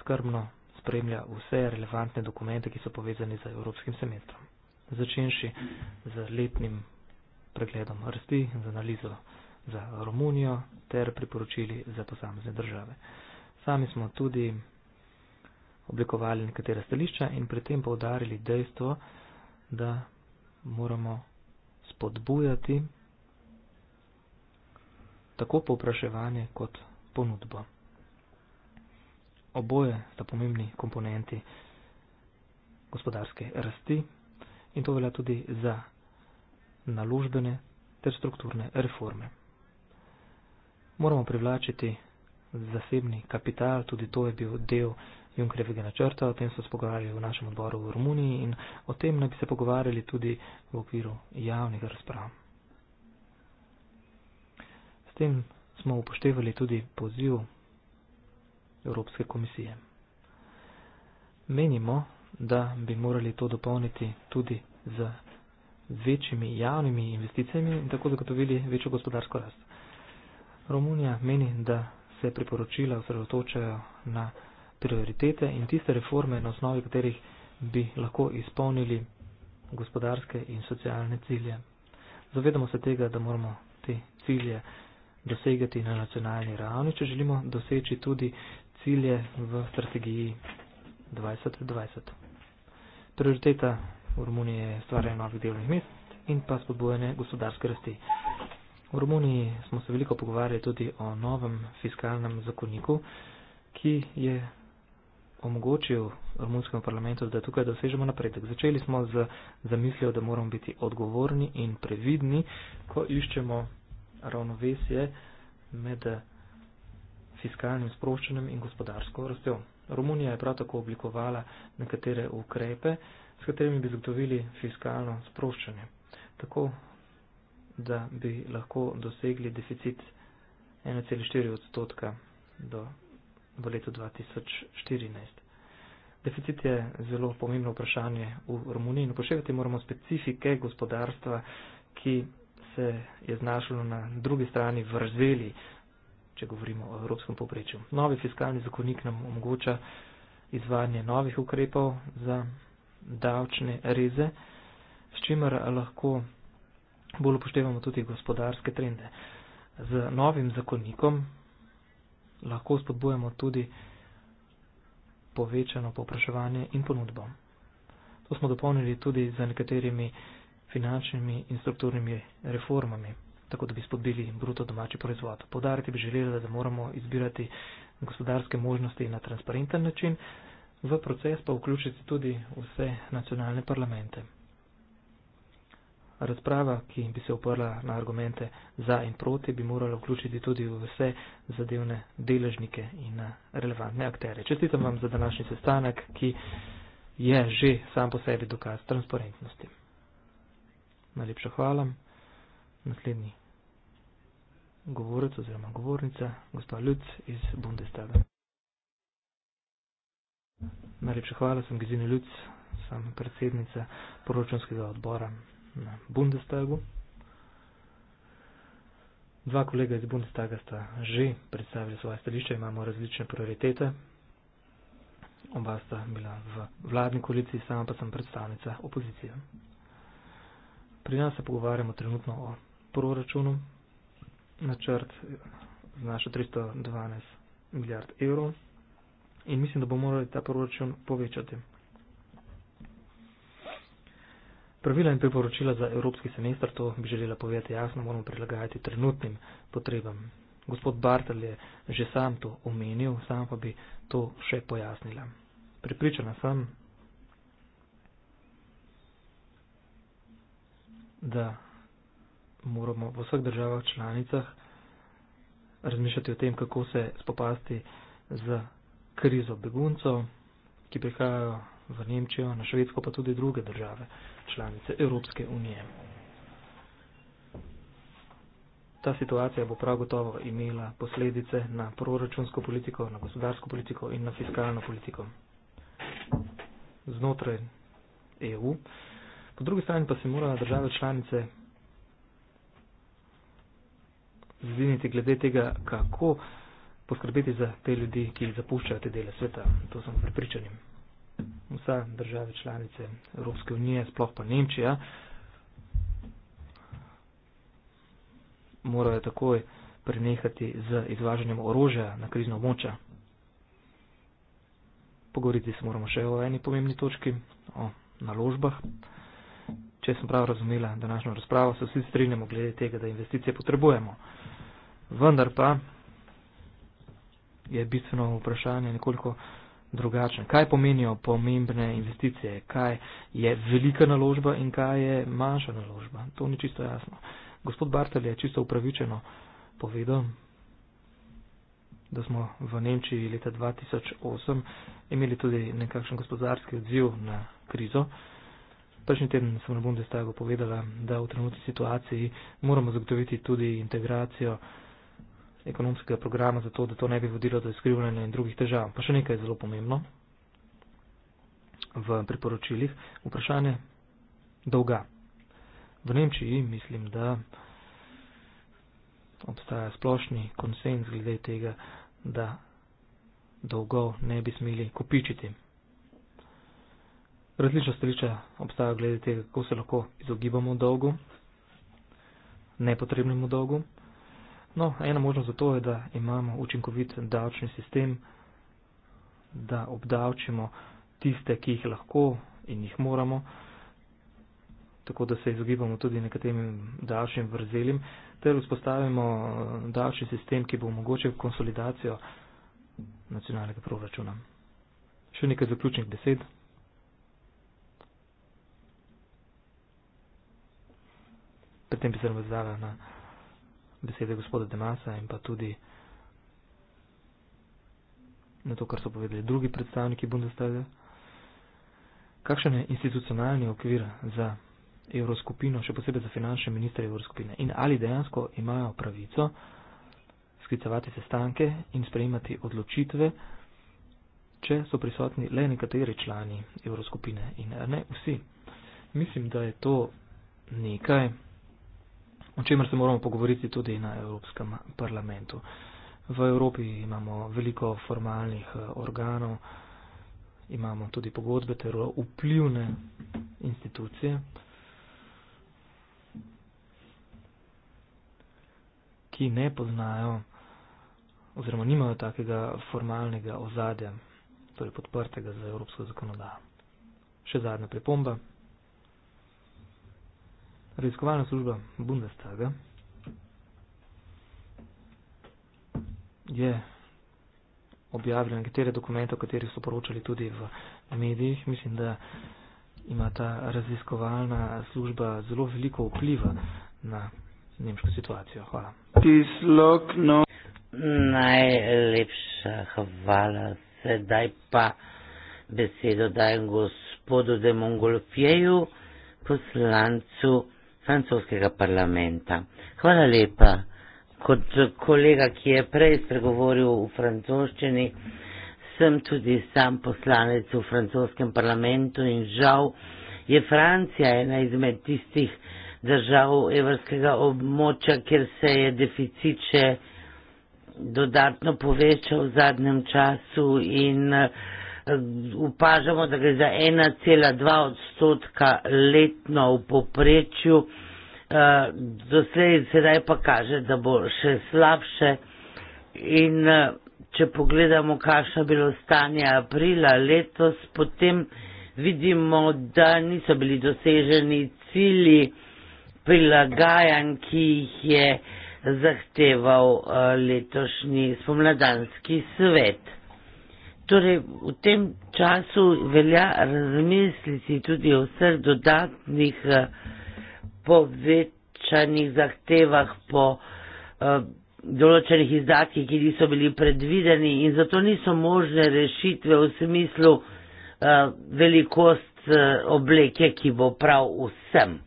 skrbno spremlja vse relevantne dokumente, ki so povezani z evropskim semestrom. Začenši z letnim pregledom rsti, z analizo za Romunijo ter priporočili za posamezne države. Sami smo tudi oblikovali nekatera stališča in pri tem povdarili dejstvo, da moramo spodbujati tako povpraševanje kot ponudbo oboje sta pomembni komponenti gospodarske rasti in to velja tudi za naložbene ter strukturne reforme. Moramo privlačiti zasebni kapital, tudi to je bil del Junkrevega načrta, o tem so se pogovarjali v našem odboru v Romuniji in o tem naj bi se pogovarjali tudi v okviru javnega razprava. S tem smo upoštevali tudi poziv Evropske komisije. Menimo, da bi morali to dopolniti tudi z večjimi javnimi investicijami in tako zagotovili večjo gospodarsko rast. Romunija meni, da se priporočila osredotočajo na prioritete in tiste reforme, na osnovi katerih bi lahko izpolnili gospodarske in socialne cilje. Zavedamo se tega, da moramo te cilje dosegati na nacionalni ravni, če želimo doseči tudi cilje v strategiji 2020. Prioriteta v Romuniji je stvarjanje novih delovnih mest in pa spodbojanje gospodarske rasti. V Romuniji smo se veliko pogovarjali tudi o novem fiskalnem zakoniku, ki je omogočil romunskemu parlamentu, da tukaj dosežemo napredek. Začeli smo z zamislijo, da moramo biti odgovorni in previdni, ko iščemo ravnovesje med fiskalnim sproščanjem in gospodarsko rastjo. Romunija je prav tako oblikovala nekatere ukrepe, s katerimi bi zagotovili fiskalno sproščanje, tako da bi lahko dosegli deficit 1,4 odstotka do, v letu 2014. Deficit je zelo pomembno vprašanje v Romuniji in no upoštevati moramo specifike gospodarstva, ki se je znašlo na drugi strani vrzeli če govorimo o evropskem poprečju. Novi fiskalni zakonik nam omogoča izvajanje novih ukrepov za davčne reze, s čimer lahko bolj upoštevamo tudi gospodarske trende. Z novim zakonikom lahko spodbujamo tudi povečano popraševanje in ponudbo. To smo dopolnili tudi za nekaterimi finančnimi in strukturnimi reformami tako da bi spodbili bruto domači proizvod. Podariti bi želeli, da moramo izbirati gospodarske možnosti na transparenten način, v proces pa vključiti tudi vse nacionalne parlamente. Razprava, ki bi se oprla na argumente za in proti, bi morala vključiti tudi vse zadevne deležnike in relevantne akterje. Čestitam vam za današnji sestanek, ki je že sam po sebi dokaz transparentnosti. Najlepša hvala naslednji govorec oziroma govornica, gospod Ljuc iz Bundestaga. Najlepša hvala, sem Gizine Ljuc, sem predsednica poročanskega odbora na Bundestagu. Dva kolega iz Bundestaga sta že predstavili svoje stališče, imamo različne prioritete. Oba sta bila v vladni koaliciji, sama pa sem predstavnica opozicije. Pri nas se pogovarjamo trenutno o proračunu. Načrt znaša 312 milijard evrov in mislim, da bomo morali ta proračun povečati. Pravila in priporočila za evropski semester, to bi želela povedati jasno, moramo prilagajati trenutnim potrebam. Gospod Bartel je že sam to omenil, sam pa bi to še pojasnila. Pripričana sem, da moramo v vseh državah članicah razmišljati o tem, kako se spopasti z krizo beguncov, ki prihajajo v Nemčijo, na Švedsko, pa tudi druge države članice Evropske unije. Ta situacija bo prav gotovo imela posledice na proračunsko politiko, na gospodarsko politiko in na fiskalno politiko znotraj EU. Po drugi strani pa se morajo države članice zviniti glede tega, kako poskrbeti za te ljudi, ki zapuščajo te dele sveta. To smo pripričani. Vsa države članice Evropske unije, sploh pa Nemčija, morajo takoj prenehati z izvažanjem orožja na krizno območja. Pogovoriti se moramo še o eni pomembni točki, o naložbah. Če sem prav razumela današnjo razpravo, se vsi strinjamo glede tega, da investicije potrebujemo. Vendar pa je bistveno vprašanje nekoliko drugačno. Kaj pomenijo pomembne investicije? Kaj je velika naložba in kaj je manjša naložba? To ni čisto jasno. Gospod Bartel je čisto upravičeno povedal, da smo v Nemčiji leta 2008 imeli tudi nekakšen gospodarski odziv na krizo. Prejšnji teden sem na Bundestagu povedala, da v trenutni situaciji moramo zagotoviti tudi integracijo ekonomskega programa, zato da to ne bi vodilo do izkrivljanja in drugih težav. Pa še nekaj je zelo pomembno v priporočilih. Vprašanje dolga. V Nemčiji mislim, da obstaja splošni konsens glede tega, da dolgov ne bi smeli kopičiti. Različna stališča obstajajo glede tega, kako se lahko izogibamo dolgu, nepotrebnemu dolgu. No, ena možnost za to je, da imamo učinkovit davčni sistem, da obdavčimo tiste, ki jih lahko in jih moramo, tako da se izogibamo tudi nekaterim davčnim vrzelim, ter vzpostavimo eh, davčni sistem, ki bo omogočil konsolidacijo nacionalnega proračuna. Še nekaj zaključnih besed. Pri tem bi se razdala na besede gospoda Demasa in pa tudi na to, kar so povedali drugi predstavniki Bundestaga. Kakšen je institucionalni okvir za evroskupino, še posebej za finančne ministre evroskupine in ali dejansko imajo pravico sklicevati sestanke in sprejemati odločitve, če so prisotni le nekateri člani evroskupine in ne vsi. Mislim, da je to nekaj, o čemer se moramo pogovoriti tudi na Evropskem parlamentu. V Evropi imamo veliko formalnih eh, organov, imamo tudi pogodbe ter vplivne institucije, ki ne poznajo oziroma nimajo takega formalnega ozadja, torej podprtega za evropsko zakonodajo. Še zadnja pripomba. Raziskovalna služba Bundestaga je objavila nekatere dokumente, o katerih so poročali tudi v medijih. Mislim, da ima ta raziskovalna služba zelo veliko vpliva na nemško situacijo. Hvala. No. Najlepša hvala. Sedaj pa besedo dajem gospodu de Mongolfjeju, poslancu francoskega parlamenta. Hvala lepa. Kot kolega, ki je prej spregovoril v francoščini, sem tudi sam poslanec v francoskem parlamentu in žal je Francija ena izmed tistih držav evropskega območja, kjer se je deficit še dodatno povečal v zadnjem času in uh, upažamo, da gre za 1,2 odstotka letno v poprečju, eh, doslej sedaj pa kaže, da bo še slabše. In eh, če pogledamo, kakšno je bilo stanje aprila letos, potem vidimo, da niso bili doseženi cilji prilagajanj, ki jih je zahteval eh, letošnji spomladanski svet. Torej, v tem času velja razmisliti tudi o vseh dodatnih eh, povečanih zahtevah po eh, določenih izdatkih, ki niso bili predvideni in zato niso možne rešitve v smislu eh, velikost obleke, ki bo prav vsem.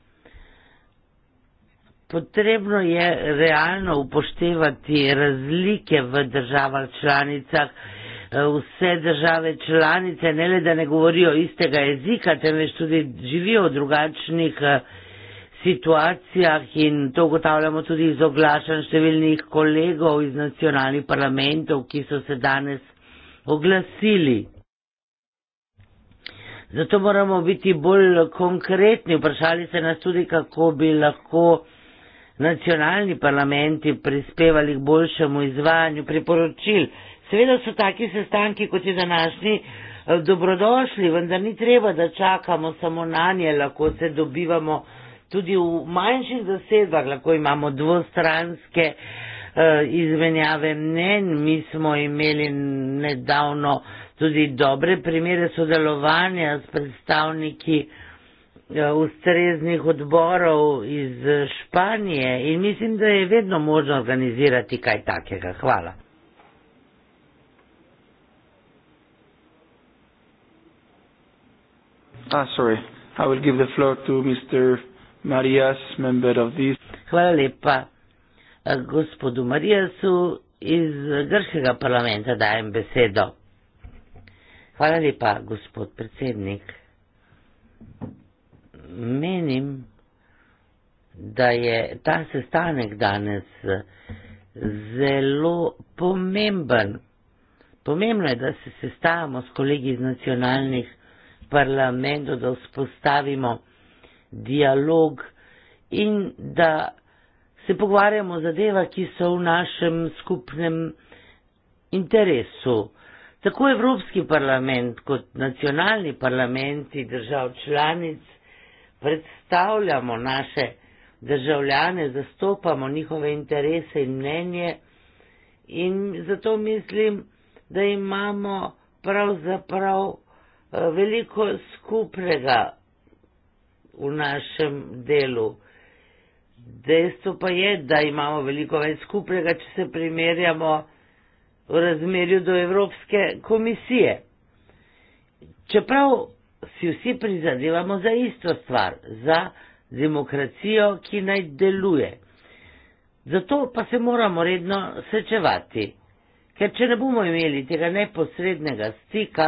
Potrebno je realno upoštevati razlike v državah članicah, Eh, vse države članice, ne le da ne govorijo istega jezika, temveč tudi živijo v drugačnih eh, situacijah in to ugotavljamo tudi iz oglašanj številnih kolegov iz nacionalnih parlamentov, ki so se danes oglasili. Zato moramo biti bolj konkretni. Vprašali ste nas tudi, kako bi lahko nacionalni parlamenti prispevali k boljšemu izvajanju priporočil. Seveda so taki sestanki, kot je današnji, eh, dobrodošli, vendar ni treba, da čakamo samo na nje, lahko se dobivamo tudi v manjših zasedbah, lahko imamo dvostranske eh, izmenjave mnen, mi smo imeli nedavno tudi dobre primere sodelovanja s predstavniki eh, ustreznih odborov iz Španije in mislim, da je vedno možno organizirati kaj takega. Hvala. Ah, sorry. I will give the floor to Mr. Marias, member of this. Hvala lepa. Eh, gospodu Marijasu iz Grškega parlamenta dajem besedo. Hvala lepa, gospod predsednik. Menim, da je ta sestanek danes eh, zelo pomemben. Pomembno je, da se sestavamo s kolegi iz nacionalnih parlamentu, da vzpostavimo dialog in da se pogovarjamo o zadevah, ki so v našem skupnem interesu. Tako Evropski parlament kot nacionalni parlamenti držav članic predstavljamo naše državljane, zastopamo njihove interese in mnenje in zato mislim, da imamo pravzaprav prav Eh, veliko skupnega v našem delu. Dejstvo pa je, da imamo veliko več skupnega, če se primerjamo v razmerju do Evropske komisije. Čeprav si vsi prizadevamo za isto stvar, za demokracijo, ki naj deluje. Zato pa se moramo redno srečevati, ker če ne bomo imeli tega neposrednega stika,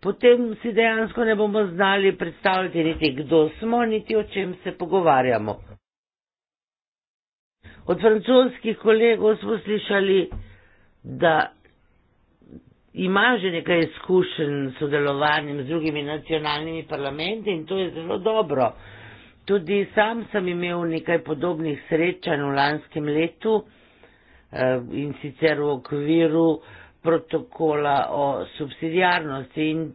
potem si dejansko ne bomo znali predstavljati niti kdo smo, niti o čem se pogovarjamo. Od francoskih kolegov smo slišali, da ima že nekaj izkušenj s sodelovanjem z drugimi nacionalnimi parlamenti in to je zelo dobro. Tudi sam sem imel nekaj podobnih srečanj v lanskem letu eh, in sicer v okviru uh, protokola o subsidijarnosti in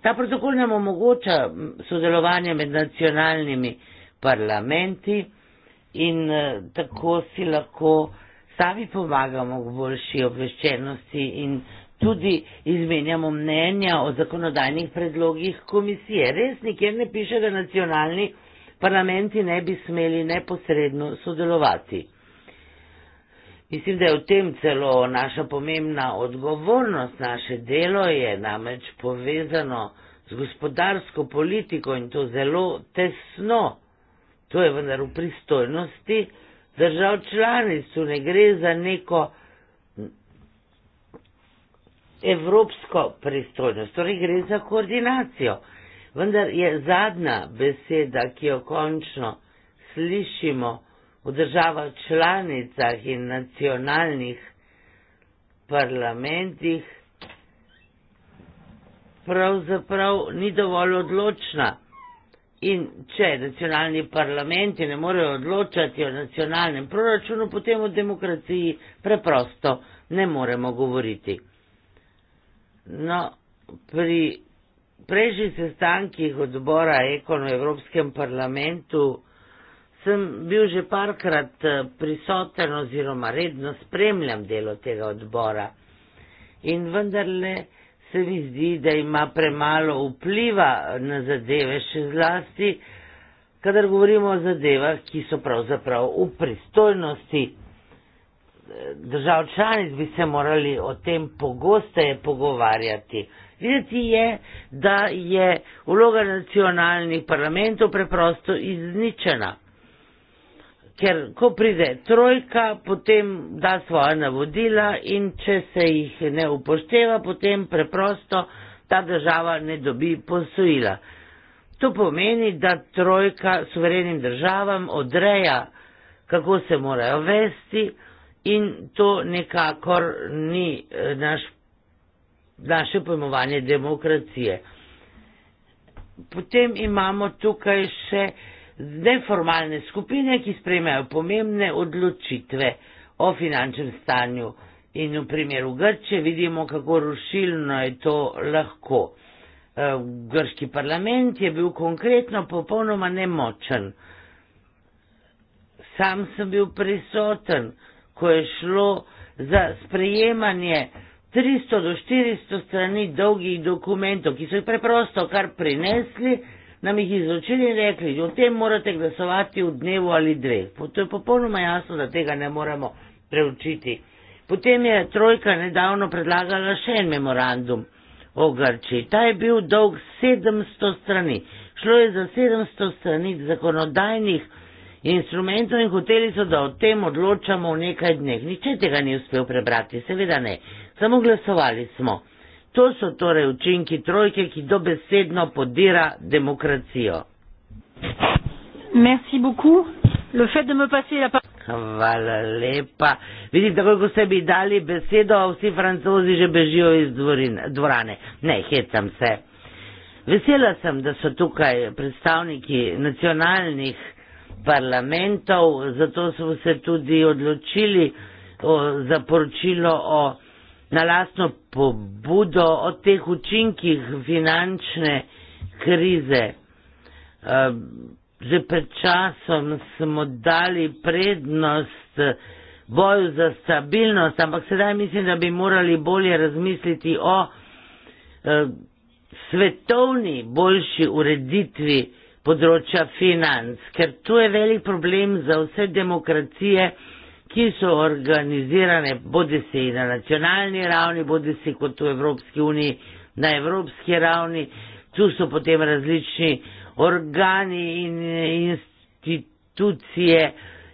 ta protokol nam omogoča sodelovanje med nacionalnimi parlamenti in eh, tako si lahko sami pomagamo k boljši obveščenosti in tudi izmenjamo mnenja o zakonodajnih predlogih komisije. Res nikjer ne piše, da nacionalni parlamenti ne bi smeli neposredno sodelovati. Mislim, da je v tem celo naša pomembna odgovornost, naše delo je namreč povezano z gospodarsko politiko in to zelo tesno. To je vendar v pristojnosti držav članic, tu ne gre za neko evropsko pristojnost, torej gre za koordinacijo. Vendar je zadnja beseda, ki jo končno slišimo, v državah članicah in nacionalnih parlamentih pravzaprav ni dovolj odločna. In če nacionalni parlamenti ne morejo odločati o nacionalnem proračunu, potem o demokraciji preprosto ne moremo govoriti. No, pri prejšnjih sestankih odbora Ekon v Evropskem parlamentu sem bil že parkrat eh, prisoten oziroma redno spremljam delo tega odbora in vendarle se mi zdi, da ima premalo vpliva na zadeve še zlasti, kadar govorimo o zadevah, ki so pravzaprav v pristojnosti. Eh, držav članic bi se morali o tem pogosteje pogovarjati. Videti je, da je vloga nacionalnih parlamentov preprosto izničena. Ker, ko pride trojka, potem da svoje navodila in če se jih ne upošteva, potem preprosto ta država ne dobi posojila. To pomeni, da trojka suverenim državam odreja, kako se morajo vesti in to nekakor ni eh, naš, naše pojmovanje demokracije. Potem imamo tukaj še neformalne skupine, ki sprejmejo pomembne odločitve o finančnem stanju. In v primeru Grče vidimo, kako rušilno je to lahko. Eh, grški parlament je bil konkretno popolnoma nemočen. Sam sem bil prisoten, ko je šlo za sprejemanje 300 do 400 strani dolgih dokumentov, ki so jih preprosto kar prinesli nam jih izročili in rekli, o tem morate glasovati v dnevu ali dveh. To je popolnoma jasno, da tega ne moremo preučiti. Potem je trojka nedavno predlagala še en memorandum o Grči. Ta je bil dolg 700 strani. Šlo je za 700 strani zakonodajnih instrumentov in hoteli so, da o tem odločamo v nekaj dneh. Niče tega ni uspel prebrati, seveda ne. Samo glasovali smo. To so torej učinki trojke, ki dobesedno podira demokracijo. Hvala lepa. Vidim, tako kot ste mi dali besedo, vsi francozi že bežijo iz dvorane. Ne, hecam se. Vesela sem, da so tukaj predstavniki nacionalnih parlamentov, zato so se tudi odločili o, za poročilo o na lastno pobudo o teh učinkih finančne krize. Ehm, že pred časom smo dali prednost boju za stabilnost, ampak sedaj mislim, da bi morali bolje razmisliti o ehm, svetovni boljši ureditvi področja financ, ker tu je velik problem za vse demokracije, ki so organizirane bodi si na nacionalni ravni, bodi si kot v Evropski uniji, na evropski ravni, tu so potem različni organi in institucije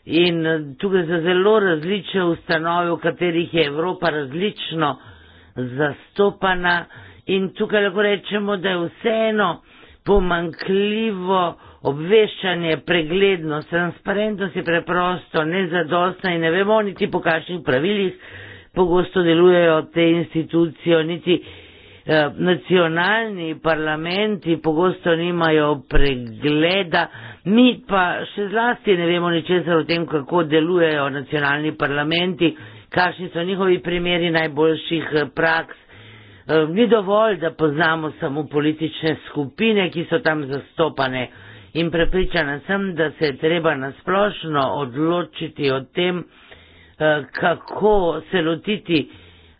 in tukaj so zelo različne ustanove, v katerih je Evropa različno zastopana in tukaj lahko rečemo, da je vseeno pomankljivo, obveščanje, preglednost, transparentnost je preprosto nezadostna in ne vemo niti po kakšnih pravilih pogosto delujejo te institucije, niti eh, nacionalni parlamenti pogosto nimajo pregleda, mi pa še zlasti ne vemo ničesar o tem, kako delujejo nacionalni parlamenti, kakšni so njihovi primeri najboljših eh, praks. Eh, ni dovolj, da poznamo samo politične skupine, ki so tam zastopane in prepričana sem, da se je treba nasplošno odločiti o tem, eh, kako se lotiti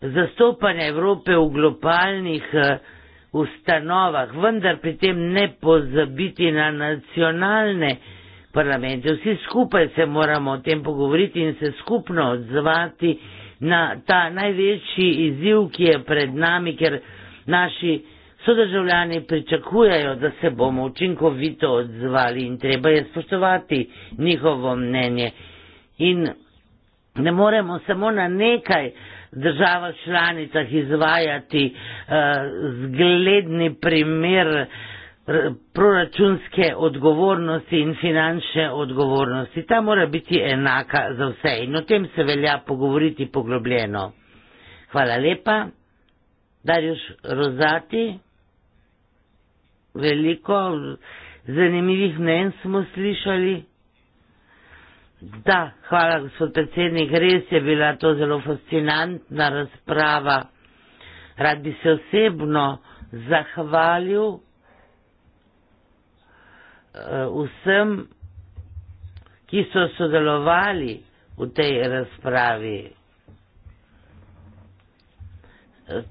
zastopanja Evrope v globalnih eh, ustanovah, vendar pri tem ne pozabiti na nacionalne parlamente. Vsi skupaj se moramo o tem pogovoriti in se skupno odzvati na ta največji izziv, ki je pred nami, ker naši Sodržavljani pričakujejo, da se bomo učinkovito odzvali in treba je spoštovati njihovo mnenje. In ne moremo samo na nekaj država članicah izvajati uh, zgledni primer eh, proračunske odgovornosti in finančne odgovornosti. Ta mora biti enaka za vse in o tem se velja pogovoriti poglobljeno. Hvala lepa. Darjuš Rozati veliko zanimivih mnen smo slišali. Da, hvala, gospod predsednik, res je bila to zelo fascinantna razprava. Rad bi se osebno zahvalil eh, vsem, ki so sodelovali v tej razpravi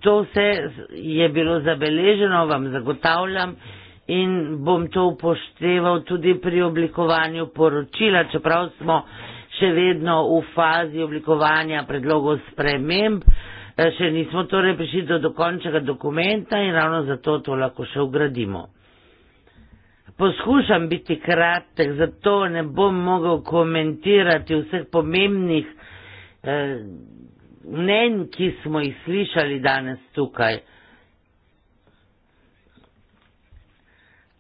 to vse je bilo zabeleženo, vam zagotavljam in bom to upošteval tudi pri oblikovanju poročila, čeprav smo še vedno v fazi oblikovanja predlogov sprememb, eh, še nismo torej prišli do dokončnega dokumenta in ravno zato to lahko še ugradimo. Poskušam biti kratek, zato ne bom mogel komentirati vseh pomembnih eh, mnen, ki smo jih slišali danes tukaj.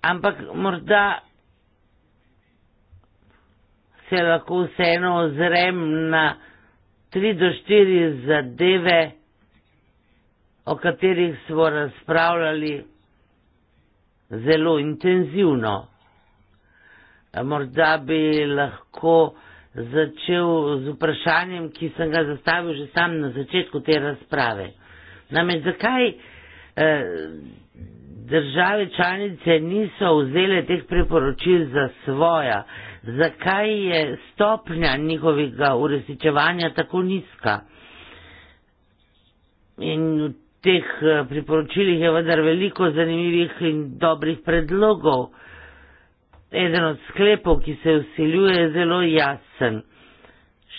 Ampak morda se lahko vseeno ozrem na tri do štiri zadeve, o katerih smo razpravljali zelo intenzivno. Morda bi lahko začel z vprašanjem, ki sem ga zastavil že sam na začetku te razprave. Namreč zakaj eh, države članice niso vzele teh priporočil za svoja, zakaj je stopnja njihovega uresničevanja tako nizka? In v teh eh, priporočilih je vendar veliko zanimivih in dobrih predlogov eden od sklepov, ki se usiljuje, zelo jasen.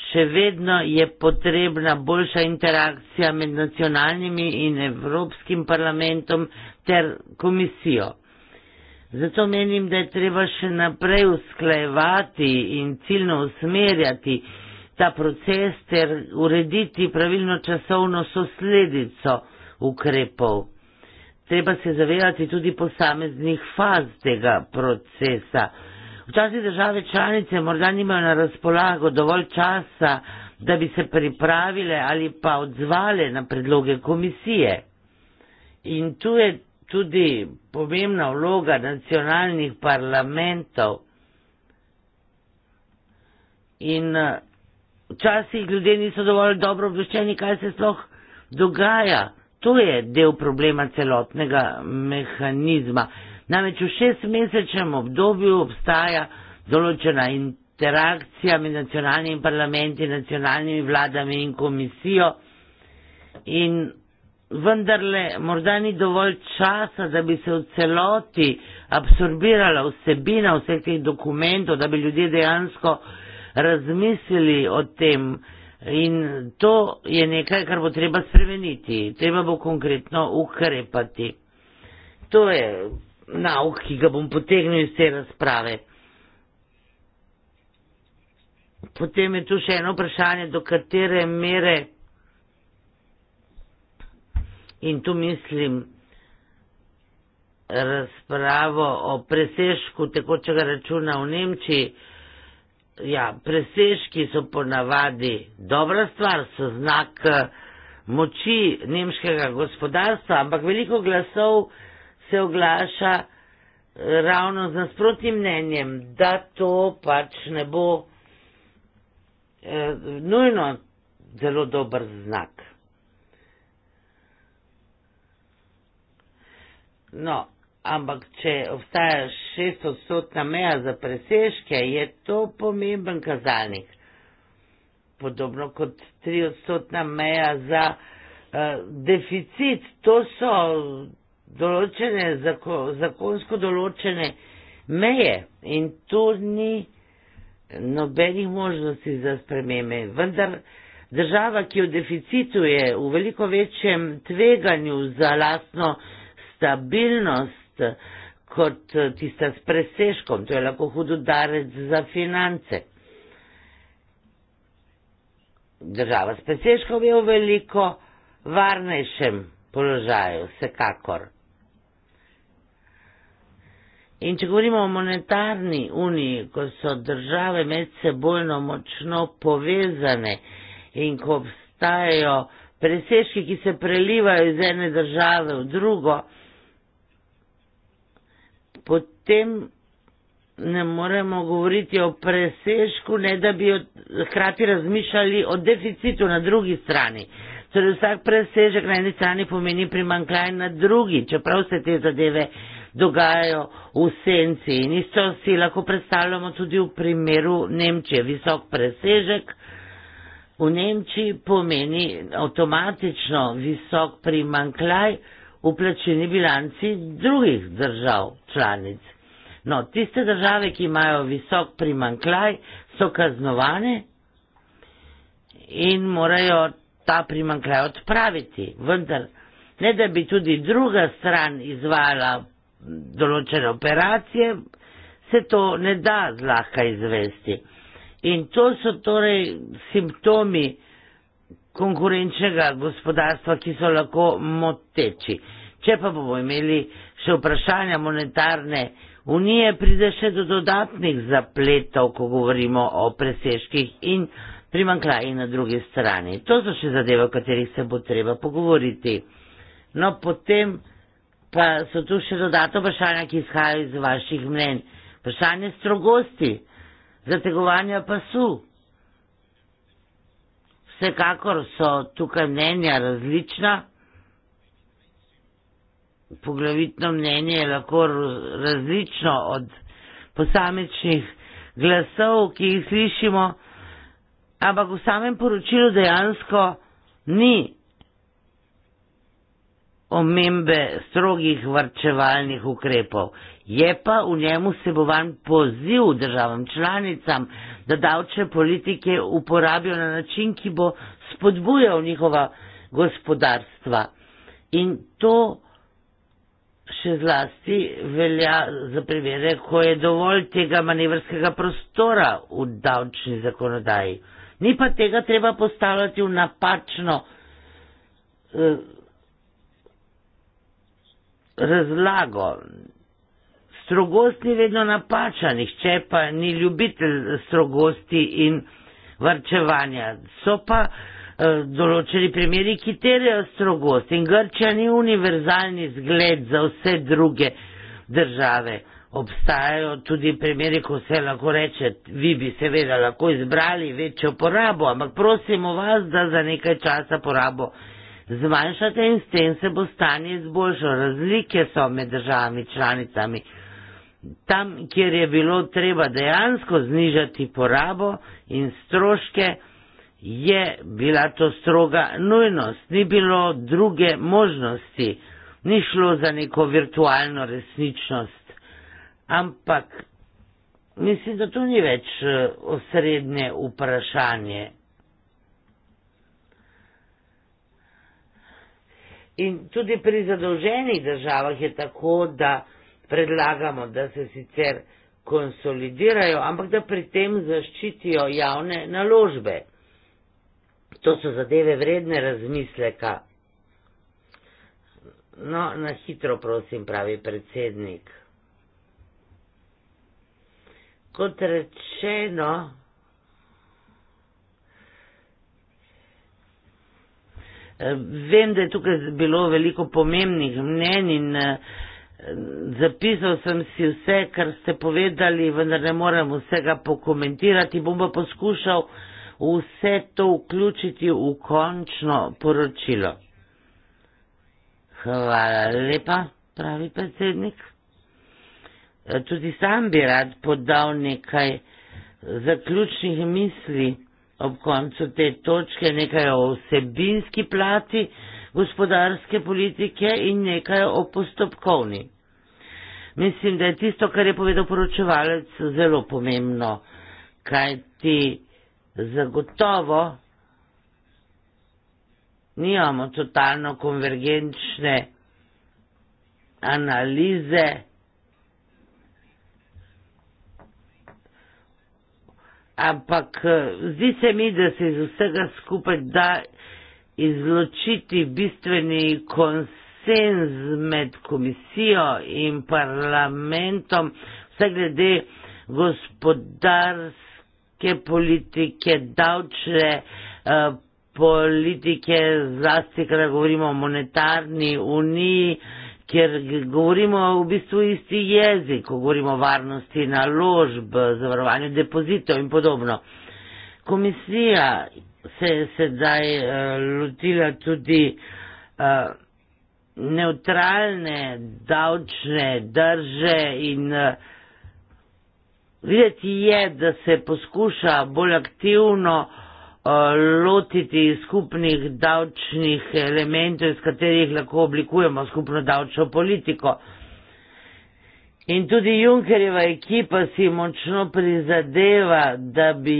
Še vedno je potrebna boljša interakcija med nacionalnimi in evropskim parlamentom ter komisijo. Zato menim, da je treba še naprej usklajevati in ciljno usmerjati ta proces ter urediti pravilno časovno sosledico ukrepov treba se zavedati tudi posameznih faz tega procesa. Včasih države članice morda nimajo na razpolago dovolj časa, da bi se pripravile ali pa odzvale na predloge komisije. In tu je tudi pomembna vloga nacionalnih parlamentov. In eh, včasih ljudje niso dovolj dobro obveščeni, kaj se sploh dogaja to je del problema celotnega mehanizma. Namreč v šestmesečnem obdobju obstaja določena interakcija med nacionalnimi parlamenti, nacionalnimi vladami in komisijo in vendarle morda ni dovolj časa, da bi se v celoti absorbirala vsebina vseh teh dokumentov, da bi ljudje dejansko razmislili o tem, In to je nekaj, kar bo treba spremeniti, treba bo konkretno ukrepati. To je nauk, ki ga bom potegnil iz te razprave. Potem je tu še eno vprašanje, do katere mere in tu mislim razpravo o presežku tekočega računa v Nemčiji ja, presežki so ponavadi dobra stvar, so znak eh, moči nemškega gospodarstva, ampak veliko glasov se oglaša eh, ravno z nasprotnim mnenjem, da to pač ne bo eh, nujno zelo dober znak. No, ampak če obstaja šest odstotna meja za presežke, je to pomemben kazalnik. Podobno kot tri odstotna meja za uh, deficit, to so določene, zako, zakonsko določene meje in tu ni nobenih možnosti za spremembe. Vendar država, ki je v deficitu, je v veliko večjem tveganju za lastno stabilnost, kot eh, tista s preseškom, to je lahko hududarec za finance. Država s preseškom je v veliko varnejšem položaju, vsekakor. In če govorimo o monetarni uniji, ko so države med sebojno močno povezane in ko obstajajo preseški, ki se prelivajo iz ene države v drugo, tem ne moremo govoriti o presežku, ne da bi hkrati razmišljali o deficitu na drugi strani. Torej vsak presežek na eni strani pomeni primankljaj na drugi, čeprav se te zadeve dogajajo v senci. In isto si lahko predstavljamo tudi v primeru Nemčije. Visok presežek v Nemčiji pomeni avtomatično visok primankljaj v plačeni bilanci drugih držav članic. No, tiste države, ki imajo visok primankljaj, so kaznovane in morajo ta primankljaj odpraviti. Vendar, ne da bi tudi druga stran izvajala določene operacije, se to ne da zlahka izvesti. In to so torej simptomi konkurenčnega gospodarstva, ki so lahko moteči. Če pa bomo imeli še vprašanja monetarne, unije pride še do dodatnih zapletov, ko govorimo o preseških in primankljaji na drugi strani. To so še zadeve, o katerih se bo treba pogovoriti. No, potem pa so tu še dodatno vprašanja, ki izhajajo iz vaših mnen. Vprašanje strogosti, zategovanja pasu. Vsekakor so tukaj mnenja različna poglavitno mnenje je lahko različno od posamečnih glasov, ki jih slišimo, ampak v samem poročilu dejansko ni omembe strogih varčevalnih ukrepov. Je pa v njemu sebovan poziv državam članicam, da davčne politike uporabijo na način, ki bo spodbujal njihova gospodarstva. In to še zlasti velja za primere, ko je dovolj tega manevrskega prostora v davčni zakonodaji. Ni pa tega treba postavljati v napačno eh, razlago. Strogost ni vedno napačna, nihče pa ni ljubitelj strogosti in varčevanja. So pa eh, Eh, določeni primeri, ki terjajo strogost in Grčija ni univerzalni zgled za vse druge države. Obstajajo tudi primeri, ko se lahko reče, vi bi seveda lahko izbrali večjo porabo, ampak prosimo vas, da za nekaj časa porabo zmanjšate in s tem se bo stanje izboljšalo. Razlike so med državami članicami. Tam, kjer je bilo treba dejansko znižati porabo in stroške, je bila to stroga nujnost, ni bilo druge možnosti, ni šlo za neko virtualno resničnost. Ampak mislim, da to ni več eh, osrednje vprašanje. In tudi pri zadolženih državah je tako, da predlagamo, da se sicer konsolidirajo, ampak da pri tem zaščitijo javne naložbe. To so zadeve vredne razmisleka. No, na hitro, prosim, pravi predsednik. Kot rečeno, eh, vem, da je tukaj bilo veliko pomembnih mnen in eh, zapisal sem si vse, kar ste povedali, vendar ne morem vsega pokomentirati. Bom pa poskušal vse to vključiti v končno poročilo. Hvala lepa, pravi predsednik. E, tudi sam bi rad podal nekaj zaključnih misli ob koncu te točke, nekaj o vsebinski plati gospodarske politike in nekaj o postopkovni. Mislim, da je tisto, kar je povedal poročevalec, zelo pomembno, kajti zagotovo nimamo totalno konvergenčne analize ampak eh, zdi se mi, da se iz vsega skupaj da izločiti bistveni konsenz med komisijo in parlamentom, vse glede gospodarstva ekonomske politike, davčne eh, politike, zlasti, kada govorimo o monetarni uniji, ker govorimo v bistvu isti jezik, ko govorimo o varnosti naložb, zavarovanju depozitov in podobno. Komisija se je sedaj eh, lotila tudi eh, neutralne davčne drže in Videti je, da se poskuša bolj aktivno eh, lotiti skupnih davčnih elementov, iz katerih lahko oblikujemo skupno davčno politiko. In tudi Junkerjeva ekipa si močno prizadeva, da bi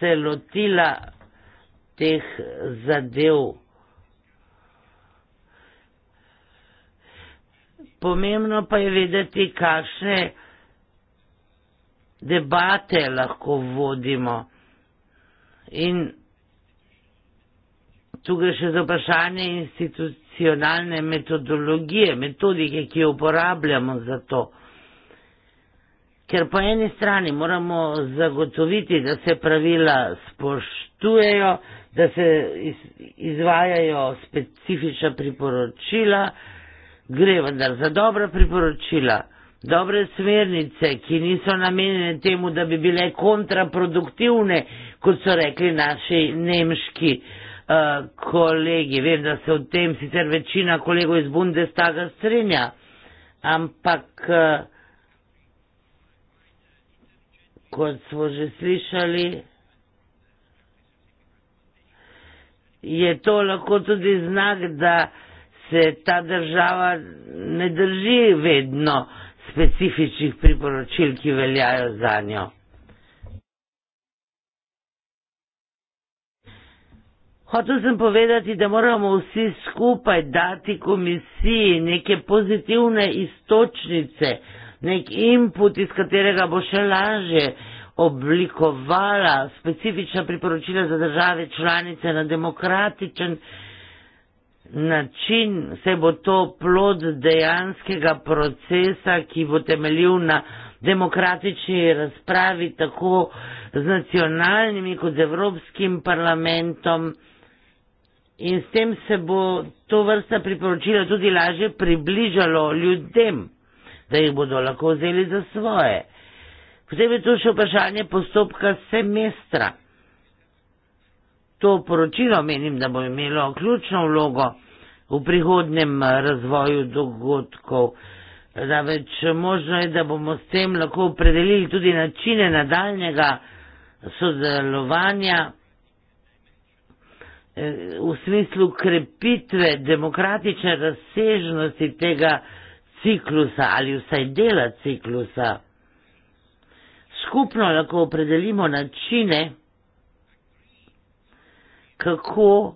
se lotila teh zadev. pomembno pa je vedeti, kakšne debate lahko vodimo. In tukaj še za vprašanje institucionalne metodologije, metodike, ki jo uporabljamo za to. Ker po eni strani moramo zagotoviti, da se pravila spoštujejo, da se izvajajo specifična priporočila, gre vendar za dobra priporočila, dobre smernice, ki niso namenjene temu, da bi bile kontraproduktivne, kot so rekli naši nemški uh, kolegi. Vem, da se v tem sicer večina kolegov iz Bundestaga strinja, ampak. Uh, Kot smo že slišali, je to lahko tudi znak, da se ta država ne drži vedno specifičnih priporočil, ki veljajo za njo. Hotel sem povedati, da moramo vsi skupaj dati komisiji neke pozitivne istočnice, nek input, iz katerega bo še lažje oblikovala specifična priporočila za države članice na demokratičen način način se bo to plod dejanskega procesa, ki bo temeljil na demokratični razpravi tako z nacionalnimi kot z Evropskim parlamentom in s tem se bo to vrsta priporočila tudi lažje približalo ljudem, da jih bodo lahko vzeli za svoje. Potem je tu še vprašanje postopka semestra to poročilo menim, da bo imelo ključno vlogo v prihodnem razvoju dogodkov. Namreč možno je, da bomo s tem lahko opredelili tudi načine nadaljnjega sodelovanja eh, v smislu krepitve demokratične razsežnosti tega ciklusa ali vsaj dela ciklusa. Skupno lahko opredelimo načine, kako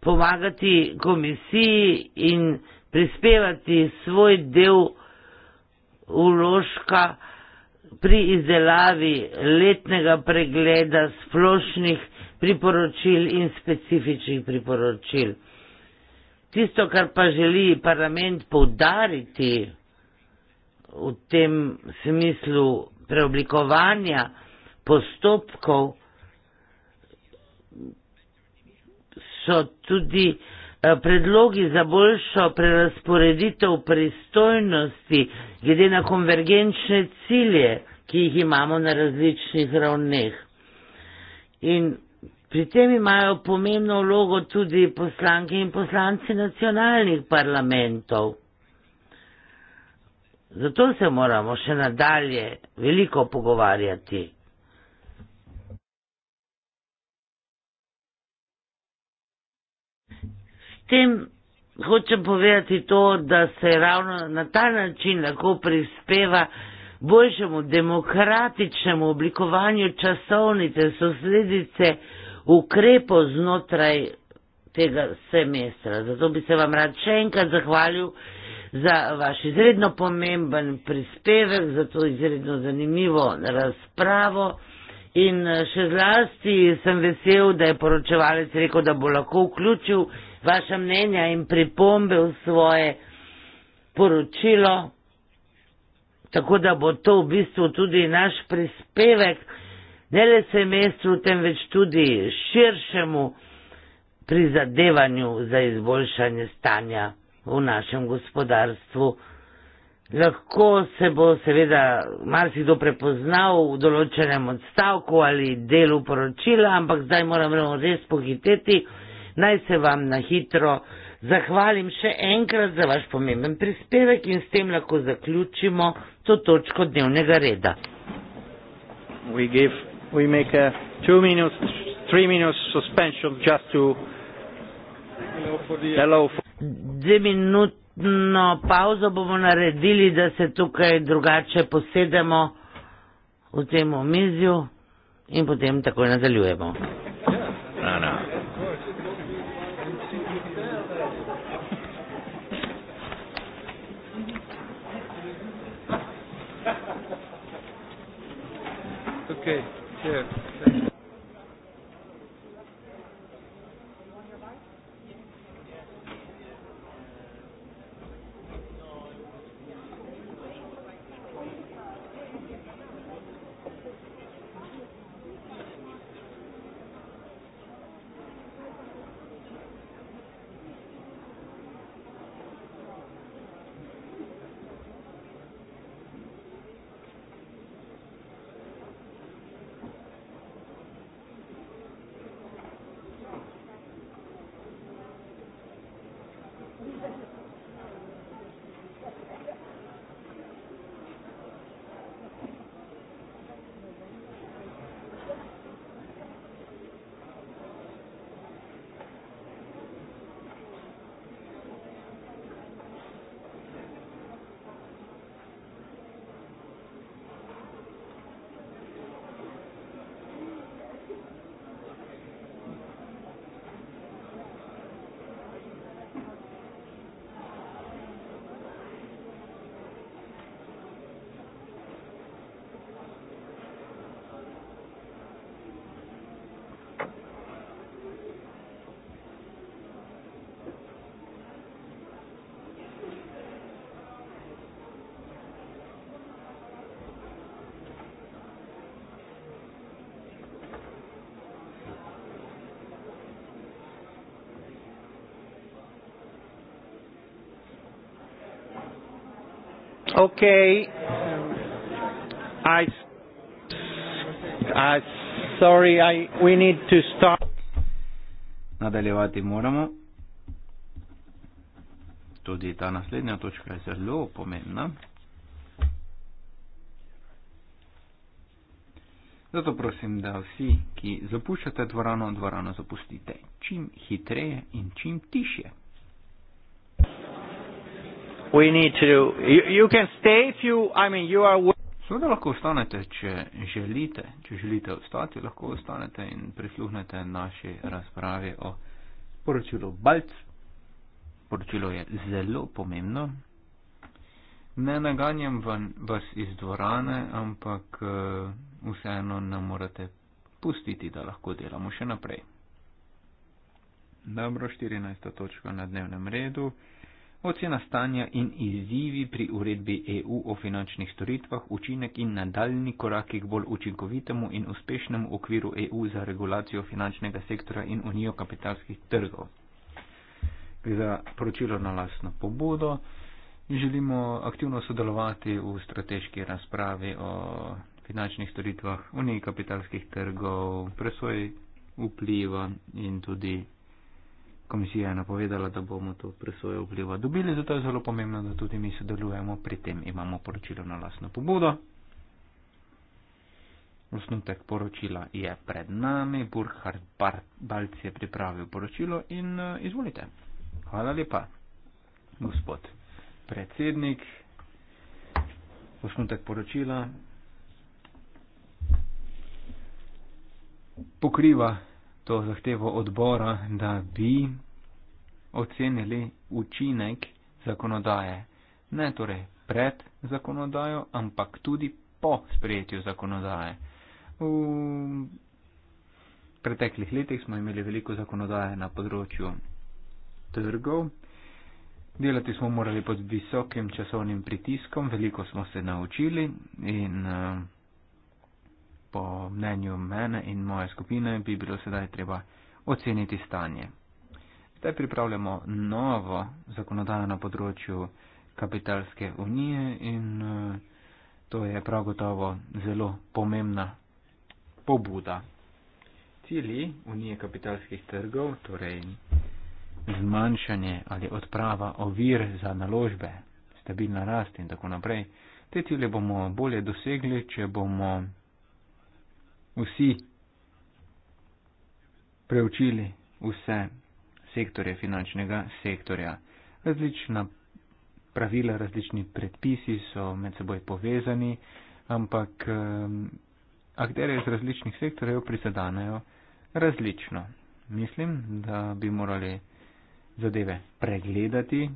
pomagati komisiji in prispevati svoj del uložka pri izdelavi letnega pregleda splošnih priporočil in specifičnih priporočil. Tisto, kar pa želi parlament poudariti v tem smislu preoblikovanja postopkov, so tudi eh, predlogi za boljšo prerasporeditev pristojnosti glede na konvergenčne cilje, ki jih imamo na različnih ravneh. In pri tem imajo pomembno vlogo tudi poslanke in poslanci nacionalnih parlamentov. Zato se moramo še nadalje veliko pogovarjati. tem hočem povedati to, da se ravno na ta način lahko prispeva boljšemu demokratičnemu oblikovanju časovnice, sosledice ukrepov znotraj tega semestra. Zato bi se vam rad še enkrat zahvalil za vaš izredno pomemben prispevek, za to izredno zanimivo razpravo. In eh, še zlasti sem vesel, da je poročevalec rekel, da bo lahko vključil vaše mnenja in pripombe v svoje poročilo, tako da bo to v bistvu tudi naš prispevek ne le semestru, temveč tudi širšemu prizadevanju za izboljšanje stanja v našem gospodarstvu lahko se bo seveda marsikdo prepoznal v določenem odstavku ali delu poročila, ampak zdaj moramo res pohiteti. Naj se vam na hitro zahvalim še enkrat za vaš pomemben prispevek in s tem lahko zaključimo to točko dnevnega reda. We give, we make a two minutes, three minutes suspension just to allow for the... Dve minute No, pauzo bomo naredili, da se tukaj drugače posedemo v tem omizju in potem takoj nadaljujemo. No, no. Okay, here. Yeah. Okay. I. I. Sorry. I. We need to stop. Nadaljevati moramo. Tudi ta naslednja točka je zelo pomembna. Zato prosim, da vsi, ki zapuščate dvorano, dvorano zapustite čim hitreje in čim tišje. Seveda lahko ostanete, če želite. Če želite ostati, lahko ostanete in prisluhnete naši razpravi o poročilu Balc. Poročilo je zelo pomembno. Ne naganjam vas iz dvorane, ampak eh, vseeno ne morete pustiti, da lahko delamo še naprej. Dobro, 14. točka na dnevnem redu ocena stanja in izzivi pri uredbi EU o finančnih storitvah, učinek in nadaljni koraki k bolj učinkovitemu in uspešnemu okviru EU za regulacijo finančnega sektora in unijo kapitalskih trgov. Za poročilo na lastno pobudo želimo aktivno sodelovati v strateški razpravi o finančnih storitvah, uniji kapitalskih trgov, presoji vpliva in tudi komisija je napovedala, da bomo to presojo vpliva dobili, zato je zelo pomembno, da tudi mi sodelujemo, pri tem imamo poročilo na lasno pobudo. Osnutek poročila je pred nami, Burkhard Balc je pripravil poročilo in eh, izvolite. Hvala lepa, gospod predsednik. Osnutek poročila pokriva to zahtevo odbora, da bi ocenili učinek zakonodaje. Ne torej pred zakonodajo, ampak tudi po sprejetju zakonodaje. V preteklih letih smo imeli veliko zakonodaje na področju trgov. Delati smo morali pod visokim časovnim pritiskom, veliko smo se naučili in uh, po mnenju mene in moje skupine bi bilo sedaj treba oceniti stanje. Zdaj pripravljamo novo zakonodajo na področju kapitalske unije in eh, to je prav gotovo zelo pomembna pobuda. Cilji unije kapitalskih trgov, torej zmanjšanje ali odprava ovir za naložbe, stabilna rast in tako naprej, te cilje bomo bolje dosegli, če bomo vsi preučili vse sektorje finančnega sektorja. Različna pravila, različni predpisi so med seboj povezani, ampak akterje iz različnih sektorjev prizadanejo različno. Mislim, da bi morali zadeve pregledati,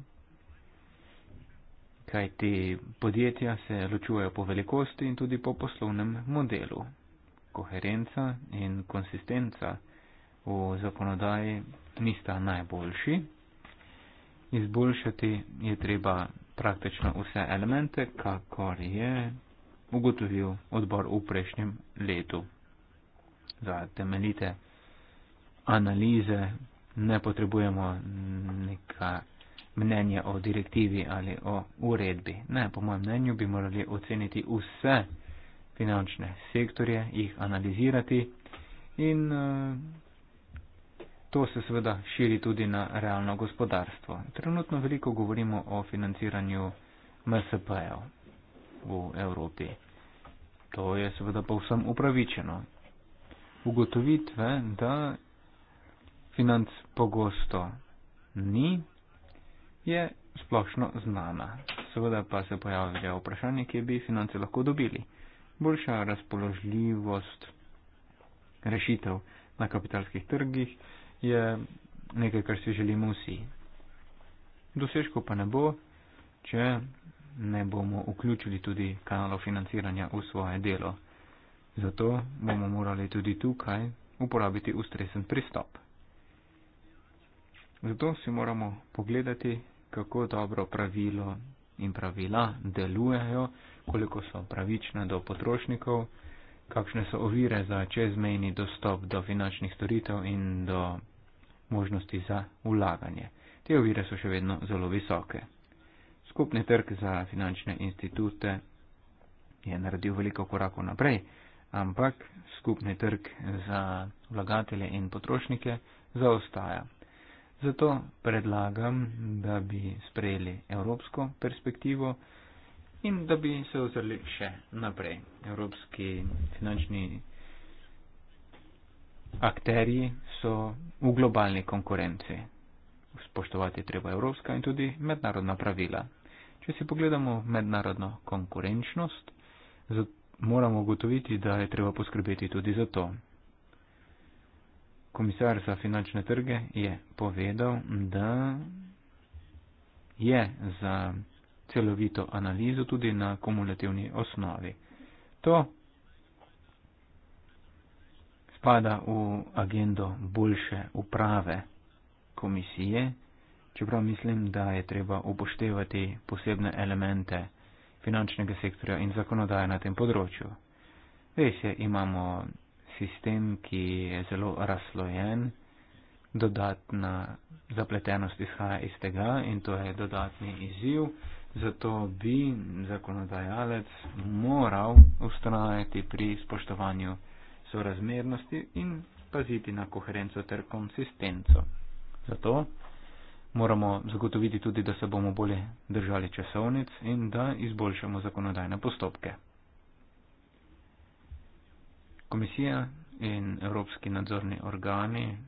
kaj ti podjetja se ločujejo po velikosti in tudi po poslovnem modelu koherenca in konsistenca v zakonodaji nista najboljši. Izboljšati je treba praktično vse elemente, kakor je ugotovil odbor v prejšnjem letu. Za temeljite analize ne potrebujemo neka mnenja o direktivi ali o uredbi. Ne, po mojem mnenju bi morali oceniti vse finančne sektorje, jih analizirati in eh, to se seveda širi tudi na realno gospodarstvo. Trenutno veliko govorimo o financiranju MSP-jev v Evropi. To je seveda povsem upravičeno. Ugotovitve, da financ pogosto ni, je splošno znana. Seveda pa se pojavlja vprašanje, kje bi finance lahko dobili boljša razpoložljivost rešitev na kapitalskih trgih je nekaj, kar si želimo vsi. Dosežko pa ne bo, če ne bomo vključili tudi kanalov financiranja v svoje delo. Zato bomo morali tudi tukaj uporabiti ustresen pristop. Zato si moramo pogledati, kako dobro pravilo in pravila delujejo, koliko so pravične do potrošnikov, kakšne so ovire za čezmejni dostop do finančnih storitev in do možnosti za ulaganje. Te ovire so še vedno zelo visoke. Skupni trg za finančne institute je naredil veliko korakov naprej, ampak skupni trg za vlagatelje in potrošnike zaostaja. Zato predlagam, da bi sprejeli evropsko perspektivo in da bi se ozrli še naprej. Evropski finančni akteri so v globalni konkurenci. Spoštovati treba evropska in tudi mednarodna pravila. Če si pogledamo mednarodno konkurenčnost, moramo ugotoviti, da je treba poskrbeti tudi za to komisar za finančne trge je povedal, da je za celovito analizo tudi na kumulativni osnovi. To spada v agendo boljše uprave komisije, čeprav mislim, da je treba upoštevati posebne elemente finančnega sektorja in zakonodaje na tem področju. Res je, imamo sistem, ki je zelo razlojen, dodatna zapletenost izhaja iz tega in to je dodatni izziv. Zato bi zakonodajalec moral ustrajati pri spoštovanju sorazmernosti in paziti na koherenco ter konsistenco. Zato moramo zagotoviti tudi, da se bomo bolje držali časovnic in da izboljšamo zakonodajne postopke. Komisija in evropski nadzorni organi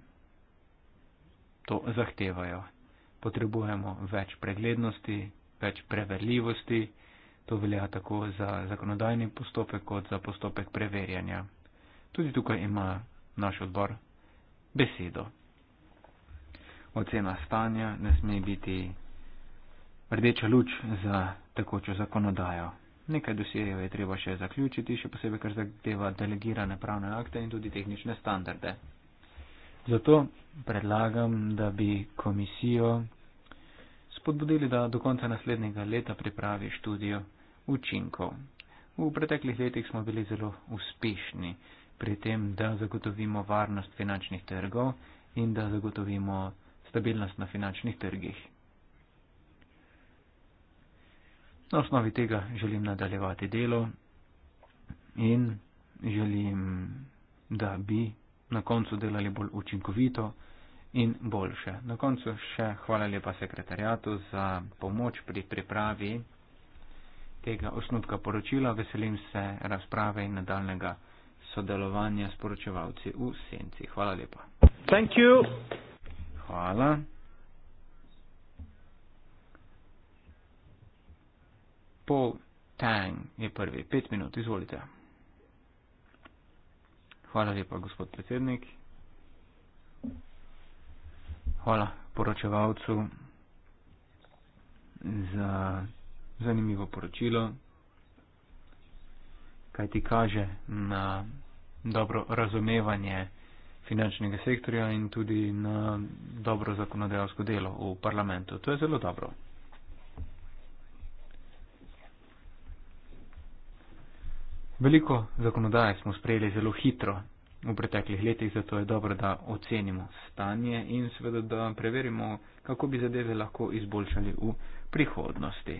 to zahtevajo. Potrebujemo več preglednosti, več preverljivosti. To velja tako za zakonodajni postopek, kot za postopek preverjanja. Tudi tukaj ima naš odbor besedo. Ocena stanja ne sme biti rdeča luč za tekočo zakonodajo. Nekaj dosjejev je treba še zaključiti, še posebej, ker zahteva delegirane pravne akte in tudi tehnične standarde. Zato predlagam, da bi komisijo spodbudili, da do konca naslednjega leta pripravi študijo učinkov. V preteklih letih smo bili zelo uspešni pri tem, da zagotovimo varnost finančnih trgov in da zagotovimo stabilnost na finančnih trgih. Na osnovi tega želim nadaljevati delo in želim, da bi na koncu delali bolj učinkovito in boljše. Na koncu še hvala lepa sekretarjatu za pomoč pri pripravi tega osnutka poročila. Veselim se razprave in nadaljnega sodelovanja s poročevalci v Senci. Hvala lepa. Thank you. Hvala. Paul Tang je prvi. Pet minut, izvolite. Hvala lepa, gospod predsednik. Hvala poročevalcu za zanimivo poročilo, kaj ti kaže na dobro razumevanje finančnega sektorja in tudi na dobro zakonodajalsko delo v parlamentu. To je zelo dobro. Veliko zakonodaje smo sprejeli zelo hitro v preteklih letih, zato je dobro, da ocenimo stanje in seveda, da preverimo, kako bi zadeve lahko izboljšali v prihodnosti.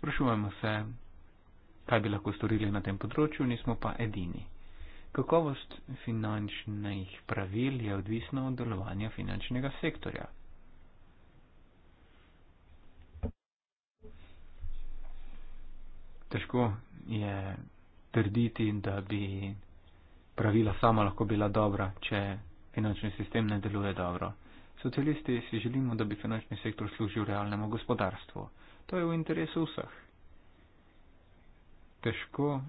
Sprašujemo se, kaj bi lahko storili na tem področju, nismo pa edini. Kakovost finančnih pravil je odvisna od delovanja finančnega sektorja. težko je trditi, da bi pravila sama lahko bila dobra, če finančni sistem ne deluje dobro. Socialisti si želimo, da bi finančni sektor služil realnemu gospodarstvu. To je v interesu vseh. Težko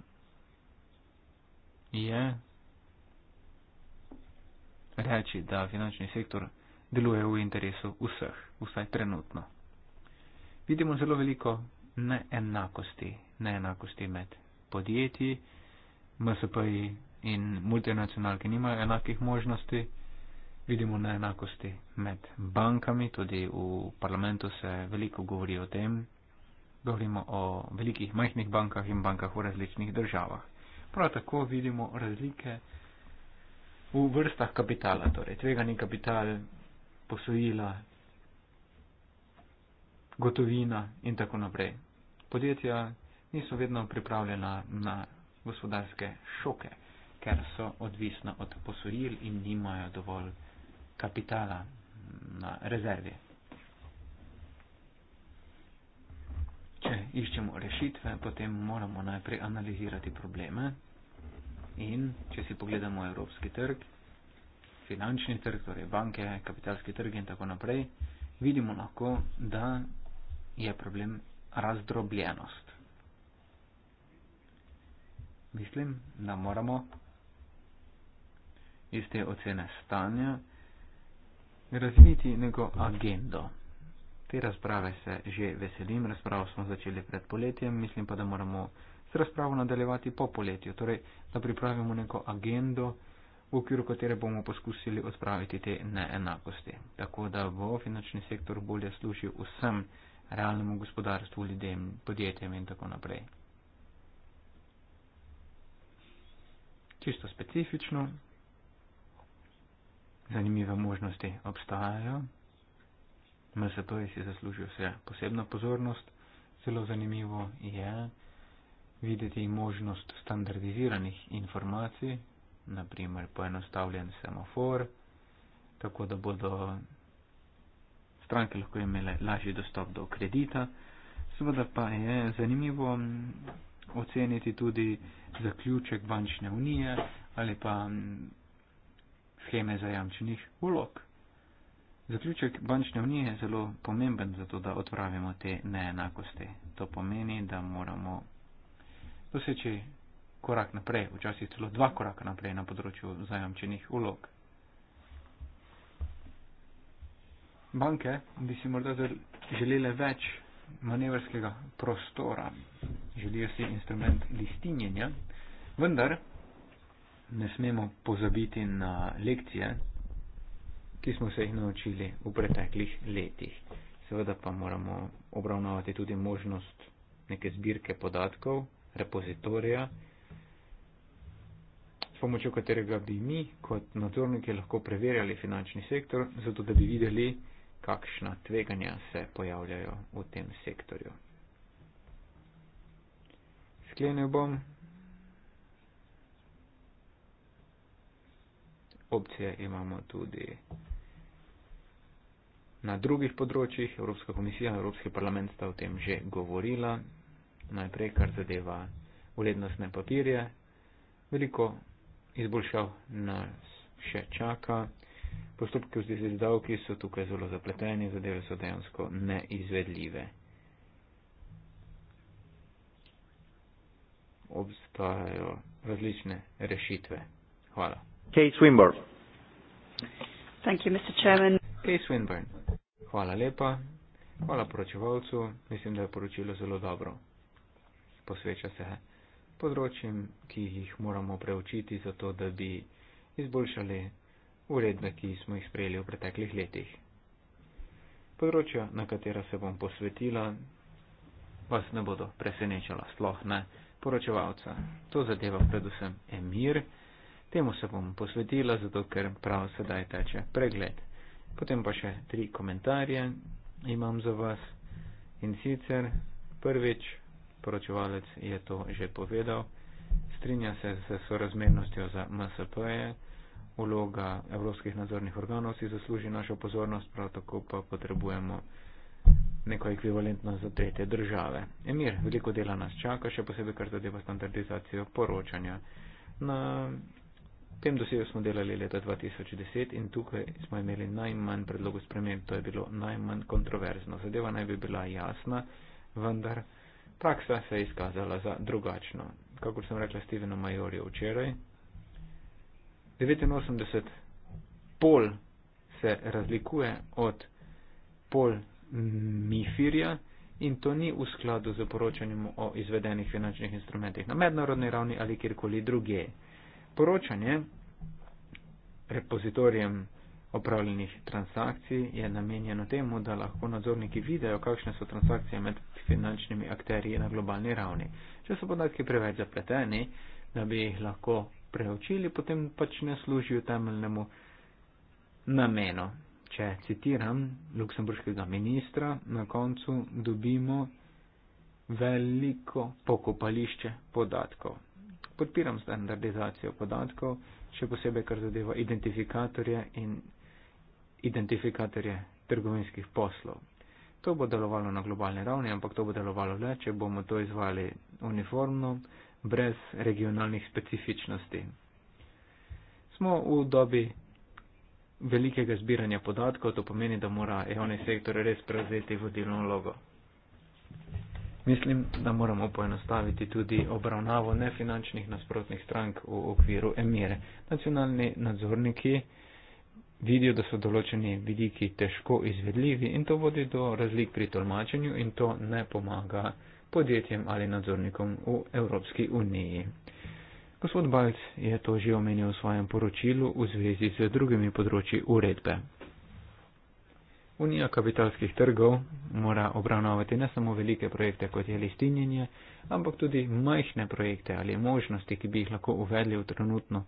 je reči, da finančni sektor deluje v interesu vseh, vsaj trenutno. Vidimo zelo veliko neenakosti neenakosti med podjetji, MSP-ji in multinacionalki nimajo enakih možnosti. Vidimo neenakosti med bankami, tudi v parlamentu se veliko govori o tem. Govorimo o velikih majhnih bankah in bankah v različnih državah. Prav tako vidimo razlike v vrstah kapitala, torej tvegani kapital, posojila, gotovina in tako naprej. Podjetja, niso vedno pripravljena na gospodarske šoke, ker so odvisna od posojil in nimajo dovolj kapitala na rezervi. Če iščemo rešitve, potem moramo najprej analizirati probleme in če si pogledamo evropski trg, finančni trg, torej banke, kapitalski trg in tako naprej, vidimo lahko, da je problem razdrobljenost mislim, da moramo iz te ocene stanja razviti neko agendo. Te razprave se že veselim, razpravo smo začeli pred poletjem, mislim pa, da moramo s razpravo nadaljevati po poletju, torej da pripravimo neko agendo, v okviru katere bomo poskusili odpraviti te neenakosti, tako da bo finančni sektor bolje služil vsem realnemu gospodarstvu, ljudem, podjetjem in tako naprej. čisto specifično. Zanimive možnosti obstajajo. MSTO je si zaslužil vse posebno pozornost. Zelo zanimivo je videti možnost standardiziranih informacij, naprimer poenostavljen semafor, tako da bodo stranke lahko imele lažji dostop do kredita. Seveda pa je zanimivo oceniti tudi zaključek bančne unije ali pa mm, scheme zajamčenih vlog. Zaključek bančne unije je zelo pomemben za to, da odpravimo te neenakosti. To pomeni, da moramo doseči korak naprej, včasih celo dva koraka naprej na področju zajamčenih vlog. Banke bi si morda želele več manevrskega prostora. Želijo si instrument listinjenja, vendar ne smemo pozabiti na lekcije, ki smo se jih naučili v preteklih letih. Seveda pa moramo obravnavati tudi možnost neke zbirke podatkov, repozitorija, s pomočjo katerega bi mi kot nadzorniki lahko preverjali finančni sektor, zato da bi videli, kakšna tveganja se pojavljajo v tem sektorju. Sklenil bom. Opcije imamo tudi na drugih področjih. Evropska komisija in Evropski parlament sta o tem že govorila. Najprej, kar zadeva vrednostne papirje, veliko izboljšav nas še čaka postopki v zvezi z davki so tukaj zelo zapleteni, zadeve so dejansko neizvedljive. Obstajajo različne rešitve. Hvala. Kate Swinburne. Thank you, Mr. Chairman. Kate Swinburne. Hvala lepa. Hvala poročevalcu. Mislim, da je poročilo zelo dobro. Posveča se področjem, ki jih moramo preučiti, zato da bi izboljšali uredbe, ki smo jih sprejeli v preteklih letih. Področja, na katera se bom posvetila, vas ne bodo presenečala, sloh ne, poročevalca. To zadeva predvsem emir, temu se bom posvetila, zato ker prav sedaj teče pregled. Potem pa še tri komentarje imam za vas in sicer prvič, poročevalec je to že povedal, strinja se z sorazmernostjo za MSP-je vloga evropskih nadzornih organov si zasluži našo pozornost, prav tako pa potrebujemo neko ekvivalentno za tretje države. Emir, veliko dela nas čaka, še posebej kar zadeva standardizacijo poročanja. Na tem dosegu smo delali leta 2010 in tukaj smo imeli najmanj predlogov sprememb, to je bilo najmanj kontroverzno. Zadeva naj bi bila jasna, vendar praksa se je izkazala za drugačno. Kakor sem rekla Stevenu Majorju včeraj, 89 pol se razlikuje od pol Mifirja in to ni v skladu z poročanjem o izvedenih finančnih instrumentih na mednarodni ravni ali kjerkoli druge. Poročanje repozitorijem opravljenih transakcij je namenjeno temu, da lahko nadzorniki vidijo, kakšne so transakcije med finančnimi akterji na globalni ravni. Če so podatki preveč zapleteni, da bi jih lahko preučili, potem pač ne služijo temeljnemu namenu. Če citiram luksemburškega ministra, na koncu dobimo veliko pokopališče podatkov. Podpiram standardizacijo podatkov, še posebej kar zadeva identifikatorje in identifikatorje trgovinskih poslov. To bo delovalo na globalni ravni, ampak to bo delovalo le, če bomo to izvali uniformno brez regionalnih specifičnosti. Smo v dobi velikega zbiranja podatkov, to pomeni, da mora javni sektor res prevzeti vodilno vlogo. Mislim, da moramo poenostaviti tudi obravnavo nefinančnih nasprotnih strank v okviru emire. Nacionalni nadzorniki vidijo, da so določeni vidiki težko izvedljivi in to vodi do razlik pri tolmačenju in to ne pomaga podjetjem ali nadzornikom v Evropski uniji. Gospod Balc je to že omenil v svojem poročilu v zvezi z drugimi področji uredbe. Unija kapitalskih trgov mora obravnavati ne samo velike projekte, kot je listinjenje, ampak tudi majhne projekte ali možnosti, ki bi jih lahko uvedli v trenutno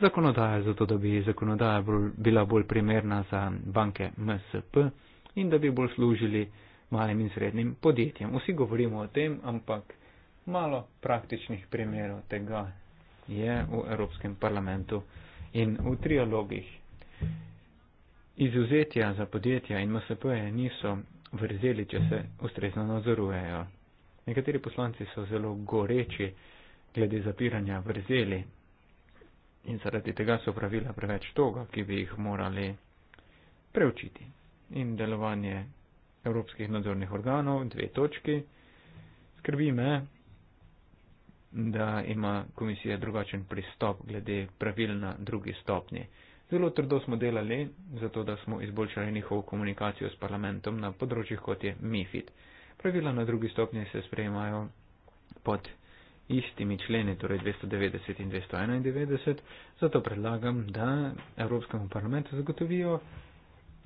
zakonodajo, zato da bi zakonodaja bila bolj primerna za banke MSP in da bi bolj služili malim in srednjim podjetjem. Vsi govorimo o tem, ampak malo praktičnih primerov tega je v Evropskem parlamentu in v trialogih. Izuzetja za podjetja in MSP-je niso vrzeli, če se ustrezno nadzorujejo. Nekateri poslanci so zelo goreči glede zapiranja vrzeli in zaradi tega so pravila preveč toga, ki bi jih morali preučiti. In delovanje evropskih nadzornih organov, dve točki. Skrbi me, da ima komisija drugačen pristop glede pravil na drugi stopni. Zelo trdo smo delali, zato da smo izboljšali njihovo komunikacijo s parlamentom na področjih kot je MIFID. Pravila na drugi stopni se sprejemajo pod istimi členi, torej 290 in 291, zato predlagam, da Evropskemu parlamentu zagotovijo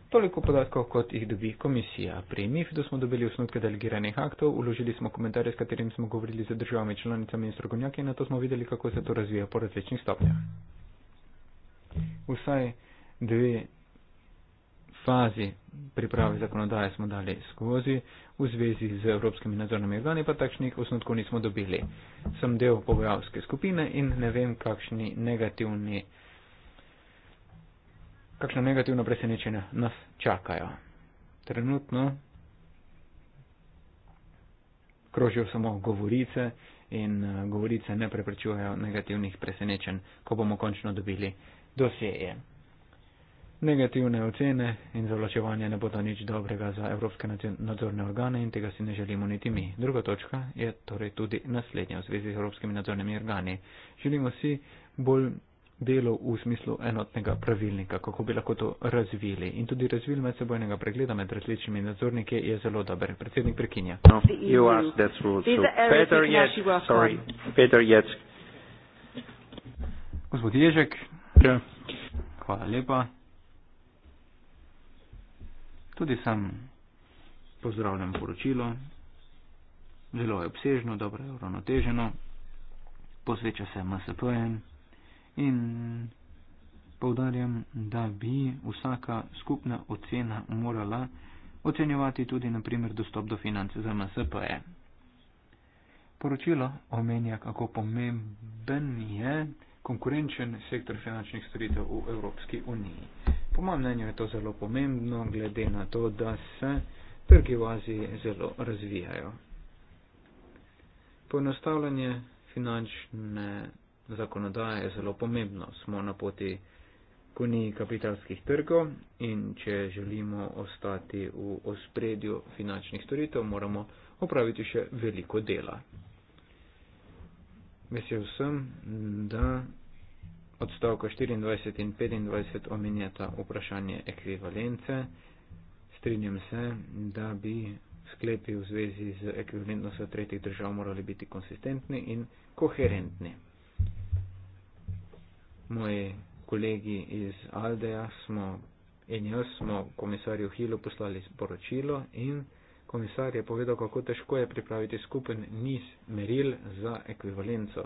Toliko podatkov, kot jih dobi komisija. Pri MIFD smo dobili osnutke delegiranih aktov, uložili smo komentarje, s katerimi smo govorili z državami članicami in strokovnjaki in na to smo videli, kako se to razvija po različnih stopnjah. Vsaj dve fazi priprave zakonodaje smo dali skozi, v zvezi z evropskimi nadzornimi organi pa takšnih osnutkov nismo dobili. Sem del pogajalske skupine in ne vem, kakšni negativni kakšno negativno presenečenje nas čakajo. Trenutno krožijo samo govorice in eh, govorice ne preprečujejo negativnih presenečenj, ko bomo končno dobili dosjeje. Negativne ocene in zavlačevanje ne bodo nič dobrega za evropske nadzorne organe in tega si ne želimo niti mi. Druga točka je torej tudi naslednja v zvezi z evropskimi nadzornimi organi. Želimo si bolj delov v smislu enotnega pravilnika, kako bi lahko to razvili. In tudi razvil medsebojnega pregleda med različnimi nadzorniki je zelo dober. Predsednik prekinja. No, e e Gospod Ježek. Ja. Hvala lepa. Tudi sam pozdravljam poročilo. Zelo je obsežno, dobro je uravnoteženo. Posveča se MSP-jem. In povdarjam, da bi vsaka skupna ocena morala ocenjevati tudi, naprimer, dostop do financ za MSPE. Poročilo omenja, kako pomemben je konkurenčen sektor finančnih storitev v Evropski uniji. Po mojem mnenju je to zelo pomembno, glede na to, da se trgi v Aziji zelo razvijajo. Poenostavljanje finančne zakonodaja je zelo pomembno. Smo na poti kuni kapitalskih trgov in če želimo ostati v ospredju finančnih storitev, moramo opraviti še veliko dela. Vesel sem, da odstavka 24 in 25 omenjata vprašanje ekvivalence. Strinjam se, da bi sklepi v zvezi z ekvivalentnostjo tretjih držav morali biti konsistentni in koherentni moji kolegi iz Aldeja smo in jaz smo komisarju Hilu poslali sporočilo in komisar je povedal, kako težko je pripraviti skupen niz meril za ekvivalenco.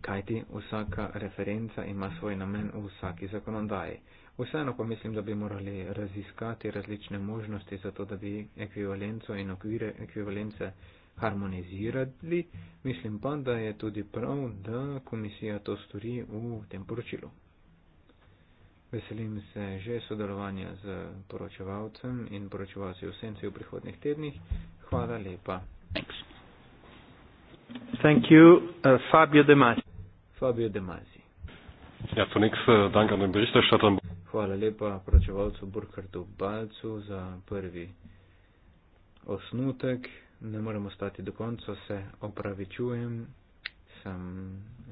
Kajti vsaka referenca ima svoj namen v vsaki zakonodaji. Vseeno pa mislim, da bi morali raziskati različne možnosti za to, da bi ekvivalenco in okvire ekvivalence harmonizirali, mislim pa, da je tudi prav, da komisija to stori v tem poročilu. Veselim se že sodelovanja z poročevalcem in poročevalci v senci v prihodnih tednih. Hvala lepa. Thank you, uh, Fabio De Masi. Fabio De Masi. Ja, to nek eh, se danka ne berište še tam. Hvala lepa poročevalcu Burkhardu Balcu za prvi osnutek ne morem ostati do konca, se opravičujem, sem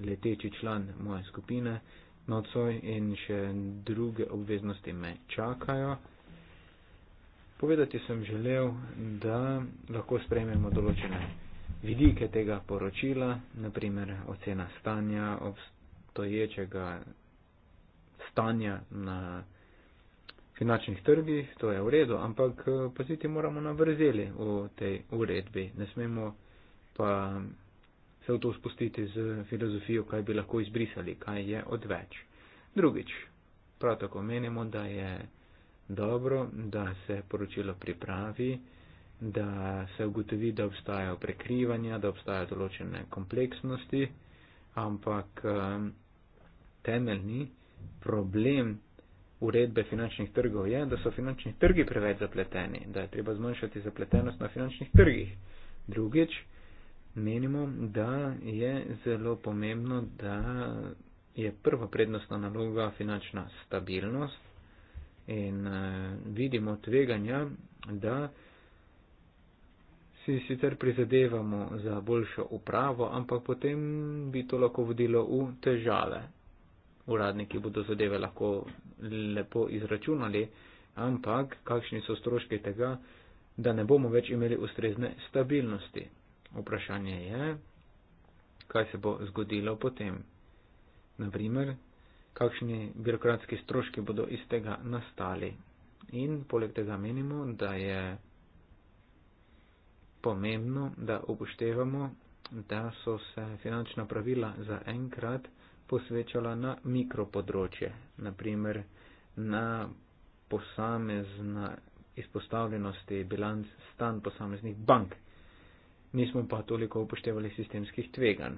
leteči član moje skupine nocoj in še druge obveznosti me čakajo. Povedati sem želel, da lahko sprejmemo določene vidike tega poročila, naprimer ocena stanja, obstoječega stanja na finančnih trgih, to je v redu, ampak eh, paziti moramo na vrzeli v tej uredbi. Ne smemo pa se v to spustiti z filozofijo, kaj bi lahko izbrisali, kaj je odveč. Drugič, prav tako menimo, da je dobro, da se poročilo pripravi, da se ugotovi, da obstajajo prekrivanja, da obstajajo določene kompleksnosti, ampak eh, temeljni problem uredbe finančnih trgov je, da so finančni trgi preveč zapleteni, da je treba zmanjšati zapletenost na finančnih trgih. Drugič, menimo, da je zelo pomembno, da je prva prednostna naloga finančna stabilnost in eh, vidimo tveganja, da si sicer prizadevamo za boljšo upravo, ampak potem bi to lahko vodilo v težave uradniki bodo zadeve lahko lepo izračunali, ampak kakšni so stroški tega, da ne bomo več imeli ustrezne stabilnosti. Vprašanje je, kaj se bo zgodilo potem. Naprimer, kakšni birokratski stroški bodo iz tega nastali. In poleg tega menimo, da je pomembno, da upoštevamo, da so se finančna pravila za enkrat posvečala na mikropodročje, naprimer na posamezna izpostavljenosti bilanc stan posameznih bank. Nismo pa toliko upoštevali sistemskih tveganj.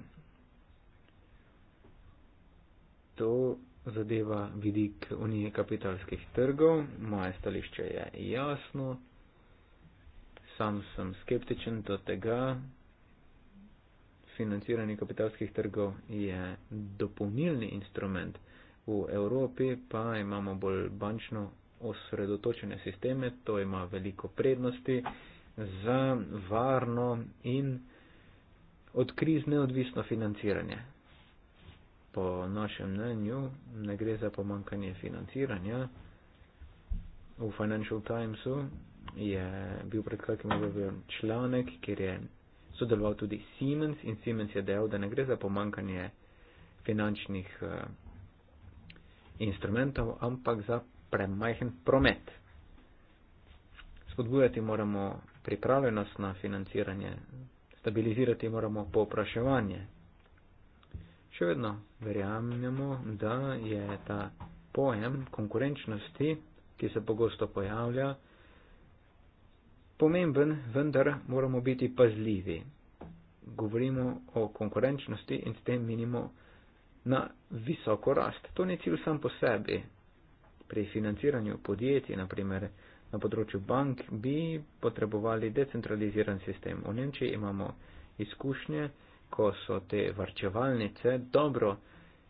To zadeva vidik unije kapitalskih trgov. Moje stališče je jasno. Sam sem skeptičen do tega, financiranje kapitalskih trgov je dopolnilni instrument. V Evropi pa imamo bolj bančno osredotočene sisteme, to ima veliko prednosti za varno in od kriz neodvisno financiranje. Po našem mnenju ne gre za pomankanje financiranja. V Financial Timesu je bil pred kratkim objavljen članek, kjer je sodeloval tudi Siemens in Siemens je dejal, da ne gre za pomankanje finančnih eh, instrumentov, ampak za premajhen promet. Spodbujati moramo pripravljenost na financiranje, stabilizirati moramo povpraševanje. Še vedno verjamemo, da je ta pojem konkurenčnosti, ki se pogosto pojavlja, pomemben, vendar moramo biti pazljivi. Govorimo o konkurenčnosti in s tem minimo na visoko rast. To ni cilj sam po sebi. Pri financiranju podjetij, naprimer na področju bank, bi potrebovali decentraliziran sistem. V Nemčiji imamo izkušnje, ko so te varčevalnice dobro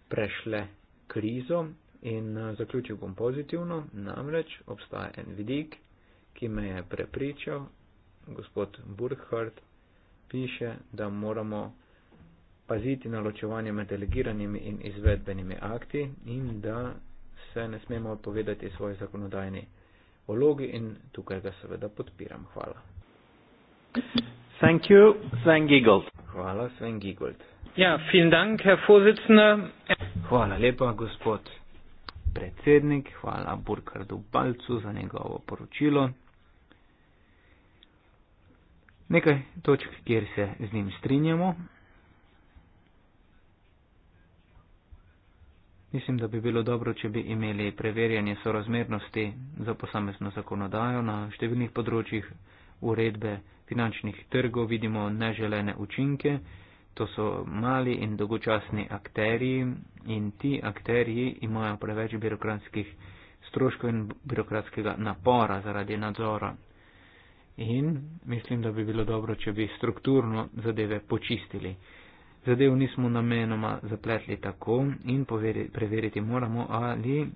prešle krizo in eh, zaključil bom pozitivno, namreč obstaja en vidik, ki me je prepričal, gospod Burkhardt, piše, da moramo paziti na ločevanje med delegiranimi in izvedbenimi akti in da se ne smemo odpovedati svoji zakonodajni vlogi in tukaj ga seveda podpiram. Hvala. Thank you, Sven Giegold. Hvala, Sven Giegold. Ja, vielen Dank, Herr Vorsitzender. Hvala lepa, gospod predsednik, hvala Burkardu Balcu za njegovo poročilo. Nekaj točk, kjer se z njim strinjamo. Mislim, da bi bilo dobro, če bi imeli preverjanje sorazmernosti za posamezno zakonodajo na številnih področjih uredbe finančnih trgov, vidimo neželene učinke to so mali in dolgočasni akteri in ti akteri imajo preveč birokratskih stroškov in birokratskega napora zaradi nadzora. In mislim, da bi bilo dobro, če bi strukturno zadeve počistili. Zadev nismo namenoma zapletli tako in poveri, preveriti moramo, ali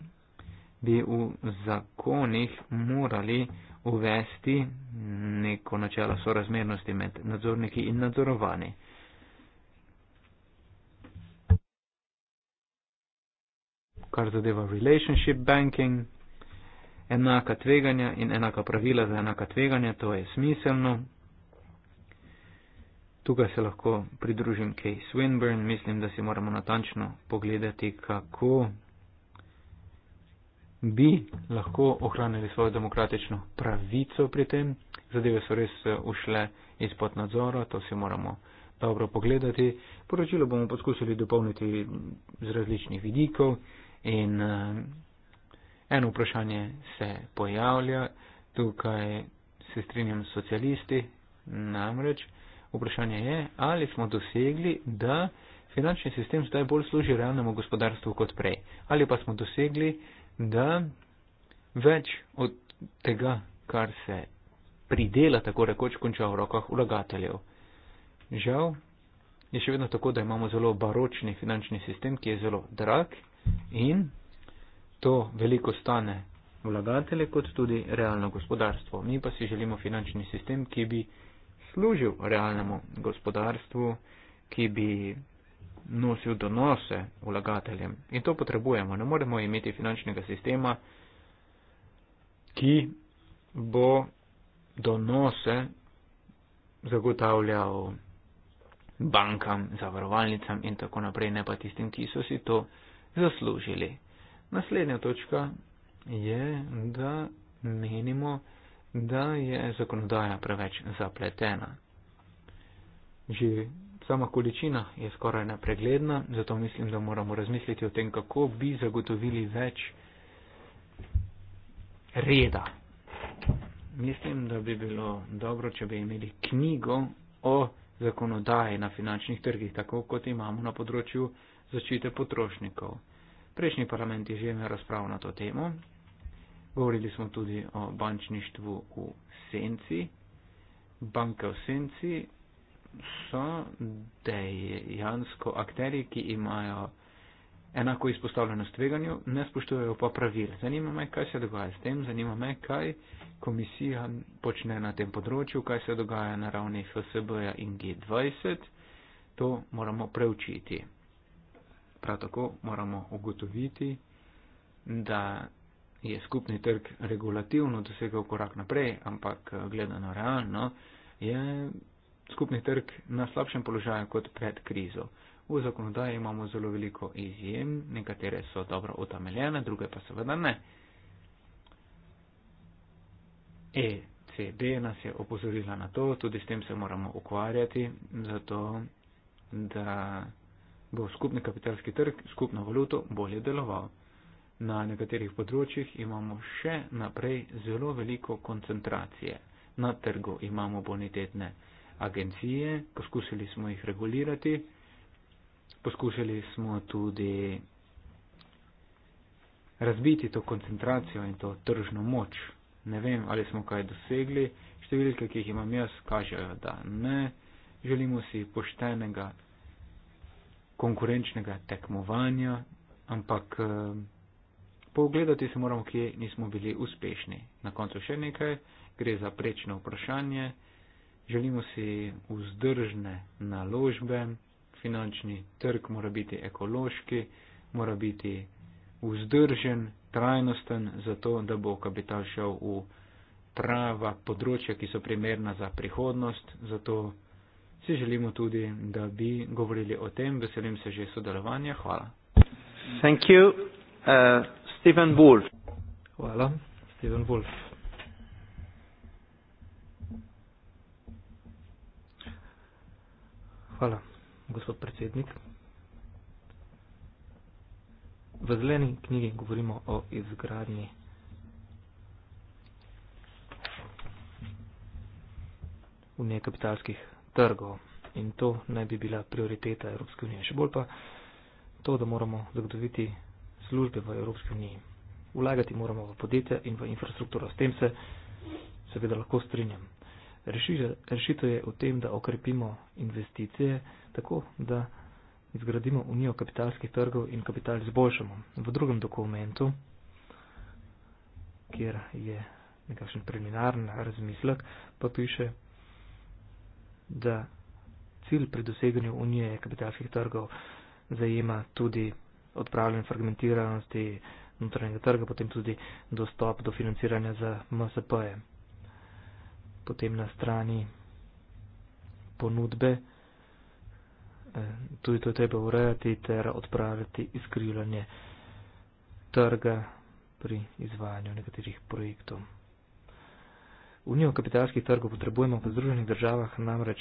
bi v zakonih morali uvesti neko načelo sorazmernosti med nadzorniki in nadzorovani. kar zadeva relationship banking, enaka tveganja in enaka pravila za enaka tveganja, to je smiselno. Tukaj se lahko pridružim Kay Swinburne, mislim, da si moramo natančno pogledati, kako bi lahko ohranili svojo demokratično pravico pri tem. Zadeve so res eh, ušle izpod nadzora, to si moramo dobro pogledati. Poročilo bomo poskusili dopolniti z različnih vidikov. In uh, eno vprašanje se pojavlja, tukaj se strinjam s socialisti, namreč vprašanje je, ali smo dosegli, da finančni sistem zdaj bolj služi realnemu gospodarstvu kot prej. Ali pa smo dosegli, da več od tega, kar se pridela, tako rekoč, konča v rokah vlagateljev. Žal je še vedno tako, da imamo zelo baročni finančni sistem, ki je zelo drag In to veliko stane vlagatelje, kot tudi realno gospodarstvo. Mi pa si želimo finančni sistem, ki bi služil realnemu gospodarstvu, ki bi nosil donose vlagateljem. In to potrebujemo. Ne moremo imeti finančnega sistema, ki bo donose zagotavljal bankam, zavarovalnicam in tako naprej, ne pa tistim, ki so si to zaslužili. Naslednja točka je, da menimo, da je zakonodaja preveč zapletena. Že sama količina je skoraj nepregledna, zato mislim, da moramo razmisliti o tem, kako bi zagotovili več reda. Mislim, da bi bilo dobro, če bi imeli knjigo o zakonodaji na finančnih trgih, tako kot imamo na področju zaščite potrošnikov. Prejšnji parlament je že imel razprav na to temo. Govorili smo tudi o bančništvu v senci. Banke v senci so dejansko akteri, ki imajo enako izpostavljenost tveganju, ne spoštujejo pa pravil. Zanima me, kaj se dogaja s tem, zanima me, kaj komisija počne na tem področju, kaj se dogaja na ravni FSB-ja in G20. To moramo preučiti. Prav tako moramo ugotoviti, da je skupni trg regulativno dosegel korak naprej, ampak eh, gledano realno je skupni trg na slabšem položaju kot pred krizo. V zakonodaji imamo zelo veliko izjem, nekatere so dobro utemeljene, druge pa seveda ne. ECB nas je opozorila na to, tudi s tem se moramo ukvarjati, zato da bo skupni kapitalski trg, skupno valuto bolje deloval. Na nekaterih področjih imamo še naprej zelo veliko koncentracije. Na trgu imamo bonitetne agencije, poskušali smo jih regulirati, poskušali smo tudi razbiti to koncentracijo in to tržno moč. Ne vem, ali smo kaj dosegli, številke, ki jih imam jaz, kažejo, da ne. Želimo si poštenega konkurenčnega tekmovanja, ampak uh, pogledati se moramo, kje nismo bili uspešni. Na koncu še nekaj, gre za prečno vprašanje. Želimo si vzdržne naložbe, finančni trg mora biti ekološki, mora biti vzdržen, trajnosten, zato da bo kapital šel v prava področja, ki so primerna za prihodnost. Zato si želimo tudi, da bi govorili o tem. Veselim se že sodelovanja. Hvala. Thank you, uh, Stephen Wolf. Hvala, Stephen Wolf. Hvala, gospod predsednik. V zeleni knjigi govorimo o izgradnji. v nekapitalskih trgov. In to ne bi bila prioriteta Evropske unije, še bolj pa to, da moramo zagotoviti službe v Evropski uniji. Vlagati moramo v podjetja in v infrastrukturo. S tem se seveda lahko strinjam. Rešitev je v tem, da okrepimo investicije tako, da izgradimo unijo kapitalskih trgov in kapital izboljšamo. V drugem dokumentu, kjer je nekakšen preliminarni razmislek, pa piše, da cilj pri doseganju unije kapitalskih trgov zajema tudi odpravljanje fragmentiranosti notranjega trga, potem tudi dostop do financiranja za MSP-je. Potem na strani ponudbe eh, tudi to treba urejati ter odpraviti izkrivljanje trga pri izvajanju nekaterih projektov. Unijo kapitalskih trgov potrebujemo v združenih državah, namreč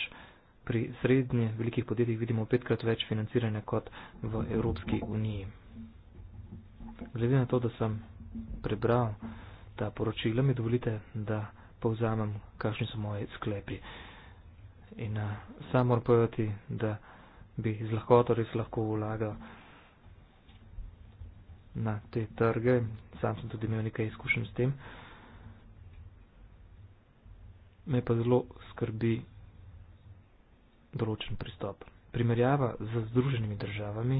pri srednje velikih podjetjih vidimo petkrat več financiranja kot v Evropski uniji. Glede na to, da sem prebral ta poročila, mi dovolite, da povzamem, kakšni so moje sklepi. In a, eh, sam moram povedati, da bi z lahkoto res lahko vlagal na te trge. Sam sem tudi imel nekaj izkušenj s tem me pa zelo skrbi določen pristop. Primerjava z združenimi državami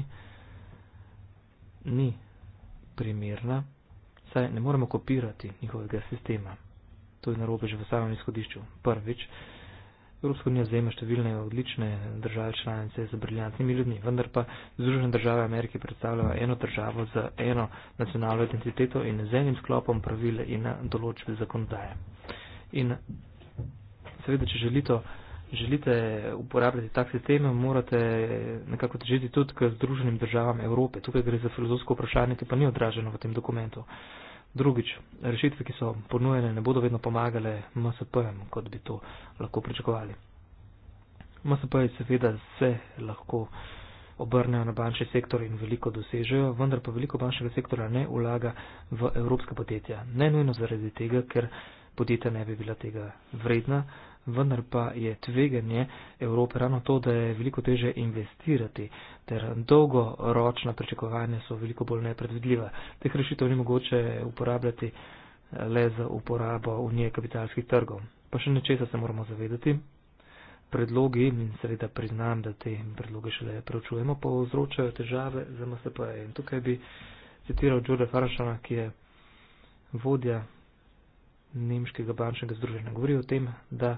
ni primerna, saj ne moremo kopirati njihovega sistema. To je narobe že v samem izhodišču. Prvič, Evropska unija zajema številne odlične države članice z briljantnimi ljudmi, vendar pa Združene države Amerike predstavljajo eno državo z eno nacionalno identiteto in z enim sklopom pravile in določbe zakonodaje. In seveda, če želito, želite uporabljati tak sistem, morate nekako težiti tudi k Združenim državam Evrope. Tukaj gre za filozofsko vprašanje, ki pa ni odraženo v tem dokumentu. Drugič, rešitve, ki so ponujene, ne bodo vedno pomagale MSP-jem, kot bi to lahko pričakovali. MSP-ji seveda se lahko obrnejo na bančni sektor in veliko dosežejo, vendar pa veliko bančnega sektora ne vlaga v evropska podjetja. Ne nujno zaradi tega, ker podjetja ne bi bila tega vredna, vendar pa je tveganje Evrope ravno to, da je veliko teže investirati, ter dolgoročna pričakovanja so veliko bolj nepredvidljiva. Teh rešitev ni mogoče uporabljati eh, le za uporabo v nje kapitalskih trgov. Pa še nečesa se moramo zavedati. Predlogi, in seveda priznam, da te predloge šele preučujemo, povzročajo težave za MSP. In tukaj bi citiral Džurja Farašana, ki je vodja nemškega bančnega združenja. Govori o tem, da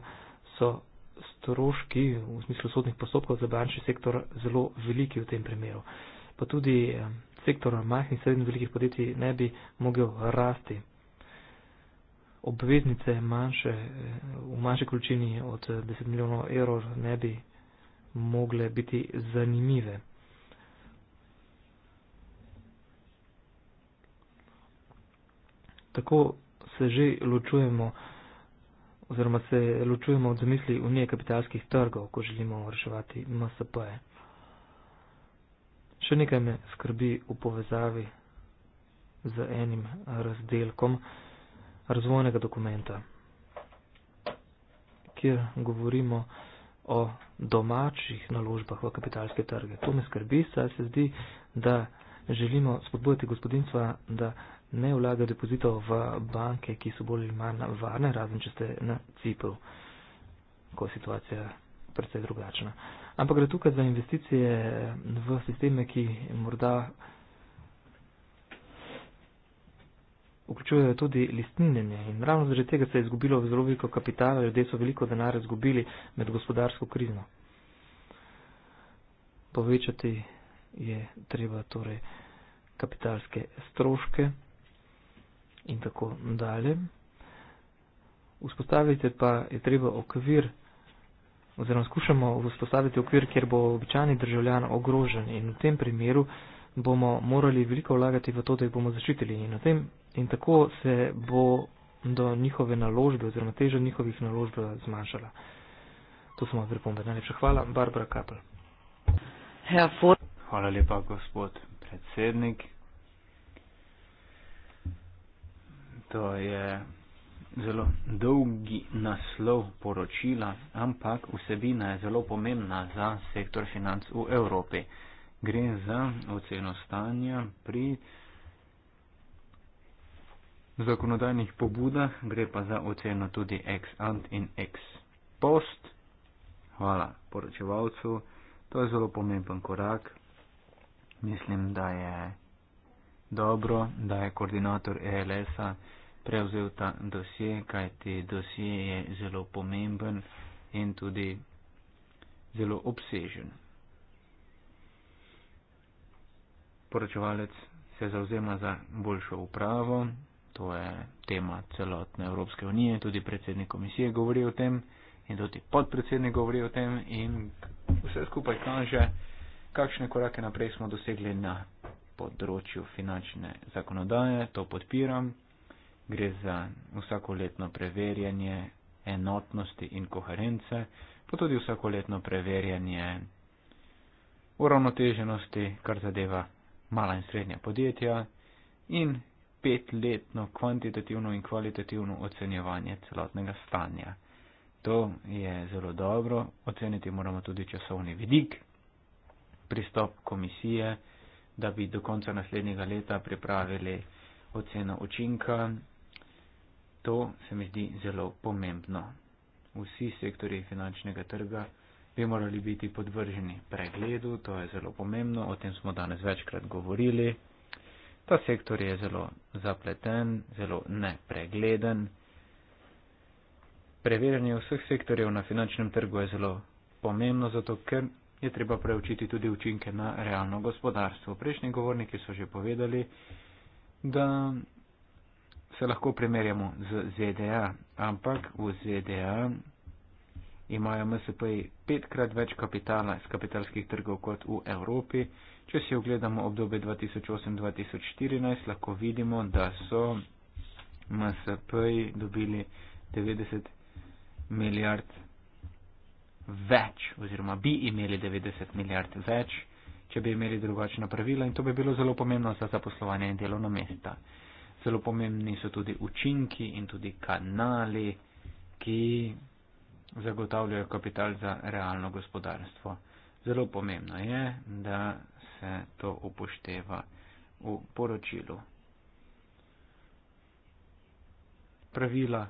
so stroški v smislu sodnih postopkov za bančni sektor zelo veliki v tem primeru. Pa tudi eh, sektor majhnih in srednjih velikih podjetij ne bi mogel rasti. Obveznice manjše, eh, v manjši količini od 10 eh, milijonov evrov ne bi mogle biti zanimive. Tako se že ločujemo oziroma se ločujemo od zamisli unije kapitalskih trgov, ko želimo reševati MSP-je. Še nekaj me skrbi v povezavi z enim razdelkom razvojnega dokumenta, kjer govorimo o domačih naložbah v kapitalske trge. To me skrbi, saj se zdi, da želimo spodbojati gospodinstva, da ne vlagajo depozitov v banke, ki so bolj ali manj varne, razen če ste na Cipru, ko je situacija precej drugačna. Ampak gre tukaj za investicije v sisteme, ki morda vključujejo tudi listninjenje. In ravno zaradi tega se je izgubilo zelo veliko kapitala, ljudje so veliko denarja izgubili med gospodarsko krizo. Povečati je treba torej kapitalske stroške in tako dalje. Vzpostavite pa je treba okvir, oziroma skušamo vzpostaviti okvir, kjer bo običajni državljan ogrožen in v tem primeru bomo morali veliko vlagati v to, da jih bomo zaščitili in, tem, in tako se bo do njihove naložbe oziroma teža njihovih naložb zmanjšala. To smo vam pripomnili. Najlepša hvala, Barbara Kapel. Hvala lepa, gospod predsednik. to je zelo dolgi naslov poročila, ampak vsebina je zelo pomembna za sektor financ v Evropi. Gre za oceno stanja pri zakonodajnih pobudah, gre pa za oceno tudi ex ant in ex post. Hvala poročevalcu, to je zelo pomemben korak. Mislim, da je. Dobro, da je koordinator ELS-a prevzel ta dosje, kajti dosje je zelo pomemben in tudi zelo obsežen. Poročevalec se zauzema za boljšo upravo, to je tema celotne Evropske unije, tudi predsednik komisije govori o tem in tudi podpredsednik govori o tem in vse skupaj kaže, kakšne korake naprej smo dosegli na področju finančne zakonodaje, to podpiram. Gre za vsakoletno preverjanje enotnosti in koherence, pa tudi vsakoletno preverjanje uravnoteženosti, kar zadeva mala in srednja podjetja in petletno kvantitativno in kvalitativno ocenjevanje celotnega stanja. To je zelo dobro, oceniti moramo tudi časovni vidik, pristop komisije, da bi do konca naslednjega leta pripravili oceno učinka. To se mi zdi zelo pomembno. Vsi sektori finančnega trga bi morali biti podvrženi pregledu, to je zelo pomembno, o tem smo danes večkrat govorili. Ta sektor je zelo zapleten, zelo nepregleden. Preverjanje vseh sektorjev na finančnem trgu je zelo pomembno, zato ker je treba preučiti tudi učinke na realno gospodarstvo. Prejšnji govorniki so že povedali, da se lahko primerjamo z ZDA, ampak v ZDA imajo MSP petkrat več kapitala iz kapitalskih trgov kot v Evropi. Če si ogledamo obdobje 2008-2014, lahko vidimo, da so MSP dobili 90 milijard več oziroma bi imeli 90 milijard več, če bi imeli drugačna pravila in to bi bilo zelo pomembno za zaposlovanje in delovna mesta. Zelo pomembni so tudi učinki in tudi kanali, ki zagotavljajo kapital za realno gospodarstvo. Zelo pomembno je, da se to upošteva v poročilu. Pravila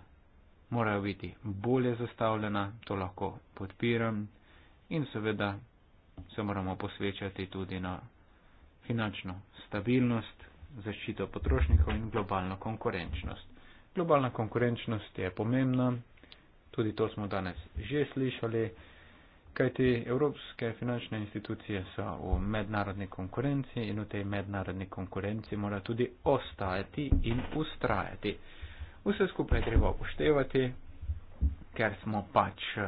morajo biti bolje zastavljena, to lahko podpiram in seveda se moramo posvečati tudi na finančno stabilnost, zaščito potrošnikov in globalno konkurenčnost. Globalna konkurenčnost je pomembna, tudi to smo danes že slišali, kajti evropske finančne institucije so v mednarodni konkurenci in v tej mednarodni konkurenci mora tudi ostajati in ustrajati. Vse skupaj treba upoštevati, ker smo pač eh,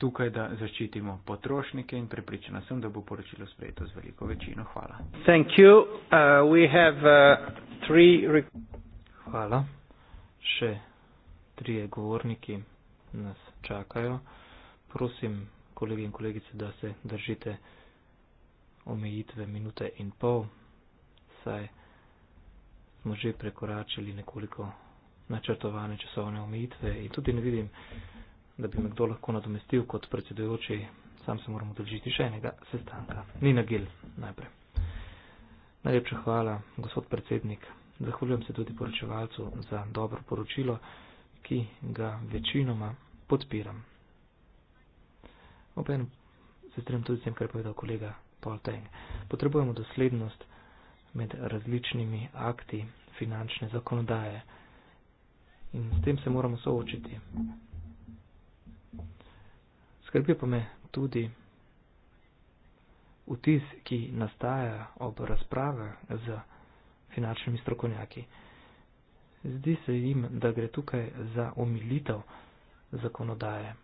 tukaj, da zaščitimo potrošnike in prepričana sem, da bo poročilo sprejeto z veliko večino. Hvala. Uh, have, uh, Hvala. Še trije govorniki nas čakajo. Prosim, kolegi in kolegice, da se držite omejitve minute in pol. Saj smo že prekoračili nekoliko načrtovane časovne omejitve in tudi ne vidim, da bi me kdo lahko nadomestil kot predsedujoči. Sam se moramo držiti še enega sestanka. Nina Gil, najprej. Najlepša hvala, gospod predsednik. Zahvaljujem se tudi poročevalcu za dobro poročilo, ki ga večinoma podpiram. Obenem se strem tudi s tem, kar je povedal kolega Paul Teng. Potrebujemo doslednost med različnimi akti finančne zakonodaje. In s tem se moramo soočiti. Skrbi pa me tudi vtis, ki nastaja ob razprave z finančnimi strokovnjaki. Zdi se jim, da gre tukaj za omilitev zakonodaje.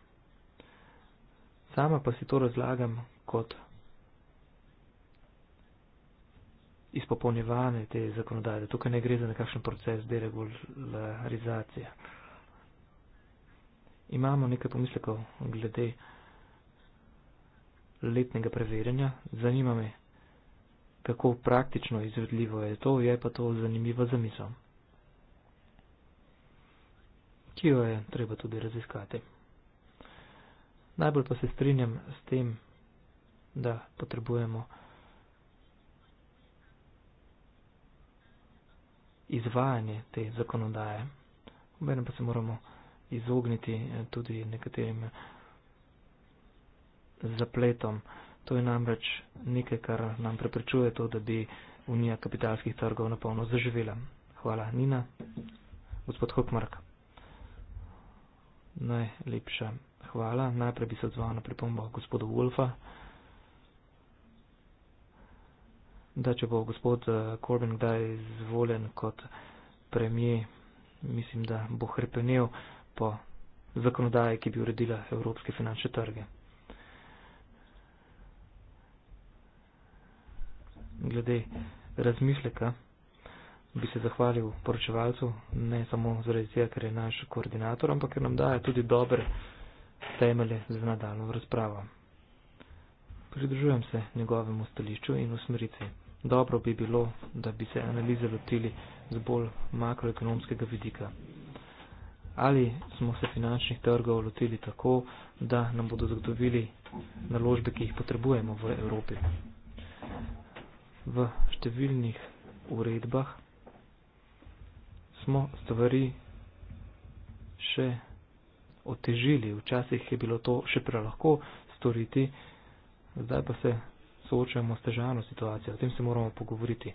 Sama pa si to razlagam kot izpopolnjevanje te zakonodaje. Tukaj ne gre za nekakšen proces deregularizacije. Imamo nekaj pomislekov glede letnega preverjanja. Zanima me, kako praktično izvedljivo je to, je pa to zanimiva zamisel, ki jo je treba tudi raziskati. Najbolj pa se strinjam s tem, da potrebujemo izvajanje te zakonodaje. Vmerno pa se moramo izogniti eh, tudi nekaterim zapletom. To je namreč nekaj, kar nam preprečuje to, da bi Unija kapitalskih trgov na polno zaživela. Hvala, Nina. Gospod Hokmark. Najlepša hvala. Najprej bi se odzval na pripombo gospoda Wolfa. da če bo gospod eh, Corbyn kdaj izvoljen kot premijer, mislim, da bo hrpenel po zakonodaji, ki bi uredila evropske finančne trge. Glede razmisleka bi se zahvalil poročevalcu, ne samo zaradi tega, ker je naš koordinator, ampak ker nam daje tudi dobre temelje za nadaljno razpravo. Pridružujem se njegovemu stališču in usmeritvi dobro bi bilo, da bi se analize lotili z bolj makroekonomskega vidika. Ali smo se finančnih trgov lotili tako, da nam bodo zagotovili naložbe, ki jih potrebujemo v Evropi? V številnih uredbah smo stvari še otežili. Včasih je bilo to še prelahko storiti, zdaj pa se soočamo s težavno situacijo, o tem se moramo pogovoriti.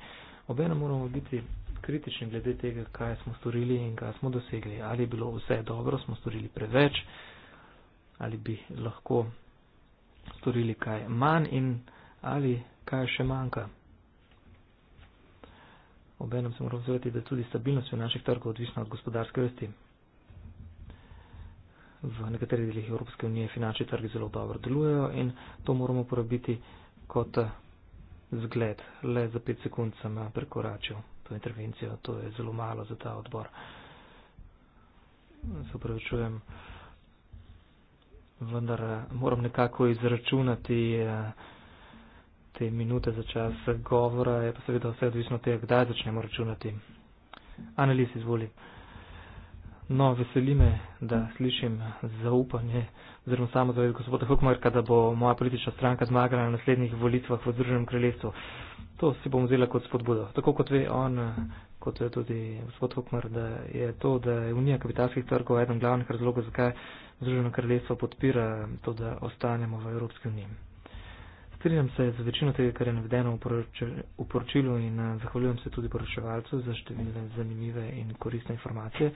Obenem moramo biti kritični glede tega, kaj smo storili in kaj smo dosegli. Ali je bilo vse dobro, smo storili preveč, ali bi lahko storili kaj manj in ali kaj še manjka. Obenem se moramo zavedati, da je tudi stabilnost v naših trgov odvisna od gospodarske rasti. V nekaterih delih Evropske unije finančni trgi zelo dobro delujejo in to moramo porabiti kot zgled, le za pet sekund sem eh, prekoračil to intervencijo, to je zelo malo za ta odbor. Se upravičujem, vendar eh, moram nekako izračunati eh, te minute za čas govora, je pa seveda vse odvisno od tega, kdaj začnemo računati. Analiz izvoli. Uh, No, veseli me, da slišim zaupanje oziroma samo zavez gospoda Hukmarka, da bo moja politična stranka zmagala na naslednjih volitvah v Združenem kraljestvu. To si bom vzela kot spodbudo. Tako kot ve on, kot je tudi gospod Hukmar, da je to, da je Unija kapitalskih trgov eden glavnih razlogov, zakaj Združeno kraljestvo podpira to, da ostanemo v Evropski uniji strinjam se z večino tega, kar je navedeno v poročilu in eh, zahvaljujem se tudi poročevalcu za številne zanimive in koristne informacije.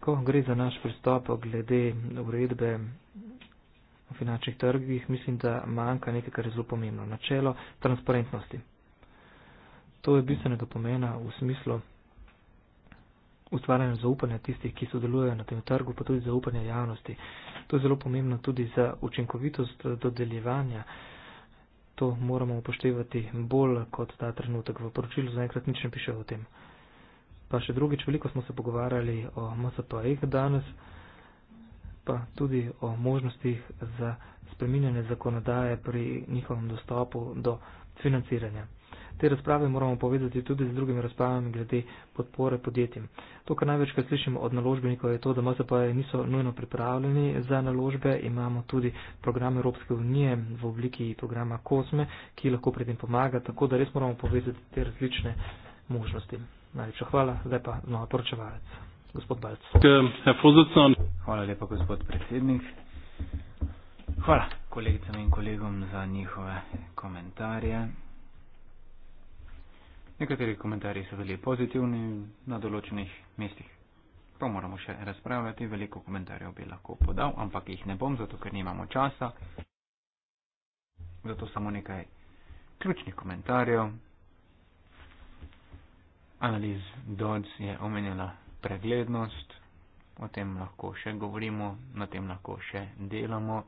Ko gre za naš pristop glede uredbe v finančnih trgih, mislim, da manjka nekaj, kar je zelo pomembno. Načelo transparentnosti. To je bistvenega pomena v smislu ustvarjanja zaupanja tistih, ki sodelujejo na tem trgu, pa tudi zaupanja javnosti. To je zelo pomembno tudi za učinkovitost dodeljevanja. Uh, to moramo upoštevati bolj kot ta trenutek. V poročilu zaenkrat nič ne piše o tem. Pa še drugič, veliko smo se pogovarjali o MSP-jih danes, pa tudi o možnostih za spreminjanje zakonodaje pri njihovem dostopu do financiranja. Te razprave moramo povezati tudi z drugimi razpravami glede podpore podjetjem. To, kar največkrat slišimo od naložbenikov, je to, da MSP niso nujno pripravljeni za naložbe. Imamo tudi program Evropske unije v obliki programa COSME, ki lahko pri tem pomaga, tako da res moramo povezati te različne možnosti. Najlepša hvala, zdaj pa znova poročevalec. Gospod Balc. Hvala lepa, gospod predsednik. Hvala kolegicam in kolegom za njihove komentarje. Nekateri komentarji so bili pozitivni na določenih mestih. To moramo še razpravljati, veliko komentarjev bi lahko podal, ampak jih ne bom, zato ker nimamo časa. Zato samo nekaj ključnih komentarjev. Analiz Dodds je omenjala preglednost, o tem lahko še govorimo, na tem lahko še delamo.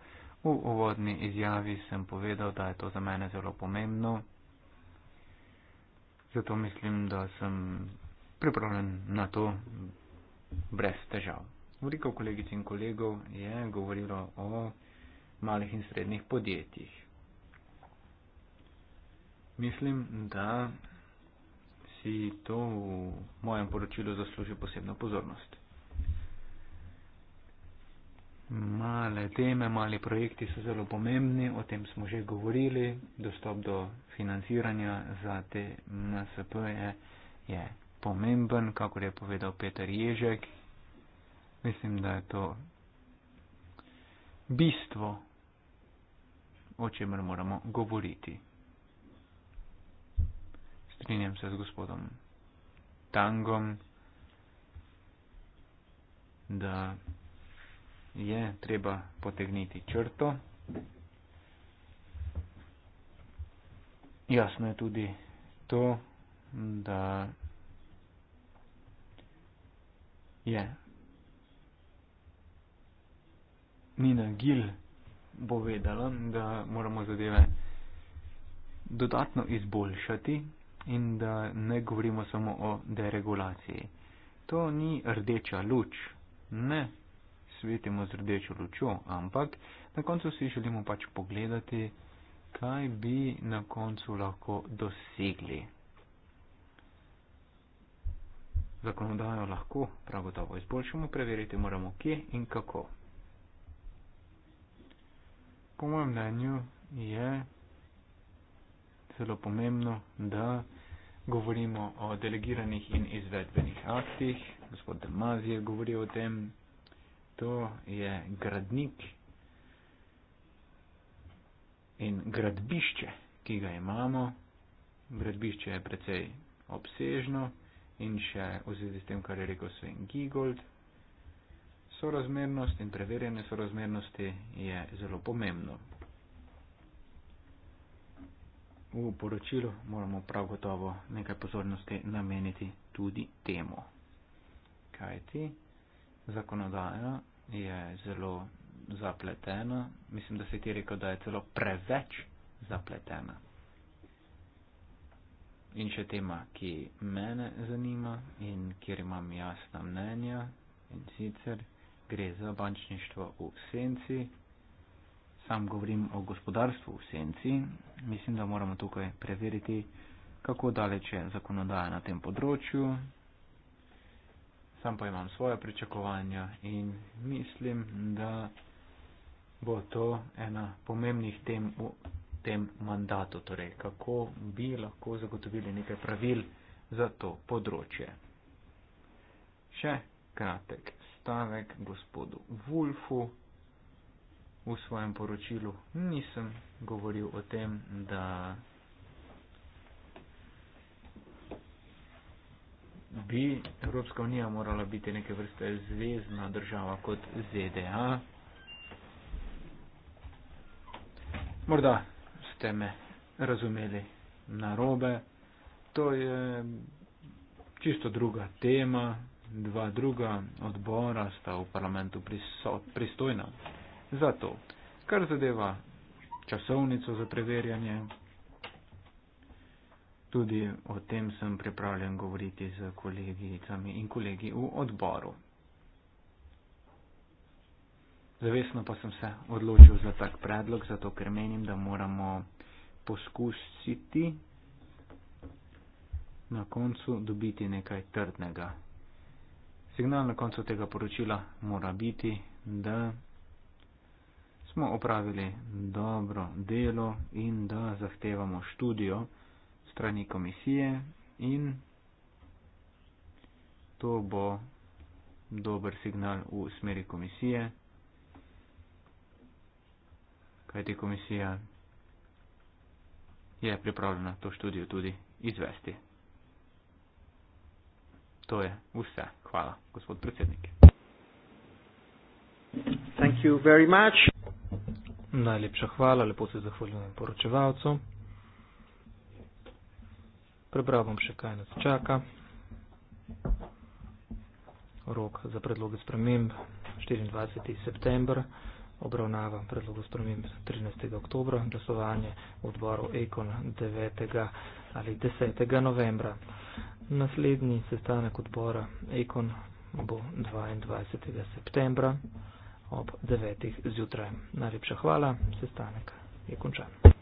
V uvodni izjavi sem povedal, da je to za mene zelo pomembno, Zato mislim, da sem pripravljen na to brez težav. Veliko kolegic in kolegov je govorilo o malih in srednjih podjetjih. Mislim, da si to v mojem poročilu zasluži posebno pozornost. določene teme, mali projekti so zelo pomembni, o tem smo že govorili, dostop do financiranja za te MSP-je je pomemben, kakor je povedal Peter Ježek. Mislim, da je to bistvo, o čemer moramo govoriti. Strinjam se z gospodom Tangom, da je treba potegniti črto. Jasno je tudi to, da je Nina Gil povedala, da moramo zadeve dodatno izboljšati in da ne govorimo samo o deregulaciji. To ni rdeča luč, ne, svetimo z rdečo lučjo, ampak na koncu si želimo pač pogledati, kaj bi na koncu lahko dosegli. Zakonodajo lahko, prav gotovo, izboljšamo, preveriti moramo, kje in kako. Po mojem mnenju je zelo pomembno, da govorimo o delegiranih in izvedbenih aktih. Gospod Damazi je govoril o tem, to je gradnik in gradbišče, ki ga imamo. Gradbišče je precej obsežno in še v zvezi s tem, kar je rekel Sven Gigold, sorazmernost in preverjanje sorazmernosti je zelo pomembno. V poročilu moramo prav gotovo nekaj pozornosti nameniti tudi temu, kajti zakonodaja je zelo zapletena. Mislim, da si ti rekel, da je celo preveč zapletena. In še tema, ki mene zanima in kjer imam jasna mnenja in sicer gre za bančništvo v senci. Sam govorim o gospodarstvu v senci. Mislim, da moramo tukaj preveriti, kako daleč je zakonodaja na tem področju, sam pa imam svoje pričakovanja in mislim, da bo to ena pomembnih tem v tem mandatu, torej kako bi lahko zagotovili nekaj pravil za to področje. Še kratek stavek gospodu Wulfu. V svojem poročilu nisem govoril o tem, da bi Evropska unija morala biti neke vrste zvezdna država kot ZDA. Morda ste me razumeli narobe. To je čisto druga tema. Dva druga odbora sta v parlamentu pristojna. Zato, kar zadeva časovnico za preverjanje Tudi o tem sem pripravljen govoriti z kolegicami in kolegi v odboru. Zavesno pa sem se odločil za tak predlog, zato ker menim, da moramo poskusiti na koncu dobiti nekaj trdnega. Signal na koncu tega poročila mora biti, da smo opravili dobro delo in da zahtevamo študijo, strani komisije in to bo dober signal v smeri komisije, kajti komisija je pripravljena to študijo tudi izvesti. To je vse. Hvala, gospod predsednik. Thank you very much. Najlepša hvala, lepo se zahvaljujem poročevalcu. Prebral bom še kaj nas čaka. Rok za predloge sprememb 24. september, obravnava predloge sprememb 13. oktober, glasovanje v odboru EKON 9. ali 10. novembra. Naslednji sestanek odbora EKON bo 22. septembra ob 9. zjutraj. Najlepša hvala, sestanek je končan.